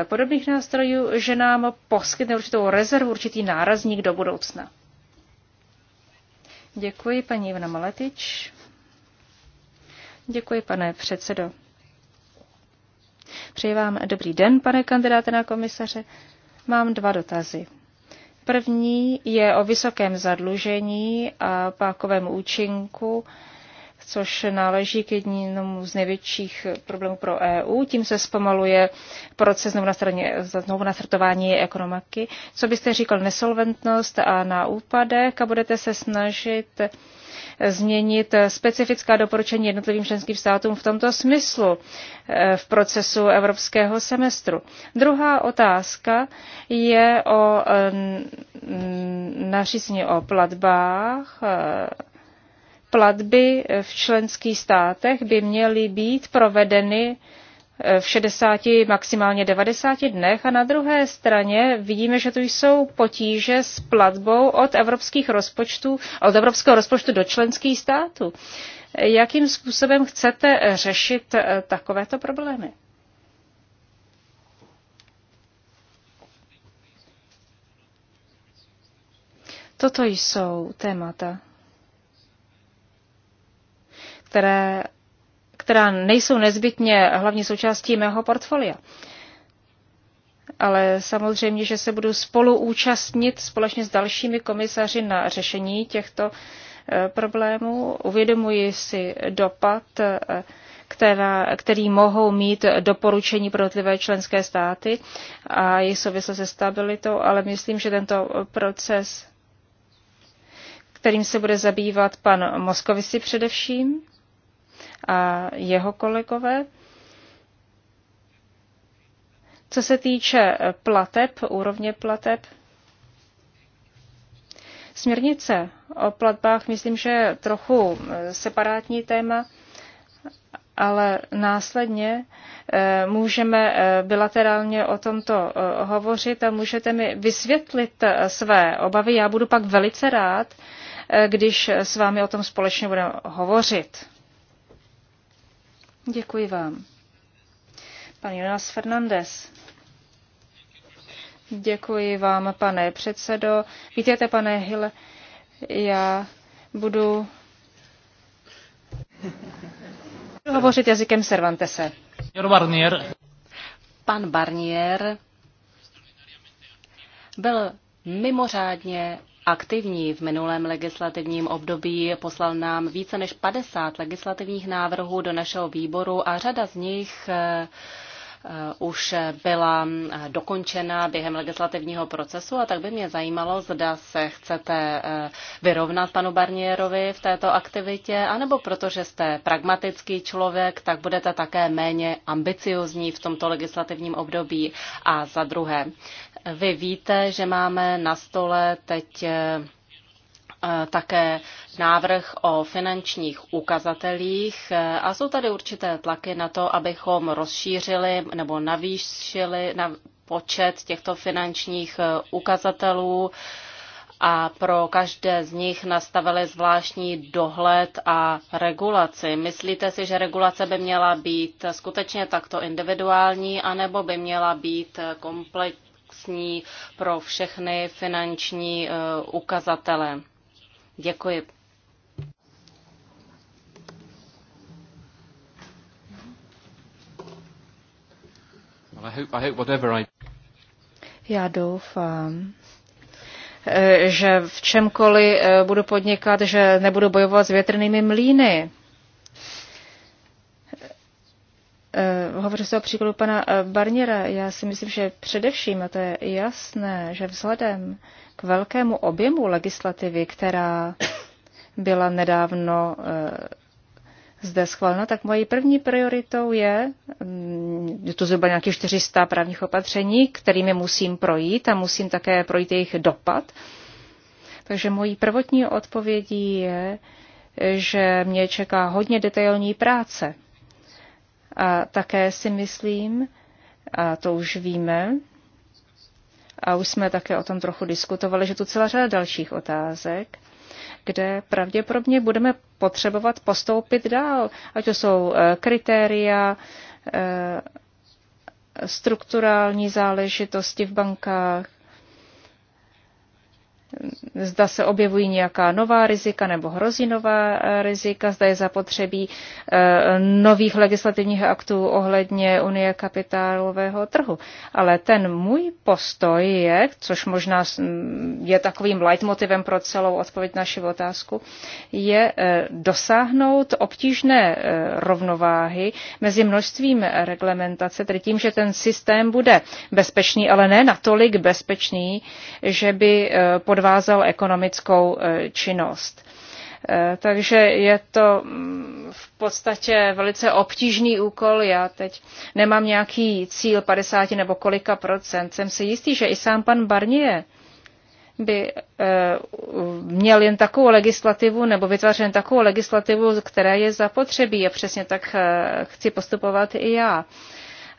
Speaker 1: podobných nástrojů, že nám poskytne určitou rezervu, určitý nárazník do budoucna. Děkuji, paní Ivna Maletič. Děkuji, pane předsedo. Přeji vám dobrý den, pane kandidáte na komisaře. Mám dva dotazy. První je o vysokém zadlužení a pákovém účinku což náleží k jednomu z největších problémů pro EU. Tím se zpomaluje proces znovu, na nastartování ekonomiky. Co byste říkal, nesolventnost a na úpadek a budete se snažit změnit specifická doporučení jednotlivým členským státům v tomto smyslu eh, v procesu evropského semestru. Druhá otázka je o eh, nařízení o platbách eh, Platby v členských státech by měly být provedeny v 60, maximálně 90 dnech a na druhé straně vidíme, že tu jsou potíže s platbou od evropských rozpočtů, od evropského rozpočtu do členských států. Jakým způsobem chcete řešit eh, takovéto problémy? Toto jsou témata, které, která nejsou nezbytně hlavní součástí mého portfolia. Ale samozřejmě, že se budu spolu účastnit společně s dalšími komisaři na řešení těchto eh, problémů. Uvědomuji si dopad, eh, která, který mohou mít doporučení pro jednotlivé členské státy a je souvisle se stabilitou, ale myslím, že tento proces kterým se bude zabývat pan Moskovici především a jeho kolegové. Co se týče plateb, úrovně plateb, směrnice o platbách, myslím, že je trochu eh, separátní téma, ale následně eh, můžeme eh, bilaterálně o tomto hovořit a můžete mi vysvětlit své obavy. Já budu pak velice rád, když s vámi o tom společně budeme hovořit. Děkuji vám. Pan Jonas Fernandez. Děkuji vám, pane předsedo. Vítejte, pane Hill, já budu hovořit jazykem Cervantese.
Speaker 3: Barnier.
Speaker 1: Pan Barnier
Speaker 2: byl mimořádně aktivní. V minulém legislativním období poslal nám více než 50 legislativních návrhů do našeho výboru a řada z nich eh, eh, už byla eh, dokončena během legislativního procesu a tak by mě zajímalo, zda se chcete vyrovnat panu Barnierovi v této aktivitě, anebo protože jste pragmatický člověk, tak budete také méně ambiciozní v tomto legislativním období. A za druhé, vy víte, že máme na stole teď eh, také návrh o finančních ukazatelích eh, a jsou tady určité tlaky na to, abychom rozšířili nebo navýšili na počet těchto finančních eh, ukazatelů a pro každé z nich nastavili zvláštní dohled a regulaci. Myslíte si, že regulace by měla být skutečně takto individuální, anebo by měla být komplet, komplexní pro všechny finanční eh, ukazatele. Děkuji.
Speaker 1: Já doufám, eh, že v čemkoliv eh, budu podnikat, že nebudu bojovat s větrnými mlýny. Eh, hovoří se o příkladu pana eh, Barniera. Já si myslím, že především, a to je jasné, že vzhledem k velkému objemu legislativy, která byla nedávno eh, zde schválena, tak mojí první prioritou je, mm, je to zhruba nějakých 400 právních opatření, kterými musím projít a musím také projít jejich dopad. Takže mojí prvotní odpovědí je, že mě čeká hodně detailní práce a také si myslím, a to už víme, a už jsme také o tom trochu diskutovali, že tu celá řada dalších otázek, kde pravděpodobně budeme potřebovat postoupit dál, ať to jsou e, kritéria, e, strukturální záležitosti v bankách, zda se objevují nějaká nová rizika nebo hrozí nová rizika, zda je zapotřebí eh, nových legislativních aktů ohledně Unie kapitálového trhu. Ale ten můj postoj je, což možná je takovým leitmotivem pro celou odpověď na naši otázku, je eh, dosáhnout obtížné eh, rovnováhy mezi množstvím reglementace, tedy tím, že ten systém bude bezpečný, ale ne natolik bezpečný, že by pod provázal ekonomickou eh, činnost. Eh, takže je to mm, v podstatě velice obtížný úkol. Já teď nemám nějaký cíl 50 nebo kolika procent. Jsem si jistý, že i sám pan Barnier by eh, měl jen takovou legislativu nebo vytvářen takovou legislativu, která je zapotřebí. A přesně tak chci postupovat i já.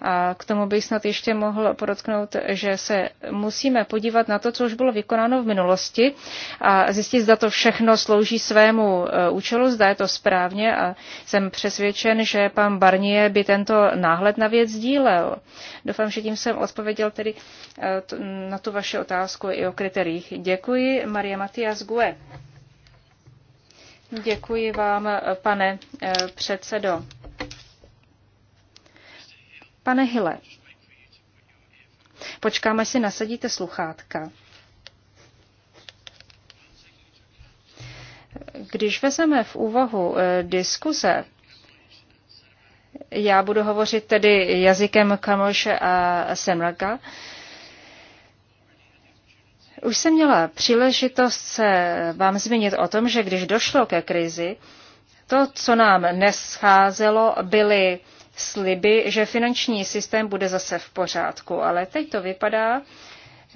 Speaker 1: A k tomu bych snad ještě mohl podotknout, že se musíme podívat na to, co už bylo vykonáno v minulosti a zjistit, zda to všechno slouží svému eh, účelu, zda je to správně a jsem přesvědčen, že pan Barnier by tento náhled na věc sdílel. Doufám, že tím jsem odpověděl tedy eh, na tu vaši otázku i o kritériích. Děkuji, Maria Matias Gue. Děkuji vám, eh, pane předsedo. Pane Hille, počkáme až si nasadíte sluchátka. Když vezeme v úvahu eh, diskuze, já budu hovořit tedy jazykem Kamoše a Semraka, už jsem měla příležitost se vám zmínit o tom, že když došlo ke krizi, to, co nám nescházelo, byly sliby, že finanční systém bude zase v pořádku. Ale teď to vypadá,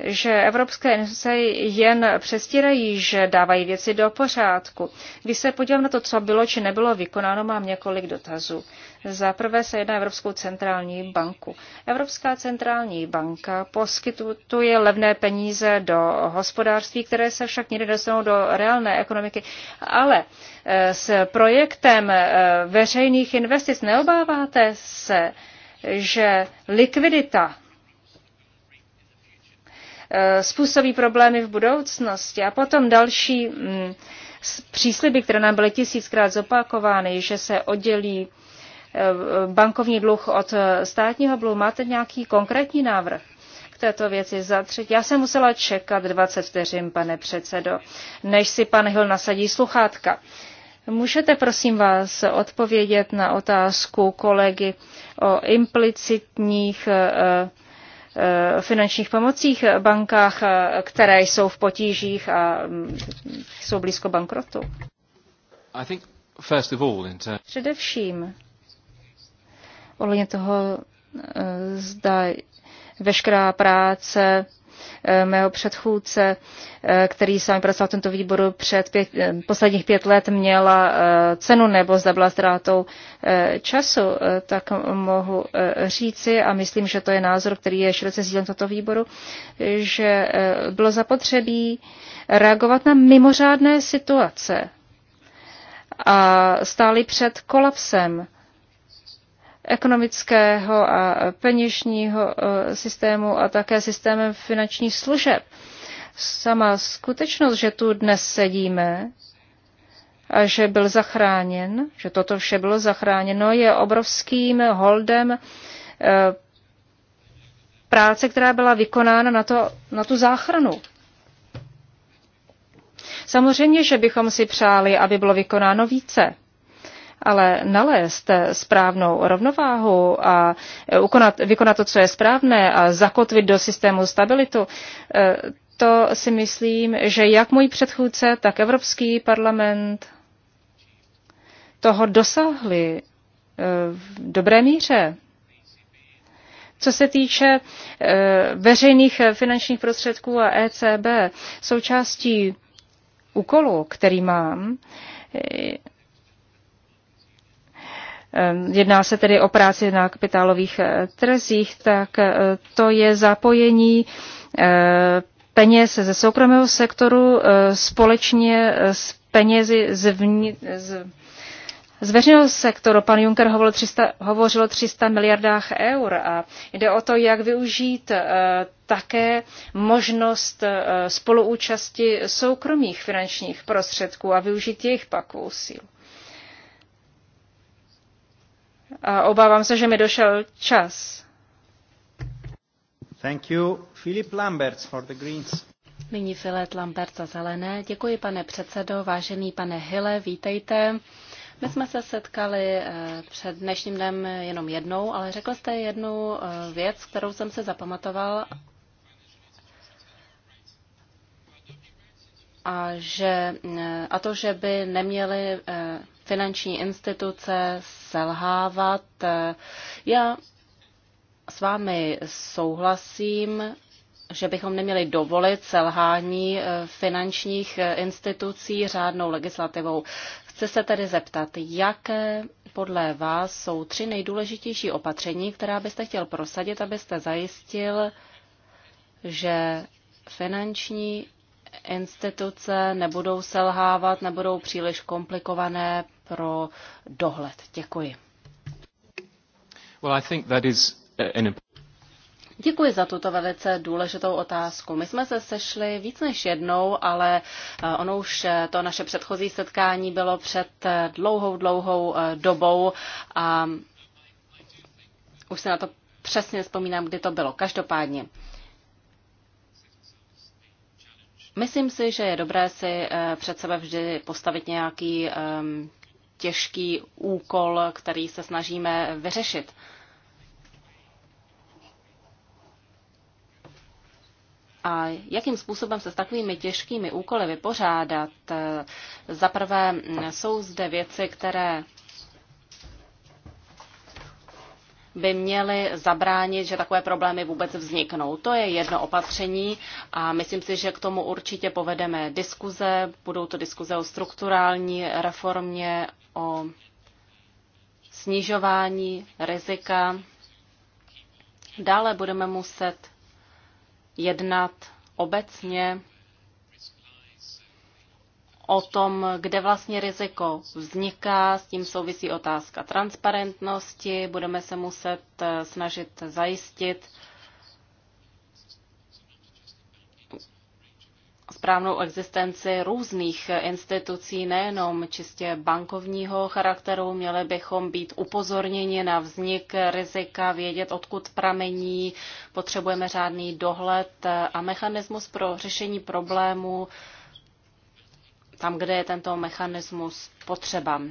Speaker 1: že evropské instituce jen přestírají, že dávají věci do pořádku. Když se podívám na to, co bylo či nebylo vykonáno, mám několik dotazů. Za prvé se jedná Evropskou centrální banku. Evropská centrální banka poskytuje levné peníze do hospodářství, které se však nikdy dostanou do reálné ekonomiky. Ale eh, s projektem eh, veřejných investic neobáváte se, že likvidita eh, způsobí problémy v budoucnosti. A potom další mm, přísliby, které nám byly tisíckrát zopakovány, že se oddělí Eh, bankovní dluh od eh, státního dluhu. Máte nějaký konkrétní návrh? této věci za třetí. Já jsem musela čekat 20 vteřin, pane předsedo, než si pan Hill nasadí sluchátka. Můžete prosím vás odpovědět na otázku kolegy o implicitních eh, finančních pomocích bankách, které jsou v potížích a mm, jsou blízko bankrotu? Především ohledně toho, eh, zda veškerá práce eh, mého předchůdce, eh, který vámi pracoval v tomto výboru před pět, posledních pět let, měla cenu nebo zda byla ztrátou času, tak mohu říci, a myslím, že to je názor, který je široce sdílen toto výboru, že bylo zapotřebí reagovat na mimořádné situace a stáli před kolapsem ekonomického a peněžního eh, systému a také systémem finančních služeb. Sama skutečnost, že tu dnes sedíme a že byl zachráněn, že toto vše bylo zachráněno, je obrovským holdem eh, práce, která byla vykonána na, to, na tu záchranu. Samozřejmě, že bychom si přáli, aby bylo vykonáno více ale nalézt správnou rovnováhu a ukonat, vykonat to, co je správné a zakotvit do systému stabilitu, eh, to si myslím, že jak můj předchůdce, tak Evropský parlament toho dosáhli eh, v dobré míře. Co se týče eh, veřejných finančních prostředků a ECB, součástí úkolu, který mám, Ehm, jedná se tedy o práci na kapitálových eh, trzích, tak eh, to je zapojení eh, peněz ze soukromého sektoru společně s penězi z, vní, z, z veřejného sektoru. Pan Juncker hovoril 300, hovořil o 300 miliardách eur a jde o to, jak využít také možnost spoluúčasti soukromých finančních prostředků a využít jejich pakovou sílu. A obávám se, že mi došel čas.
Speaker 3: Thank you, Philip Lamberts for the Greens.
Speaker 2: Nyní Filet Lambert za zelené. Děkuji, pane předsedo. Vážený pane Hille, vítejte. My jsme se setkali eh, před dnešním dnem jenom jednou, ale řekl jste jednu eh, věc, kterou jsem se zapamatoval a, že, eh, a to, že by neměly eh, finanční instituce selhávat. Eh, já s vámi souhlasím, že bychom neměli dovolit selhání finančních institucí řádnou legislativou. Chci se tedy zeptat, jaké podle vás jsou tři nejdůležitější opatření, která byste chtěl prosadit, abyste zajistil, že finanční instituce nebudou selhávat, nebudou příliš komplikované pro dohled. Děkuji.
Speaker 3: Well, I think that is uh, an...
Speaker 2: Děkuji za tuto velice důležitou otázku. My jsme se sešli víc než jednou, ale eh, ono už eh, to naše předchozí setkání bylo před eh, dlouhou, dlouhou dobou a už se na to přesně vzpomínám, kdy to bylo. Každopádně. Myslím si, že je dobré si eh, před sebe vždy postavit nějaký ehm, těžký úkol, který se snažíme vyřešit. A jakým způsobem se s takovými těžkými úkoly vypořádat? Eh, za prvé jsou zde věci, které by měly zabránit, že takové problémy vůbec vzniknou. To je jedno opatření a myslím si, že k tomu určitě povedeme diskuze. Budou to diskuze o strukturální reformě, o snižování rizika. Dále budeme muset jednat obecně o tom, kde vlastně riziko vzniká. S tím souvisí otázka transparentnosti. Budeme se muset eh, snažit zajistit správnou existenci různých institucí, nejenom čistě bankovního charakteru. Měli bychom být upozorněni na vznik rizika, vědět, odkud pramení. Potřebujeme řádný dohled a mechanismus pro řešení problémů tam, kde je tento mechanismus potřeba.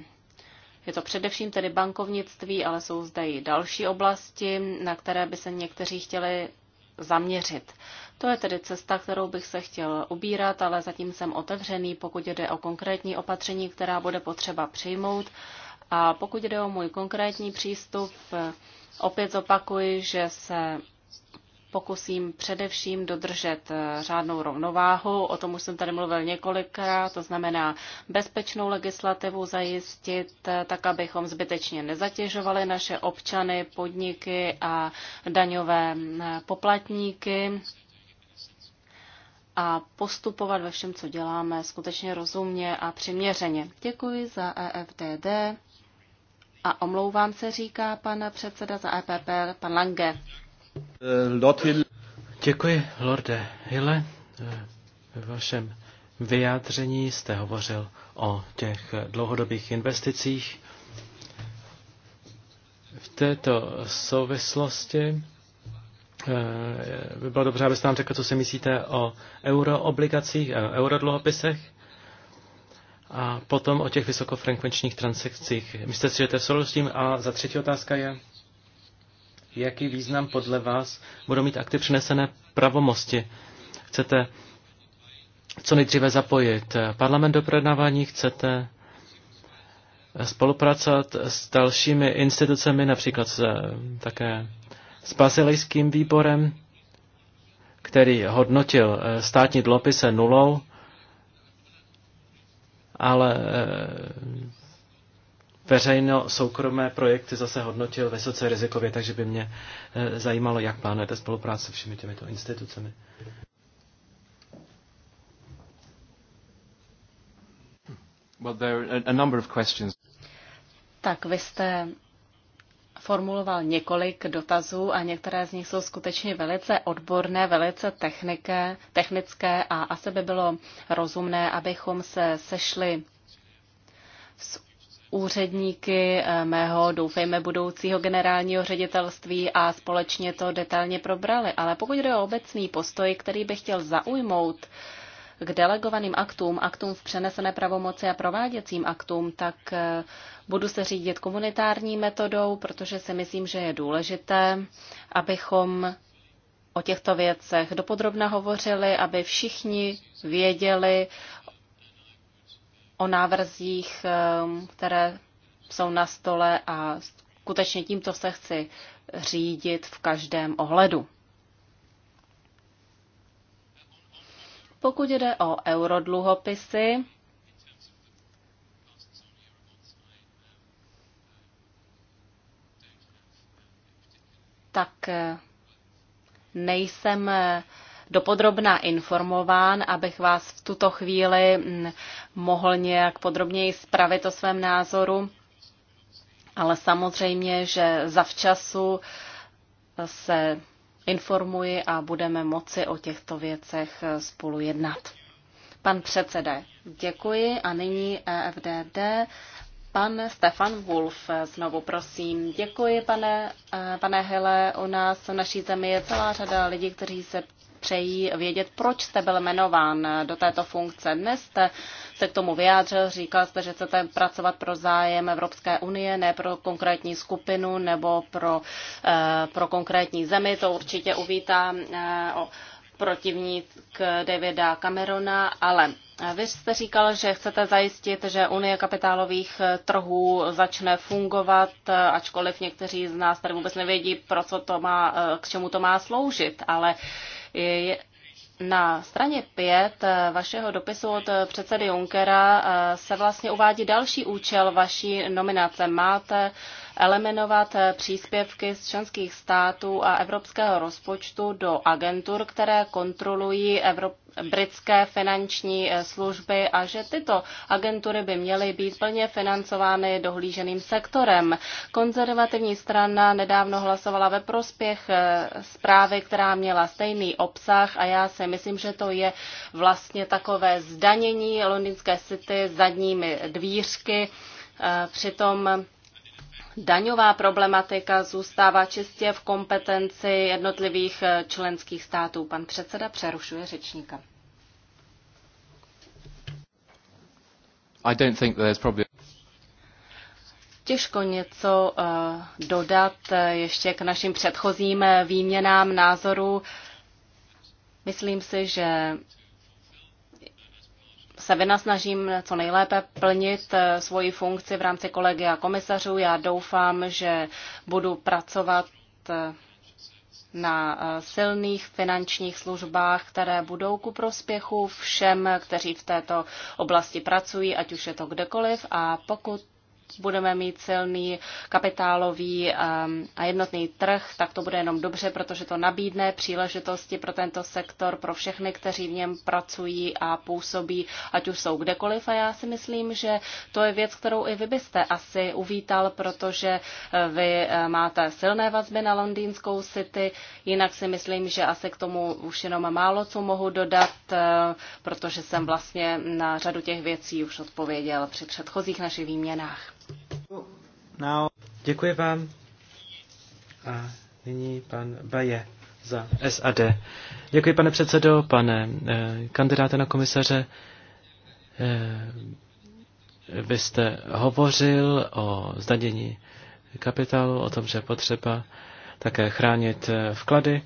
Speaker 2: Je to především tedy bankovnictví, ale jsou zde i další oblasti, na které by se někteří chtěli zaměřit. To je tedy cesta, kterou bych se chtěl ubírat, ale zatím jsem otevřený, pokud jde o konkrétní opatření, která bude potřeba přijmout. A pokud jde o můj konkrétní přístup, opět zopakuji, že se pokusím především dodržet eh, řádnou rovnováhu. O tom už jsem tady mluvil několikrát, to znamená bezpečnou legislativu zajistit, eh, tak abychom zbytečně nezatěžovali naše občany, podniky a daňové mm, poplatníky a postupovat ve všem, co děláme, skutečně rozumně a přiměřeně. Děkuji za EFDD. A omlouvám se, říká pan předseda za EPP, pan Lange.
Speaker 3: Lord Hill. Děkuji, Lorde Hille. Ve vašem vyjádření jste hovořil o těch dlouhodobých investicích. V této souvislosti eh, by bylo dobře, abyste nám řekl, co si myslíte o euroobligacích, eurodluhopisech a potom o těch vysokofrekvenčních transakcích. Myslíte si, že to je v s tím? A za třetí otázka je, jaký význam podle vás budou mít akty přinesené pravomosti. Chcete co nejdříve zapojit parlament do projednávání, chcete spolupracovat s dalšími institucemi, například s, také s basilejským výborem, který hodnotil eh, státní dlopise nulou, ale eh, veřejno-soukromé projekty zase hodnotil vysoce rizikově, takže by mě eh, zajímalo, jak plánujete spolupráci se všemi těmito institucemi. Well, there are a number of questions.
Speaker 2: Tak vy jste formuloval několik dotazů a některé z nich jsou skutečně velice odborné, velice technické, technické a asi by bylo rozumné, abychom se sešli s úředníky eh, mého, doufejme, budoucího generálního ředitelství a společně to detailně probrali. Ale pokud jde o obecný postoj, který bych chtěl zaujmout k delegovaným aktům, aktům v přenesené pravomoci a prováděcím aktům, tak eh, budu se řídit komunitární metodou, protože si myslím, že je důležité, abychom o těchto věcech dopodrobna hovořili, aby všichni věděli, o návrzích, ehm, které jsou na stole a skutečně tímto se chci řídit v každém ohledu. Pokud jde o eurodluhopisy, tak eh, nejsem eh, dopodrobna informován, abych vás v tuto chvíli mm, mohl nějak podrobněji spravit o svém názoru. Ale samozřejmě, že zavčasu se informuji a budeme moci o těchto věcech spolu jednat. Pan předsede, děkuji a nyní EFDD. Pan Stefan Wolf, znovu prosím. Děkuji, pane, eh, pane Hele. U nás v naší zemi je celá řada lidí, kteří se přejí vědět, proč jste byl jmenován do této funkce. Dnes jste se k tomu vyjádřil, říkal jste, že chcete pracovat pro zájem Evropské unie, ne pro konkrétní skupinu nebo pro, eh, pro konkrétní zemi. To určitě uvítá eh, protivník Davida Camerona, ale vy jste říkal, že chcete zajistit, že Unie kapitálových eh, trhů začne fungovat, ačkoliv někteří z nás tady vůbec nevědí, pro co to má, k čemu to má sloužit, ale uh, je, na straně 5 eh, vašeho dopisu od předsedy Junckera eh, se vlastně uvádí další účel vaší nominace. Máte eliminovat eh, příspěvky z členských států a evropského rozpočtu do agentur, které kontrolují Evropu britské finanční eh, služby a že tyto agentury by měly být plně financovány dohlíženým sektorem. Konzervativní strana nedávno hlasovala ve prospěch eh, zprávy, která měla stejný obsah a já si myslím, že to je vlastně takové zdanění londýnské city zadními dvířky. Eh, přitom daňová problematika zůstává čistě v kompetenci jednotlivých eh, členských států. Pan předseda přerušuje řečníka.
Speaker 3: I don't think there's probably...
Speaker 2: Těžko něco uh, dodat eh, ještě k našim předchozím výměnám názorů. Myslím si, že se vynasnažím co nejlépe plnit eh, svoji funkci v rámci kolegia komisařů. Já doufám, že budu pracovat eh, na eh, silných finančních službách, které budou ku prospěchu všem, kteří v této oblasti pracují, ať už je to kdekoliv. A pokud budeme mít silný kapitálový um, a jednotný trh, tak to bude jenom dobře, protože to nabídne příležitosti pro tento sektor, pro všechny, kteří v něm pracují a působí, ať už jsou kdekoliv. A já si myslím, že to je věc, kterou i vy byste asi uvítal, protože eh, vy eh, máte silné vazby na londýnskou city. Jinak si myslím, že asi k tomu už jenom málo co mohu dodat, eh, protože jsem vlastně na řadu těch věcí už odpověděl při předchozích našich výměnách.
Speaker 3: Now... Děkuji vám. A nyní pan Baje za SAD. Děkuji, pane předsedo, pane eh, kandidáte na komisaře. Eh, vy jste hovořil o zdanění kapitálu, o tom, že je potřeba také chránit eh, vklady.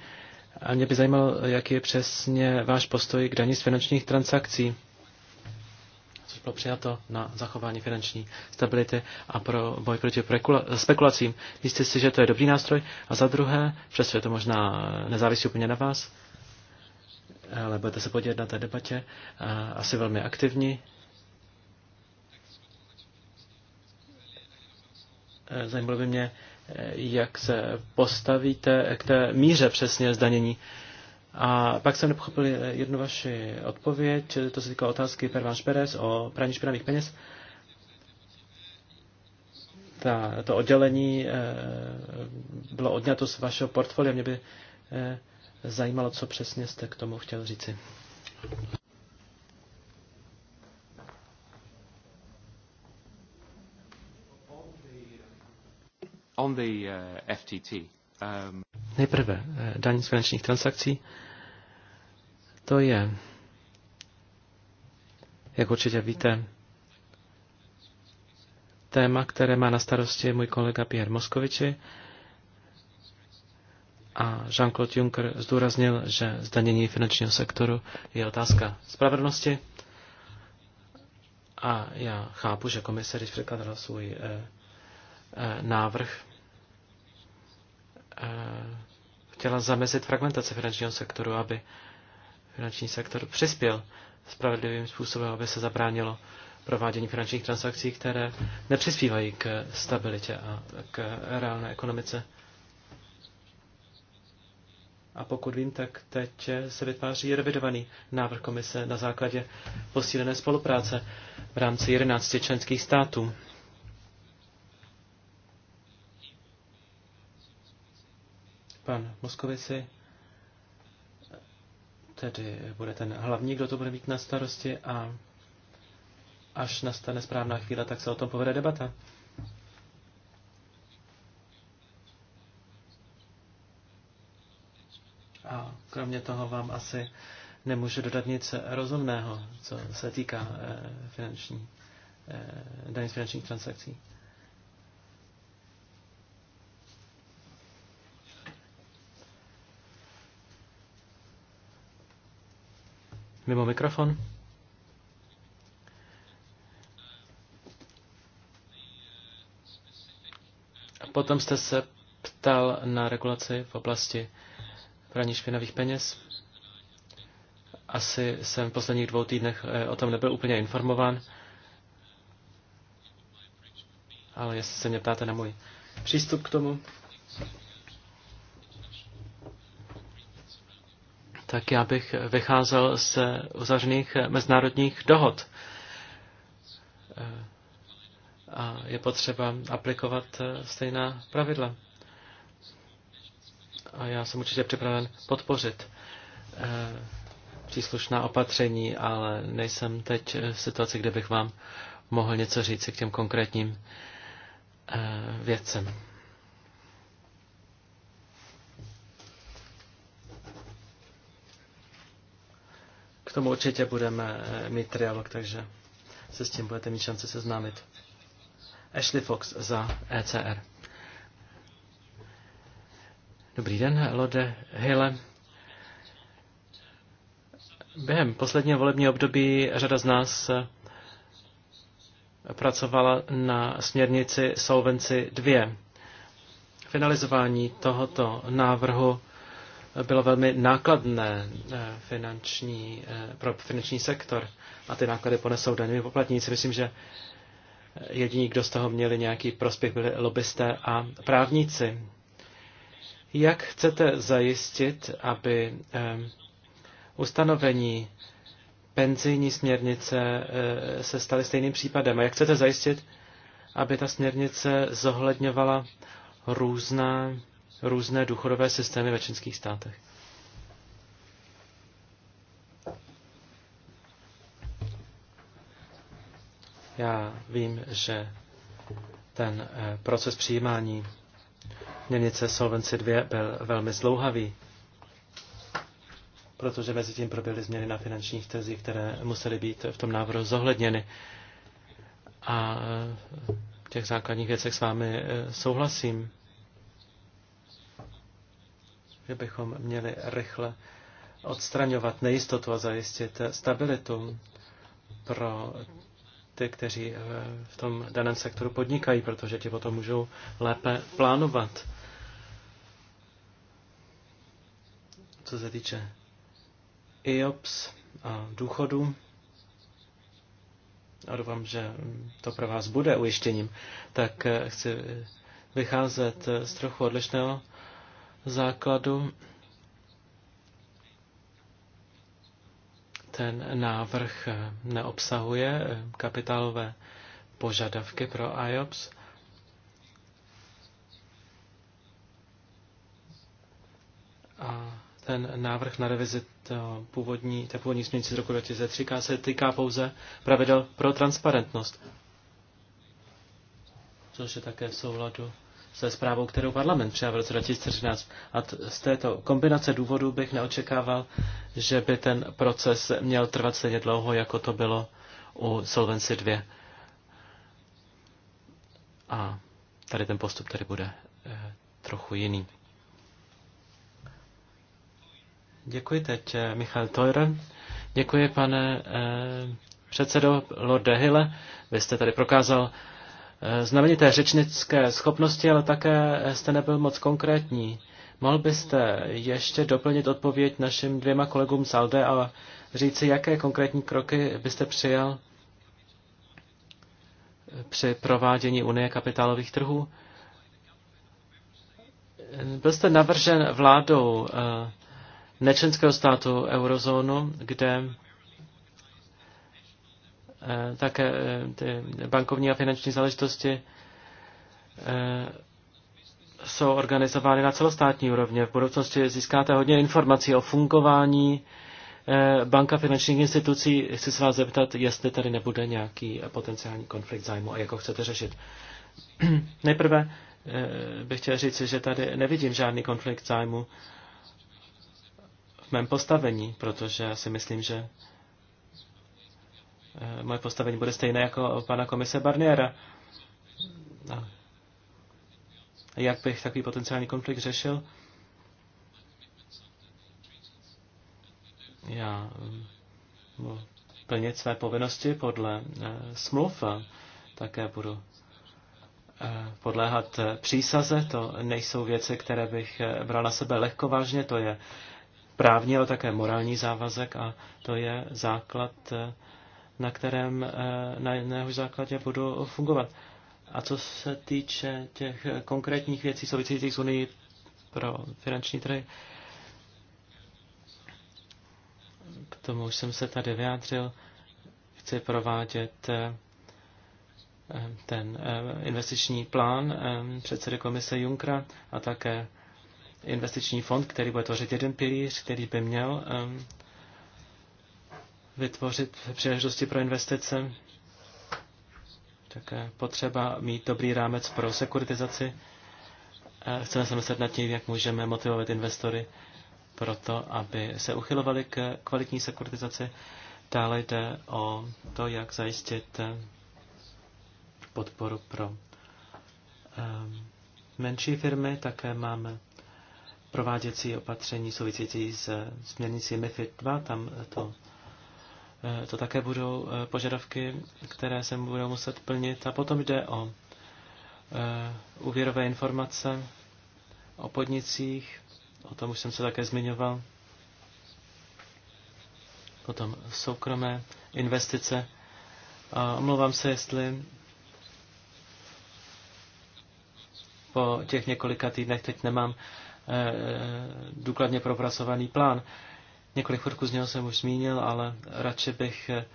Speaker 3: A mě by zajímalo, jaký je přesně váš postoj k daní z finančních transakcí což bylo přijato na zachování finanční stability a pro boj proti spekulacím. Jistě si, že to je dobrý nástroj. A za druhé, přesto je to možná nezávisí úplně na vás, ale budete se podívat na té debatě, eh, asi velmi aktivní. Eh, zajímalo by mě, eh, jak se postavíte k té míře přesně zdanění a pak jsem nepochopil jednu vaši odpověď, to se týká otázky váš Perez o praní špinavých peněz. Ta, to oddělení e, bylo odňato z vašeho portfolia. Mě by e, zajímalo, co přesně jste k tomu chtěl říci. On the uh, eh, FTT. Nejprve eh, daň z finančních transakcí. To je, jak určitě víte, téma, které má na starosti můj kolega Pierre Moskoviči. A Jean-Claude Juncker zdůraznil, že zdanění finančního sektoru je otázka spravedlnosti. A já chápu, že komise, když překladala svůj eh, eh, návrh, Eh, chtěla zamezit fragmentaci finančního sektoru, aby finanční sektor přispěl spravedlivým způsobem, aby se zabránilo provádění finančních transakcí, které nepřispívají k stabilitě a k reálné ekonomice. A pokud vím, tak teď se vytváří revidovaný návrh komise na základě posílené spolupráce v rámci 11 členských států. Pan Moskovici tedy bude ten hlavní, kdo to bude mít na starosti a až nastane správná chvíle, tak se o tom povede debata. A kromě toho vám asi nemůžu dodat nic rozumného, co se týká eh, finanční, eh, daní z finančních transakcí. Mimo mikrofon. Potom jste se ptal na regulaci v oblasti praní špinavých peněz. Asi jsem v posledních dvou týdnech eh, o tom nebyl úplně informován, ale jestli se mě ptáte na můj přístup k tomu, tak já bych vycházel z uzavřených mezinárodních dohod. A je potřeba aplikovat stejná pravidla. A já jsem určitě připraven podpořit eh, příslušná opatření, ale nejsem teď v situaci, kde bych vám mohl něco říct k těm konkrétním eh, věcem. tomu určitě budeme eh, mít trialog, takže se s tím budete mít šanci seznámit. Ashley Fox za ECR. Dobrý den, Lode Hille. Během posledního volebního období řada z nás eh, pracovala na směrnici Solvency 2. Finalizování tohoto návrhu bylo velmi nákladné eh, finanční, eh, pro finanční sektor a ty náklady ponesou daňoví poplatníci. Myslím, že jediní, kdo z toho měli nějaký prospěch, byli lobbysté a právníci. Jak chcete zajistit, aby eh, ustanovení penzijní směrnice se staly stejným případem? A jak chcete zajistit, aby ta směrnice zohledňovala různá různé důchodové systémy ve členských státech. Já vím, že ten eh, proces přijímání měnice Solvency 2 byl velmi zlouhavý, protože mezi tím proběhly změny na finančních tezích, které musely být v tom návrhu zohledněny. A eh, v těch základních věcech s vámi eh, souhlasím že bychom měli rychle odstraňovat nejistotu a zajistit stabilitu pro ty, kteří eh, v tom daném sektoru podnikají, protože ti potom můžou lépe plánovat. Co se týče IOPS a důchodu, a doufám, že to pro vás bude ujištěním, tak eh, chci vycházet z trochu odlišného základu ten návrh neobsahuje kapitálové požadavky pro IOPS. A ten návrh na revizi původní, té původní směrnice z roku 2003 se týká pouze pravidel pro transparentnost, což je také v souladu se zprávou, kterou parlament přijal v roce 2013. A z této kombinace důvodů bych neočekával, že by ten proces měl trvat stejně dlouho, jako to bylo u Solvency 2. A tady ten postup tady bude eh, trochu jiný. Děkuji teď, eh, Michal Teurer. Děkuji, pane eh, předsedo Lorde Hille. Vy jste tady prokázal eh, Eh, znamenité řečnické schopnosti, ale také jste nebyl moc konkrétní. Mohl byste ještě doplnit odpověď našim dvěma kolegům z Alde a říci, jaké konkrétní kroky byste přijal při provádění Unie kapitálových trhů? Byl jste navržen vládou eh, nečenského státu eurozónu, kde Eh, také eh, ty bankovní a finanční záležitosti eh, jsou organizovány na celostátní úrovně. V budoucnosti získáte hodně informací o fungování banka finančních institucí. Chci se vás zeptat, jestli tady nebude nějaký potenciální konflikt zájmu a jak ho chcete řešit. <clears throat> Nejprve bych chtěl říct, že tady nevidím žádný konflikt zájmu v mém postavení, protože si myslím, že Eh, moje postavení bude stejné jako pana komise Barniera. Jak bych takový potenciální konflikt řešil? Já eh, budu plnit své povinnosti podle eh, smluv a také budu podléhat přísaze. To nejsou věci, které bych bral na sebe lehko vážně. To je právní, ale také morální závazek a to je základ na kterém, eh, na jeho základě budu fungovat. A co se týče těch konkrétních věcí souvisejících s Unii pro finanční trhy, k tomu už jsem se tady vyjádřil, chci provádět eh, ten eh, investiční plán předsedy komise Junkra a také investiční fond, který bude tvořit jeden pilíř, který by měl vytvořit příležitosti pro investice. Také potřeba mít dobrý rámec pro sekuritizaci. Chceme se myslet nad tím, jak můžeme motivovat investory pro to, aby se uchylovali k kvalitní sekuritizaci. Dále jde o to, jak zajistit eh, podporu pro eh, menší firmy. Také máme prováděcí opatření související s směrnicí MIFID 2. Tam to Eh, to také budou eh, požadavky, které se budou muset plnit. A potom jde o eh, úvěrové informace, o podnicích, o tom už jsem se také zmiňoval. Potom soukromé investice. A omlouvám se, jestli po těch několika týdnech teď nemám důkladně propracovaný plán. Několik prvků z něho jsem už zmínil, ale radši bych eh,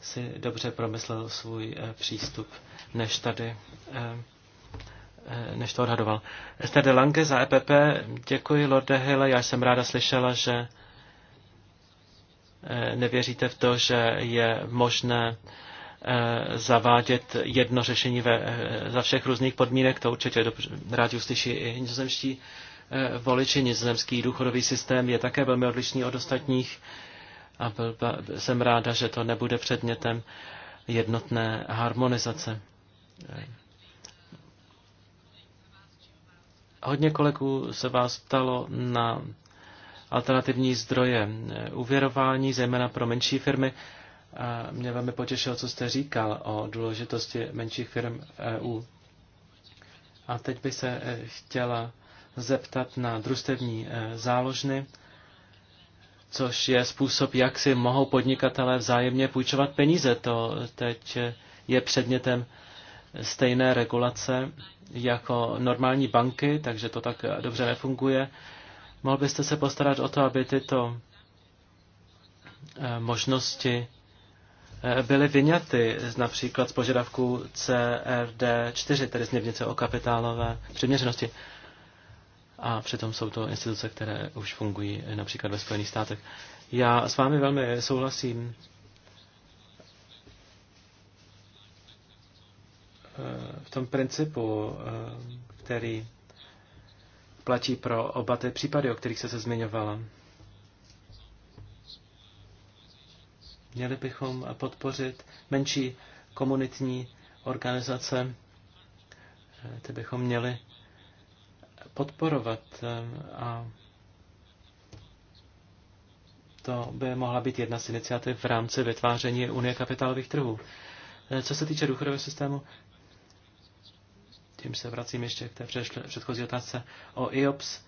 Speaker 3: si dobře promyslel svůj eh, přístup, než tady eh, než to odhadoval. Esther de Lange za EPP, děkuji Lorde Hille, já jsem ráda slyšela, že nevěříte v to, že je možné zavádět jedno řešení ve, za všech různých podmínek, to určitě dobře, rádi uslyší i nizozemští Eh, voliči. Nizozemský důchodový systém je také velmi odlišný od ostatních a byl, jsem ráda, že to nebude předmětem jednotné harmonizace. Eh, hodně kolegů se vás ptalo na alternativní zdroje uvěrování, eh, zejména pro menší firmy. A mě velmi potěšilo, co jste říkal o důležitosti menších firm EU. A teď bych se chtěla zeptat na družstevní eh, záložny, což je způsob, jak si mohou podnikatelé vzájemně půjčovat peníze. To teď eh, je předmětem stejné regulace jako normální banky, takže to tak eh, dobře nefunguje. Mohl byste se postarat o to, aby tyto možnosti byly vyňaty například z požadavků CRD 4, tedy směrnice o kapitálové přiměřenosti a přitom jsou to instituce, které už fungují například ve Spojených státech. Já s vámi velmi souhlasím. Eh, v tom principu, eh, který platí pro oba ty případy, o kterých se se zmiňovala. Měli bychom podpořit menší komunitní organizace, eh, ty bychom měli podporovat eh, a to by mohla být jedna z iniciativ v rámci vytváření Unie kapitálových trhů. Eh, co se týče důchodového systému, tím se vracím ještě k té předchozí otázce o IOPS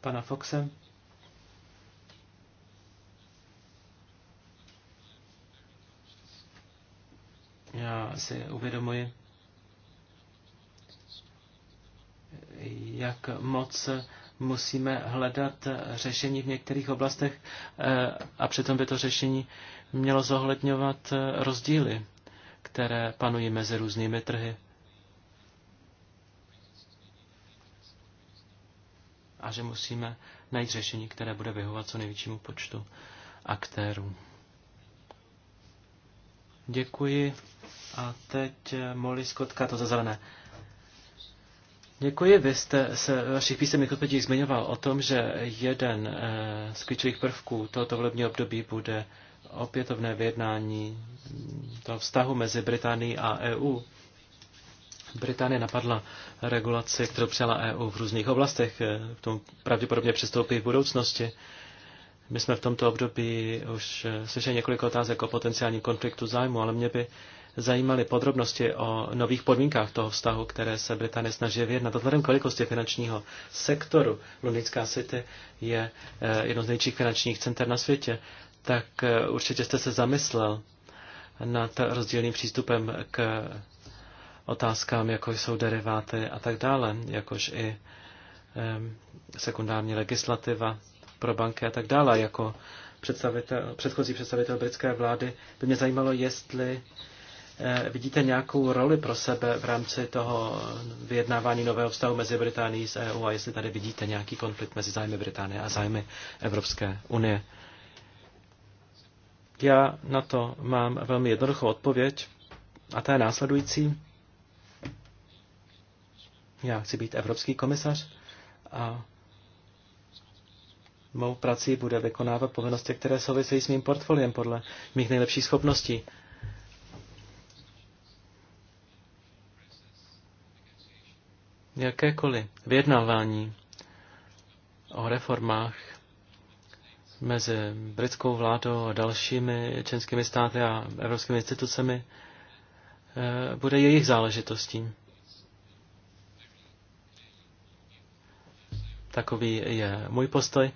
Speaker 3: pana Foxe. Já si uvědomuji, jak moc musíme hledat řešení v některých oblastech eh, a přitom by to řešení mělo zohledňovat eh, rozdíly, které panují mezi různými trhy. A že musíme najít řešení, které bude vyhovat co největšímu počtu aktérů. Děkuji. A teď eh, Molly Skotka, to za zelené. Děkuji. Vy jste se v vašich písemných odpovědích zmiňoval o tom, že jeden eh, z klíčových prvků tohoto volebního období bude opětovné vyjednání toho vztahu mezi Británií a EU. Británie napadla regulaci, kterou přijala EU v různých oblastech. Eh, k tomu pravděpodobně přistoupí v budoucnosti. My jsme v tomto období už eh, slyšeli několik otázek o potenciálním konfliktu zájmu, ale mě by zajímaly podrobnosti o nových podmínkách toho vztahu, které se Británie snaží vyjednat. Vzhledem k velikosti finančního sektoru, Lunická City je eh, jedno z největších finančních center na světě, tak eh, určitě jste se zamyslel nad rozdílným přístupem k otázkám, jako jsou deriváty a tak dále, jakož i sekundární legislativa pro banky a tak dále, jako představitel, předchozí představitel britské vlády, by mě zajímalo, jestli Eh, vidíte nějakou roli pro sebe v rámci toho vyjednávání nového vztahu mezi Británií s EU a jestli tady vidíte nějaký konflikt mezi zájmy Británie a zájmy Evropské unie. Já na to mám velmi jednoduchou odpověď a to je následující. Já chci být evropský komisař a mou prací bude vykonávat povinnosti, které souvisejí s mým portfoliem podle mých nejlepších schopností. jakékoliv vyjednávání o reformách mezi britskou vládou a dalšími českými státy a evropskými institucemi eh, bude jejich záležitostí. Takový je můj postoj.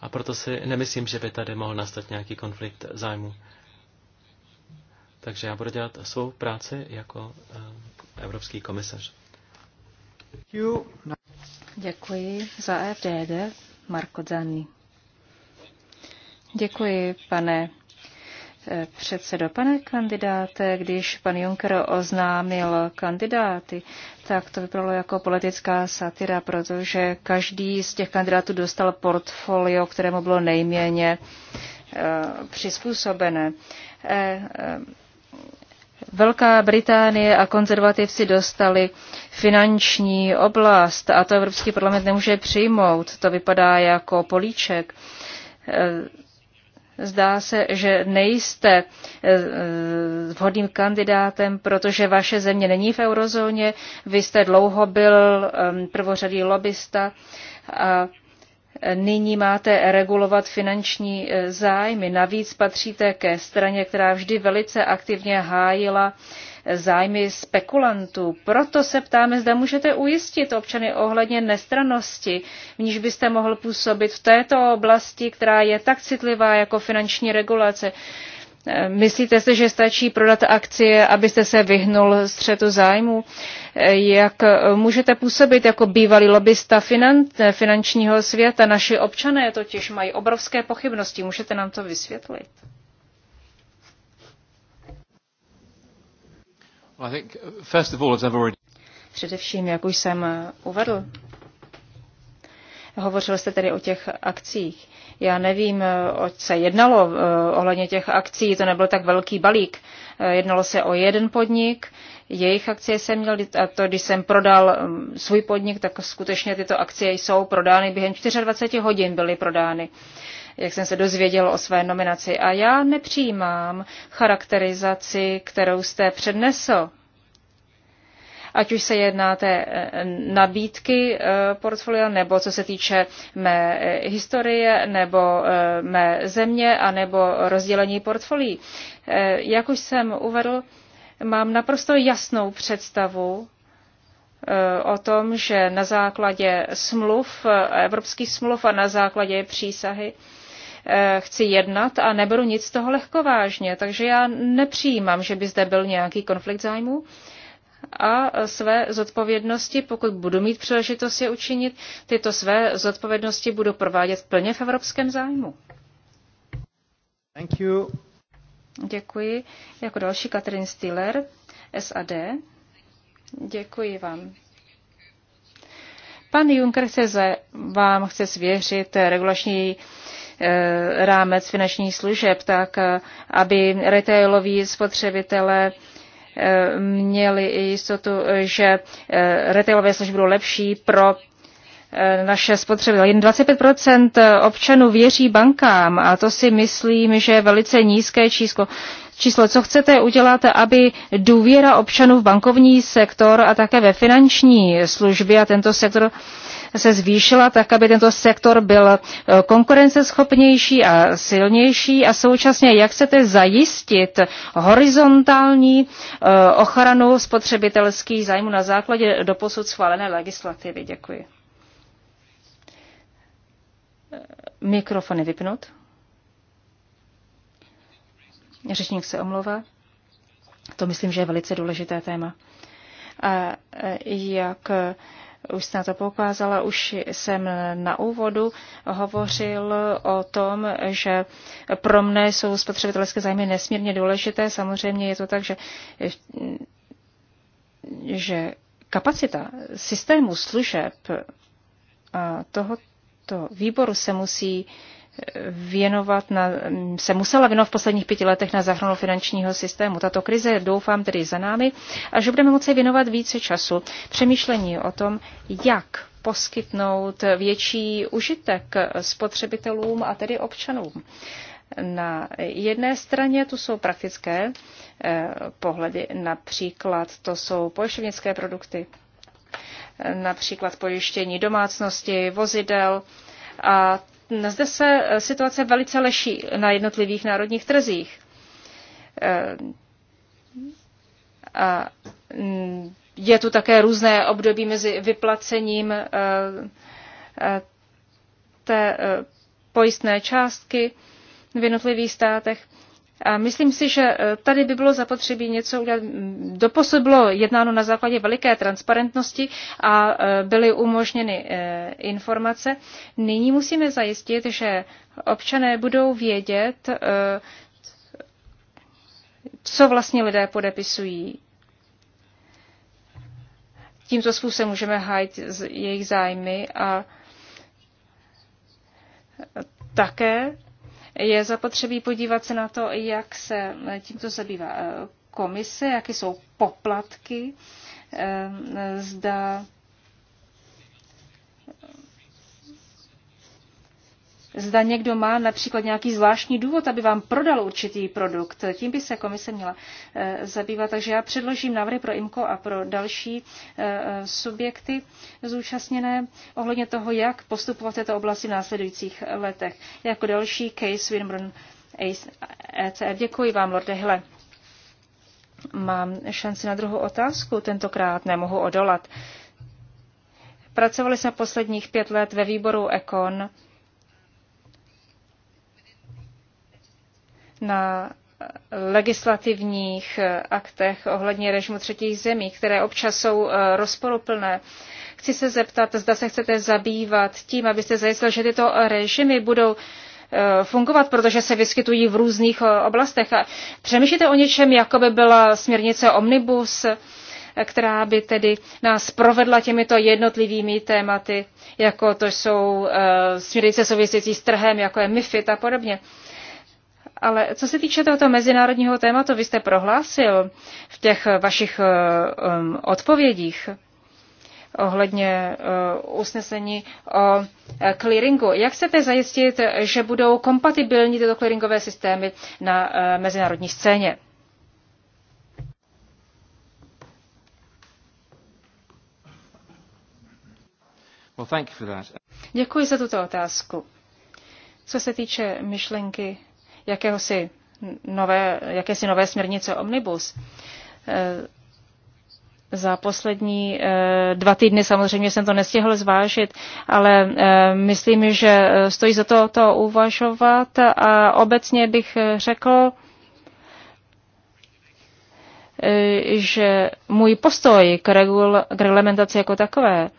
Speaker 3: A proto si nemyslím, že by tady mohl nastat nějaký konflikt zájmu. Takže já budu dělat svou práci jako eh, evropský komisař.
Speaker 1: Děkuji za e FDD, Marko Zanni. Děkuji, pane eh, předsedo. Pane kandidáte, když pan Juncker oznámil kandidáty, tak to vypadalo jako politická satira, protože každý z těch kandidátů dostal portfolio, kterému bylo nejméně eh, přizpůsobené. Velká Británie a konzervativci dostali finanční oblast a to Evropský parlament nemůže přijmout. To vypadá jako políček. Eh, zdá se, že nejste eh, vhodným kandidátem, protože vaše země není v eurozóně. Vy jste dlouho byl ehm, prvořadý lobista a nyní máte regulovat finanční e, zájmy. Navíc patříte ke straně, která vždy velice aktivně hájila e, zájmy spekulantů. Proto se ptáme, zda můžete ujistit občany ohledně nestranosti, v níž byste mohl působit v této oblasti, která je tak citlivá jako finanční regulace. Myslíte si, že stačí prodat akcie, abyste se vyhnul střetu zájmu? Jak můžete působit jako bývalý lobbysta finan, finančního světa? Naši občané totiž mají obrovské pochybnosti. Můžete nám to vysvětlit? Především, jak už jsem uvedl, hovořil jste tedy o těch akcích. Já nevím, co eh, se jednalo eh, ohledně těch akcí, to nebyl tak velký balík. Eh, jednalo se o jeden podnik, jejich akcie jsem měl a to, když jsem prodal mm, svůj podnik, tak skutečně tyto akcie jsou prodány během 24 hodin byly prodány jak jsem se dozvěděl o své nominaci. A já nepřijímám charakterizaci, kterou jste přednesl ať už se jedná té eh, nabídky eh, portfolia, nebo co se týče mé eh, historie, nebo mé země, a nebo rozdělení portfolií. Jak už jsem uvedl, mám naprosto jasnou představu o tom, že na základě smluv, evropských smluv a na základě přísahy chci jednat a neberu nic z toho lehkovážně. Takže já nepřijímám, že by zde byl nějaký konflikt zájmů a své zodpovědnosti, pokud budu mít příležitost je učinit, tyto své zodpovědnosti budu provádět plně v evropském zájmu. Thank you. Děkuji. Jako další Katrin Stiller, SAD. Děkuji vám. Pan Juncker chce za, vám chce svěřit regulační eh, rámec finančních služeb, tak eh, aby retailoví spotřebitelé měli jistotu, že eh, retailové služby budou lepší pro eh, naše spotřeby. Jen 25 občanů věří bankám a to si myslím, že je velice nízké číslo. Číslo, co chcete udělat, aby důvěra občanů v bankovní sektor a také ve finanční služby a tento sektor se zvýšila tak, aby tento sektor byl eh, konkurenceschopnější a silnější a současně jak chcete zajistit horizontální eh, ochranu spotřebitelských zájmů na základě doposud schválené legislativy. Děkuji. Eh, mikrofon je vypnut. Řečník se omlouvá. To myslím, že je velice důležité téma. A jak už jste na to poukázala, už jsem na úvodu hovořil o tom, že pro mne jsou spotřebitelské zájmy nesmírně důležité. Samozřejmě je to tak, že, že kapacita systému služeb tohoto výboru se musí uh, věnovat na, se musela věnovat v posledních pěti letech na záchranu finančního systému. Tato krize doufám tedy za námi a že budeme moci věnovat více času přemýšlení o tom, jak poskytnout větší užitek spotřebitelům a tedy občanům. Na jedné straně tu jsou praktické eh, pohledy, například to jsou pojišťovnické produkty, eh, například pojištění domácnosti, vozidel a zde se eh, situace velice leší na jednotlivých národních trzích. Eh, a mm, je tu také různé období mezi vyplacením eh, té pojistné částky v jednotlivých státech. A myslím si, že e, tady by bylo zapotřebí něco udělat. Doposud bylo jednáno na základě veliké transparentnosti a e, byly umožněny e, informace. Nyní musíme zajistit, že občané budou vědět, co vlastně lidé podepisují. Tímto způsobem můžeme hájit jejich zájmy a také je zapotřebí podívat se na to, jak se tímto zabývá eh, komise, jaké jsou poplatky, eh, zda Zda někdo má například nějaký zvláštní důvod, aby vám prodal určitý produkt. Tím by se komise měla eh, zabývat. Takže já předložím návrhy pro IMCO a pro další eh, eh, subjekty zúčastněné ohledně toho, jak postupovat v této oblasti v následujících letech. Jako další case Winburn ECF. E Děkuji vám, Lorde Hille. Mám šanci na druhou otázku, tentokrát nemohu odolat. Pracovali jsme posledních pět let ve výboru Econ na legislativních aktech ohledně režimu třetích zemí, které občas jsou eh, rozporuplné. Chci se zeptat, zda se chcete zabývat tím, abyste zajistil, že tyto režimy budou eh, fungovat, protože se vyskytují v různých eh, oblastech. A přemýšlíte o něčem, jako by byla směrnice Omnibus, která by tedy nás provedla těmito jednotlivými tématy, jako to jsou směrnice související s trhem, jako je MIFID a podobně. Ale co se týče tohoto mezinárodního tématu, vy jste prohlásil v těch vašich um, odpovědích ohledně uh, usnesení o eh, clearingu. Jak chcete zajistit, že budou kompatibilní tyto clearingové systémy na uh, mezinárodní scéně?
Speaker 3: Well, thank you for that.
Speaker 1: Děkuji za tuto otázku. Co se týče myšlenky jakéhosi nové, jakési nové směrnice Omnibus. E, za poslední e, dva týdny samozřejmě jsem to nestihl zvážit, ale e, myslím, že stojí za to to uvažovat a obecně bych řekl, že můj postoj k, regul, k reglementaci jako takové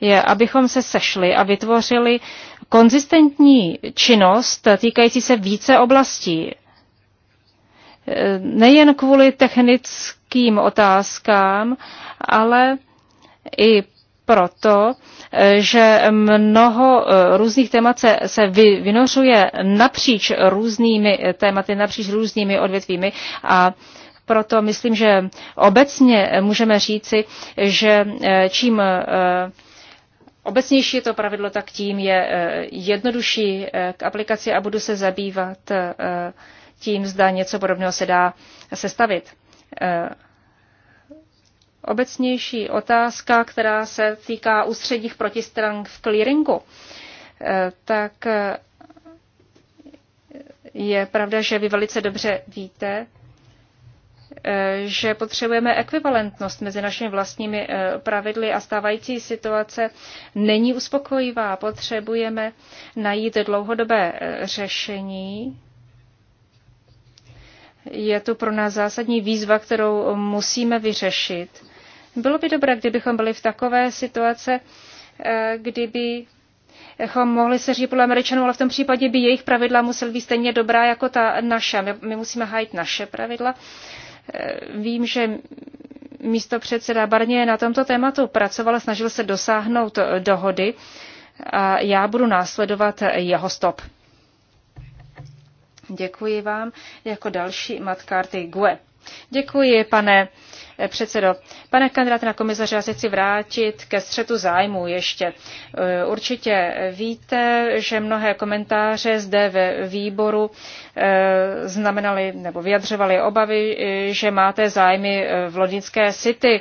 Speaker 1: je, abychom se sešli a vytvořili konzistentní činnost týkající se více oblastí. Nejen kvůli technickým otázkám, ale i proto, že mnoho eh, různých témat se, se vy, vynořuje napříč různými tématy, napříč různými odvětvími a proto myslím, že obecně můžeme říci, že eh, čím eh, obecnější je to pravidlo, tak tím je eh, jednodušší eh, k aplikaci a budu se zabývat eh, tím, zda něco podobného se dá sestavit. Obecnější otázka, která se týká ústředních protistran v clearingu, tak je pravda, že vy velice dobře víte, Eh, že potřebujeme ekvivalentnost mezi našimi vlastními eh, pravidly a stávající situace není uspokojivá. Potřebujeme najít dlouhodobé eh, řešení. Je to pro nás zásadní výzva, kterou musíme vyřešit. Bylo by dobré, kdybychom byli v takové situace, kdyby Echom mohli se říct podle Američanů, ale v tom případě by jejich pravidla musela být stejně dobrá jako ta naše. My, my musíme hájit naše pravidla Eh, vím, že místo předseda Barně na tomto tématu pracoval, snažil se dosáhnout eh, dohody a já budu následovat eh, jeho stop. Děkuji vám. Jako další matkárty Gue. Děkuji, pane eh, předsedo. Pane kandidáte na komisaře, já se chci vrátit ke střetu zájmu ještě. Eh, určitě víte, že mnohé komentáře zde ve výboru eh, znamenaly nebo vyjadřovaly obavy, že máte zájmy v londýnské city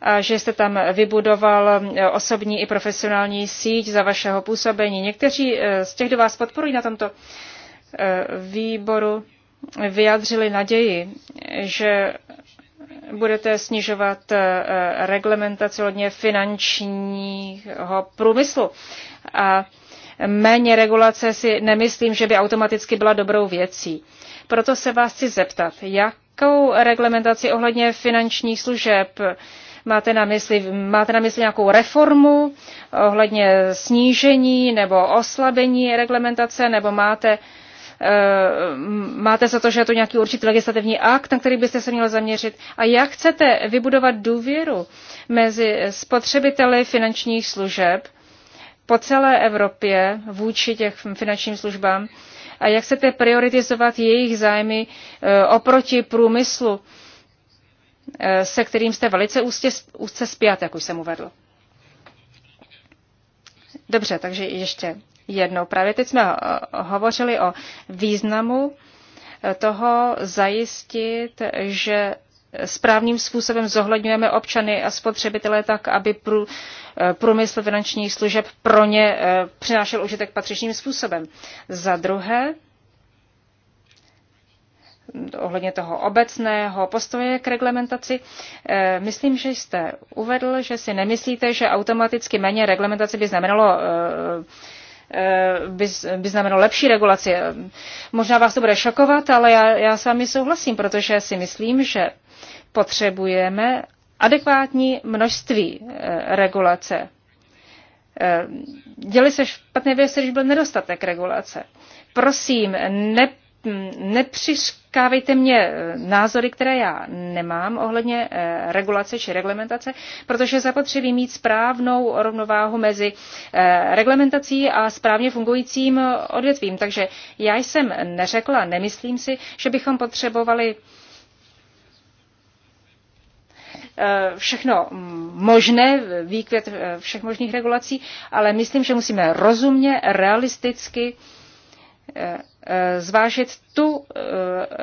Speaker 1: a že jste tam vybudoval osobní i profesionální síť za vašeho působení. Někteří z těch, kdo vás podporují na tomto výboru, vyjádřili naději, že budete snižovat eh, reglementaci hodně finančního průmyslu. A méně regulace si nemyslím, že by automaticky byla dobrou věcí. Proto se vás chci zeptat, jakou reglementaci ohledně finančních služeb máte na mysli? Máte na mysli nějakou reformu ohledně snížení nebo oslabení reglementace, nebo máte uh, Eh, máte za to, že je to nějaký určitý legislativní akt, na který byste se měli zaměřit? A jak chcete vybudovat důvěru mezi spotřebiteli finančních služeb po celé Evropě vůči těch finančním službám? A jak chcete prioritizovat jejich zájmy eh, oproti průmyslu, eh, se kterým jste velice úzce, úzce spjat, jak už jsem uvedl? Dobře, takže ještě jednou. Právě teď jsme eh, hovořili o významu eh, toho zajistit, že správným způsobem zohledňujeme občany a spotřebitele tak, aby eh, průmysl finančních služeb pro ně přinášel užitek patřičným způsobem. Za druhé, ohledně toho obecného postoje k reglementaci. Myslím, že jste uvedl, že si nemyslíte, že automaticky méně reglementace by znamenalo Eh, by, by znamenalo lepší regulaci. Možná vás to bude šokovat, ale já, já s vámi souhlasím, protože si myslím, že potřebujeme adekvátní množství eh, regulace. Eh, děli se špatné věci, když byl nedostatek regulace. Prosím, ne, Mm, nepřiškávejte mě eh, názory, které já nemám ohledně eh, regulace či reglementace, protože zapotřebí mít správnou rovnováhu mezi eh, reglementací a správně fungujícím odvětvím. Takže já jsem neřekla, nemyslím si, že bychom potřebovali všechno možné, výkvět všech možných regulací, ale myslím, že musíme rozumně, realisticky zvážit tu eh,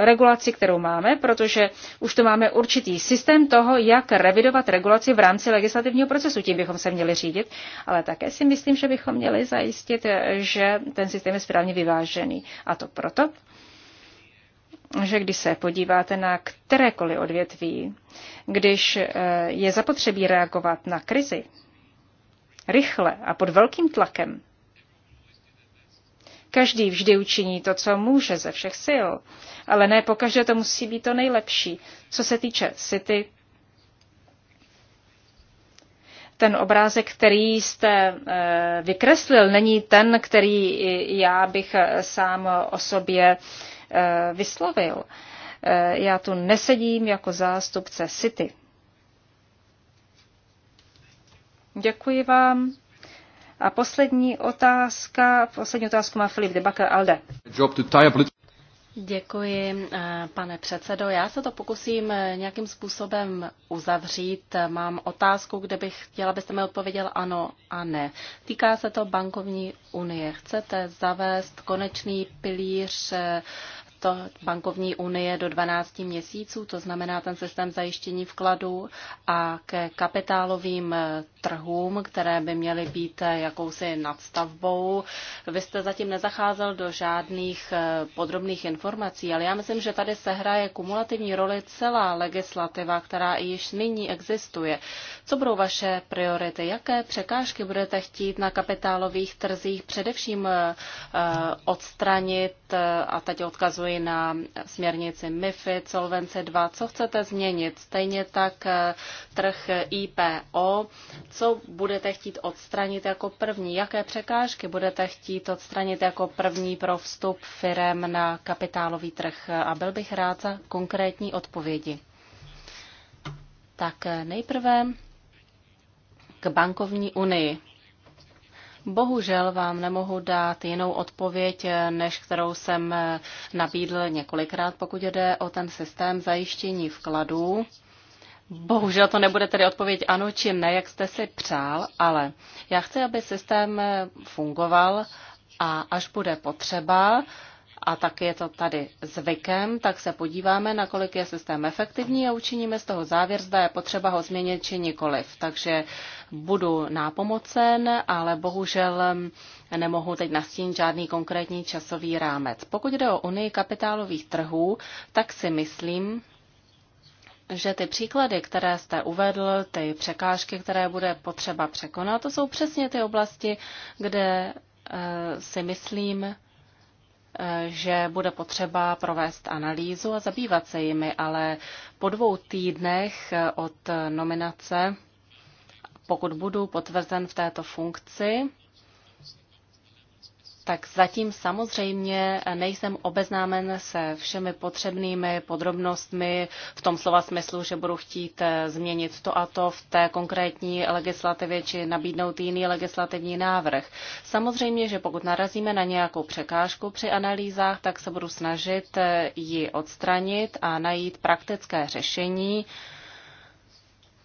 Speaker 1: regulaci, kterou máme, protože už tu máme určitý systém toho, jak revidovat regulaci v rámci legislativního procesu. Tím bychom se měli řídit, ale také si myslím, že bychom měli zajistit, eh, že ten systém je správně vyvážený. A to proto, že když se podíváte na kterékoliv odvětví, když eh, je zapotřebí reagovat na krizi rychle a pod velkým tlakem, Každý vždy učiní to, co může ze všech sil, ale ne pokaždé to musí být to nejlepší. Co se týče City, ten obrázek, který jste eh, vykreslil, není ten, který já bych eh, sám o sobě eh, vyslovil. Já tu nesedím jako zástupce City. Děkuji vám. A poslední otázka, poslední otázku má Filip Debaker Alde. Děkuji,
Speaker 2: eh, pane předsedo. Já se to pokusím eh, nějakým způsobem uzavřít. Mám otázku, kde bych chtěla, abyste mi odpověděl ano a ne. Týká se to bankovní unie. Chcete zavést konečný pilíř eh, to bankovní unie do 12 měsíců, to znamená ten systém zajištění vkladů a ke kapitálovým eh, trhům, které by měly být eh, jakousi nadstavbou. Vy jste zatím nezacházel do žádných eh, podrobných informací, ale já myslím, že tady se hraje kumulativní roli celá legislativa, která i již nyní existuje. Co budou vaše priority? Jaké překážky budete chtít na kapitálových trzích především odstranit? A teď odkazuje odkazuji na směrnici MIFID, Solvence 2. Co chcete změnit? Stejně tak eh, trh IPO. Co budete chtít odstranit jako první? Jaké překážky budete chtít odstranit jako první pro vstup firem na kapitálový trh? A byl bych rád za konkrétní odpovědi. Tak eh, nejprve k bankovní unii. Bohužel vám nemohu dát jinou odpověď, než kterou jsem nabídl několikrát, pokud jde o ten systém zajištění vkladů. Bohužel to nebude tedy odpověď ano či ne, jak jste si přál, ale já chci, aby systém fungoval a až bude potřeba, a tak je to tady zvykem, tak se podíváme, nakolik je systém efektivní a učiníme z toho závěr, zda je potřeba ho změnit či nikoliv. Takže budu nápomocen, ale bohužel mm, nemohu teď nastínit žádný konkrétní časový rámec. Pokud jde o Unii kapitálových trhů, tak si myslím, že ty příklady, které jste uvedl, ty překážky, které bude potřeba překonat, to jsou přesně ty oblasti, kde eh, si myslím, že bude potřeba provést analýzu a zabývat se jimi, ale po dvou týdnech od nominace, pokud budu potvrzen v této funkci, tak zatím samozřejmě nejsem obeznámen se všemi potřebnými podrobnostmi v tom slova smyslu, že budu chtít eh, změnit to a to v té konkrétní legislativě či nabídnout jiný legislativní návrh. Samozřejmě, že pokud narazíme na nějakou překážku při analýzách, tak se budu snažit eh, ji odstranit a najít praktické řešení,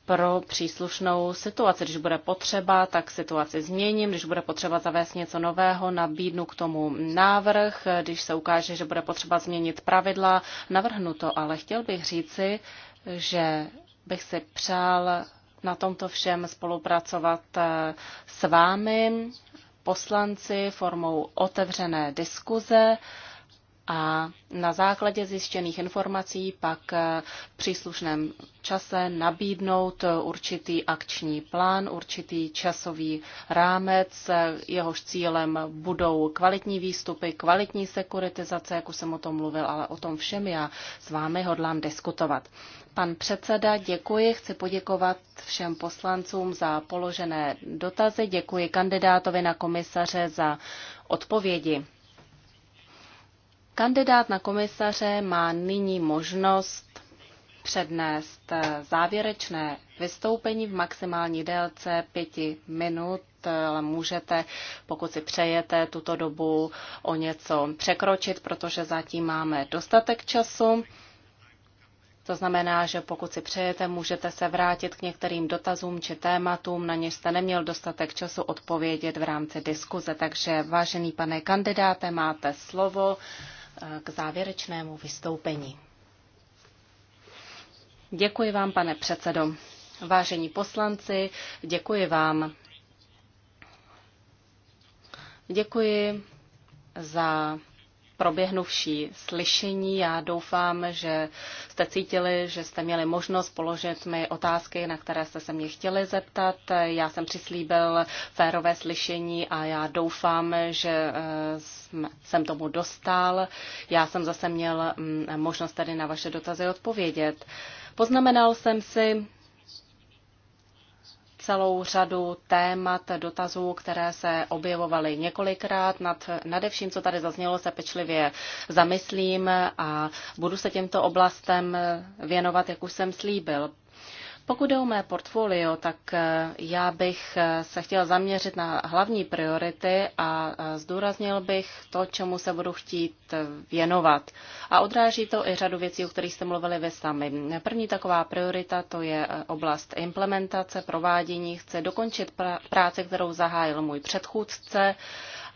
Speaker 2: pro příslušnou situaci. Když bude potřeba, tak situaci změním. Když bude potřeba zavést něco nového, nabídnu k tomu návrh. Když se ukáže, že bude potřeba změnit pravidla, navrhnu to. Ale chtěl bych říci, že bych si přál na tomto všem spolupracovat eh, s vámi, poslanci, formou otevřené diskuze a na základě zjištěných informací pak v příslušném čase nabídnout určitý akční plán, určitý časový rámec. Jehož cílem budou kvalitní výstupy, kvalitní sekuritizace, jak už jsem o tom mluvil, ale o tom všem já s vámi hodlám diskutovat. Pan předseda, děkuji. Chci poděkovat všem poslancům za položené dotazy. Děkuji kandidátovi na komisaře za odpovědi. Kandidát na komisaře má nyní možnost přednést závěrečné vystoupení v maximální délce pěti minut, ale můžete, pokud si přejete, tuto dobu o něco překročit, protože zatím máme dostatek času. To znamená, že pokud si přejete, můžete se vrátit k některým dotazům či tématům, na něž jste neměl dostatek času odpovědět v rámci diskuze. Takže, vážený pane kandidáte, máte slovo k závěrečnému vystoupení. Děkuji vám, pane předsedo. Vážení poslanci, děkuji vám. Děkuji za proběhnuvší slyšení. Já doufám, že jste cítili, že jste měli možnost položit mi otázky, na které jste se mě chtěli zeptat. Já jsem přislíbil férové slyšení a já doufám, že eh, jsem tomu dostal. Já jsem zase měl mm, možnost tady na vaše dotazy odpovědět. Poznamenal jsem si celou řadu témat, dotazů, které se objevovaly několikrát. Nad, nadevším, co tady zaznělo, se pečlivě zamyslím a budu se těmto oblastem věnovat, jak už jsem slíbil. Pokud jde o mé portfolio, tak eh, já bych eh, se chtěl zaměřit na hlavní priority a eh, zdůraznil bych to, čemu se budu chtít věnovat. A odráží to i řadu věcí, o kterých jste mluvili vy sami. První taková priorita to je oblast implementace, provádění. Chci dokončit práce, kterou zahájil můj předchůdce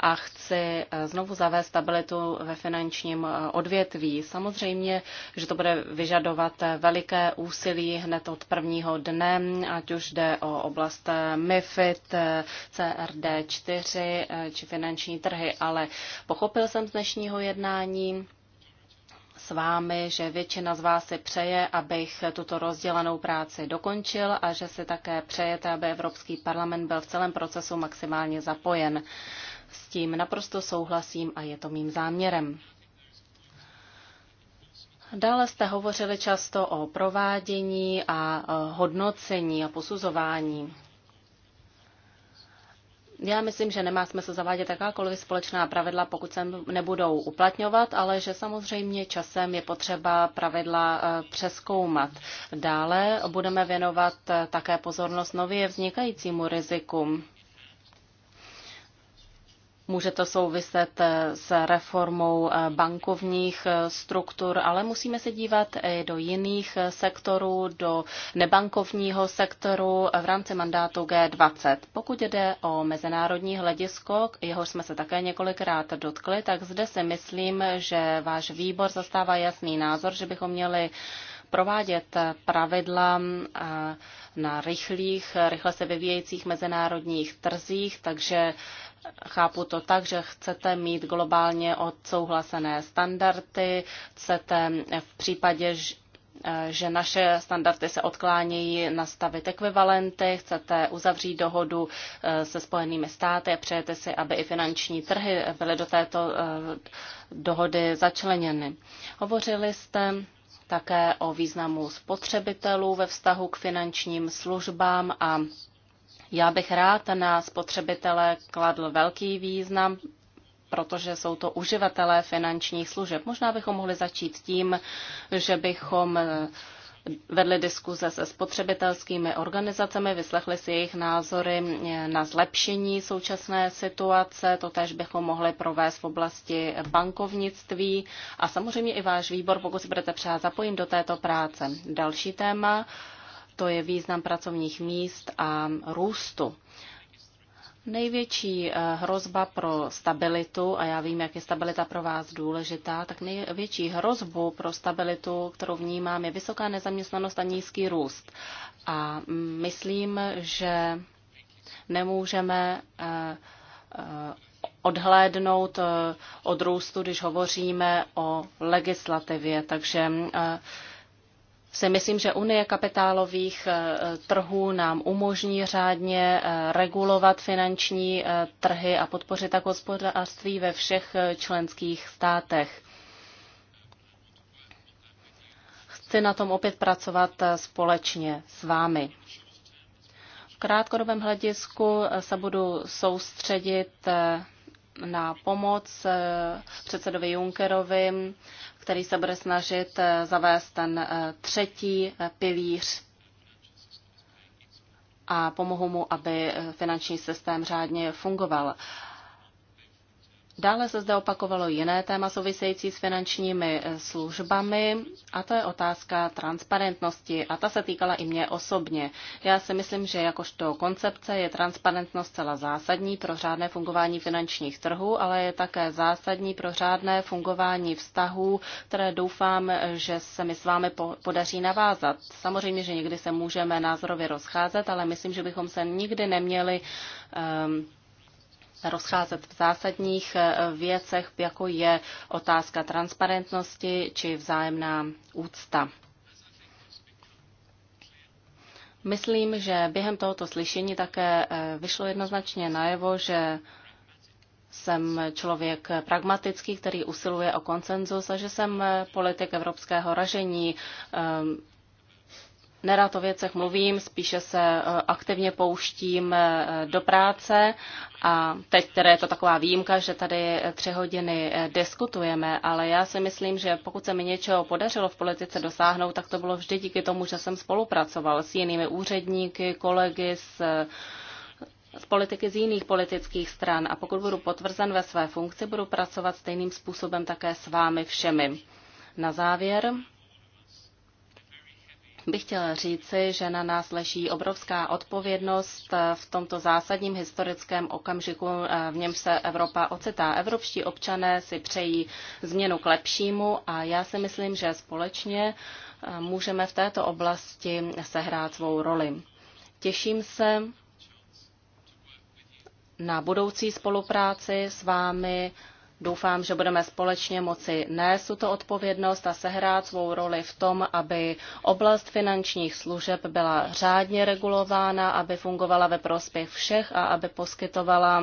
Speaker 2: a chci eh, znovu zavést stabilitu ve finančním eh, odvětví. Samozřejmě, že to bude vyžadovat eh, veliké úsilí hned od prvního dne, ať už jde o oblast MIFID, CRD4 či finanční trhy, ale pochopil jsem z dnešního jednání, s vámi, že většina z vás si přeje, abych tuto rozdělenou práci dokončil a že si také přejete, aby Evropský parlament byl v celém procesu maximálně zapojen. S tím naprosto souhlasím a je to mým záměrem. Dále jste hovořili často o provádění a e, hodnocení a posuzování. Já myslím, že nemá smysl zavádět jakákoliv společná pravidla, pokud se nebudou uplatňovat, ale že samozřejmě časem je potřeba pravidla e, přeskoumat. Dále budeme věnovat e, také pozornost nově vznikajícímu riziku. Může to souviset eh, s reformou eh, bankovních eh, struktur, ale musíme se dívat i do jiných sektorů, do nebankovního sektoru v rámci mandátu G20. Pokud jde o mezinárodní hledisko, jeho jsme se také několikrát dotkli, tak zde si myslím, že váš výbor zastává jasný názor, že bychom měli provádět pravidla eh, na rychlých, rychle se vyvíjejících mezinárodních trzích, takže chápu to tak, že chcete mít globálně odsouhlasené standardy, chcete v případě, eh, že naše standardy se odklánějí, nastavit ekvivalenty, chcete uzavřít dohodu eh, se Spojenými státy a přejete si, aby i finanční trhy byly do této dohody začleněny. Hovořili jste také o významu spotřebitelů ve vztahu k finančním službám a já bych rád na spotřebitele kladl velký význam, protože jsou to uživatelé finančních služeb. Možná bychom mohli začít tím, že bychom vedli diskuze se spotřebitelskými organizacemi, vyslechli si jejich názory na zlepšení současné situace, to tež bychom mohli provést v oblasti bankovnictví a samozřejmě i váš výbor, pokud si budete přát, zapojím do této práce. Další téma, to je význam pracovních míst a růstu největší eh, hrozba pro stabilitu, a já vím, jak je stabilita pro vás důležitá, tak největší hrozbu pro stabilitu, kterou vnímám, je vysoká nezaměstnanost a nízký růst. A myslím, že nemůžeme eh, eh, odhlédnout od růstu, když hovoříme o legislativě. Takže si myslím, že Unie kapitálových eh, trhů nám umožní řádně eh, regulovat finanční eh, trhy a podpořit tak hospodářství ve všech členských státech. Chci na tom opět pracovat společně s vámi. V krátkodobém hledisku se budu soustředit na pomoc předsedovi Junckerovi který se bude snažit eh, zavést ten eh, třetí eh, pilíř a pomohu mu, aby finanční systém řádně fungoval. Dále se zde opakovalo jiné téma související s finančními eh, službami a to je otázka transparentnosti a ta se týkala i mě osobně. Já si myslím, že jakožto koncepce je transparentnost celá zásadní pro řádné fungování finančních trhů, ale je také zásadní pro řádné fungování vztahů, které doufám, že se mi s vámi podaří navázat. Samozřejmě, že někdy se můžeme názorově rozcházet, ale myslím, že bychom se nikdy neměli um, rozcházet v zásadních eh, věcech, jako je otázka transparentnosti či vzájemná úcta. Myslím, že během tohoto slyšení také eh, vyšlo jednoznačně najevo, že jsem člověk pragmatický, který usiluje o konsenzus a že jsem eh, politik evropského ražení. Nerad o věcech mluvím, spíše se e, aktivně pouštím e, do práce a teď teda je to taková výjimka, že tady tři hodiny e, diskutujeme, ale já si myslím, že pokud se mi něčeho podařilo v politice dosáhnout, tak to bylo vždy díky tomu, že jsem spolupracoval s jinými úředníky, kolegy, s z politiky z jiných politických stran a pokud budu potvrzen ve své funkci, budu pracovat stejným způsobem také s vámi všemi. Na závěr bych chtěl říci, že na nás leží obrovská odpovědnost eh, v tomto zásadním historickém okamžiku, eh, v něm se Evropa ocitá. Evropští občané si přejí změnu k lepšímu a já si myslím, že společně eh, můžeme v této oblasti sehrát svou roli. Těším se na budoucí spolupráci s vámi Doufám, že budeme společně moci nést tuto odpovědnost a sehrát svou roli v tom, aby oblast finančních služeb byla řádně regulována, aby fungovala ve prospěch všech a aby poskytovala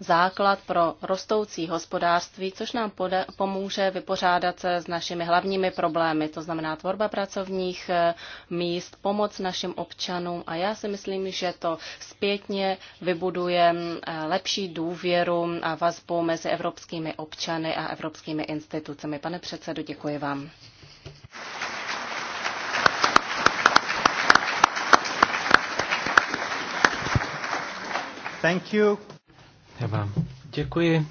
Speaker 2: základ pro rostoucí hospodářství, což nám pomůže vypořádat se s našimi hlavními problémy, to znamená tvorba pracovních eh, míst, pomoc našim občanům a já si myslím, že to zpětně vybuduje eh, lepší důvěru a vazbu mezi evropskými občany a evropskými institucemi. Pane předsedo, děkuji vám.
Speaker 3: Thank you. Já vám děkuji,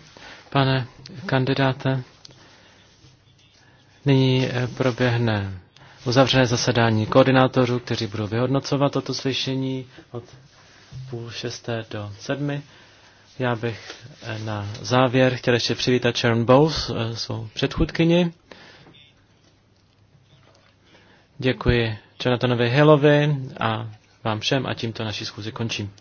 Speaker 3: pane kandidáte. Nyní eh, proběhne uzavřené zasedání koordinátorů, kteří budou vyhodnocovat toto slyšení od půl šesté do sedmi. Já bych eh, na závěr chtěl ještě přivítat Sharon Bowles, eh, svou předchůdkyni. Děkuji Jonathanovi Hillovi a vám všem a tímto naší schůzi končím.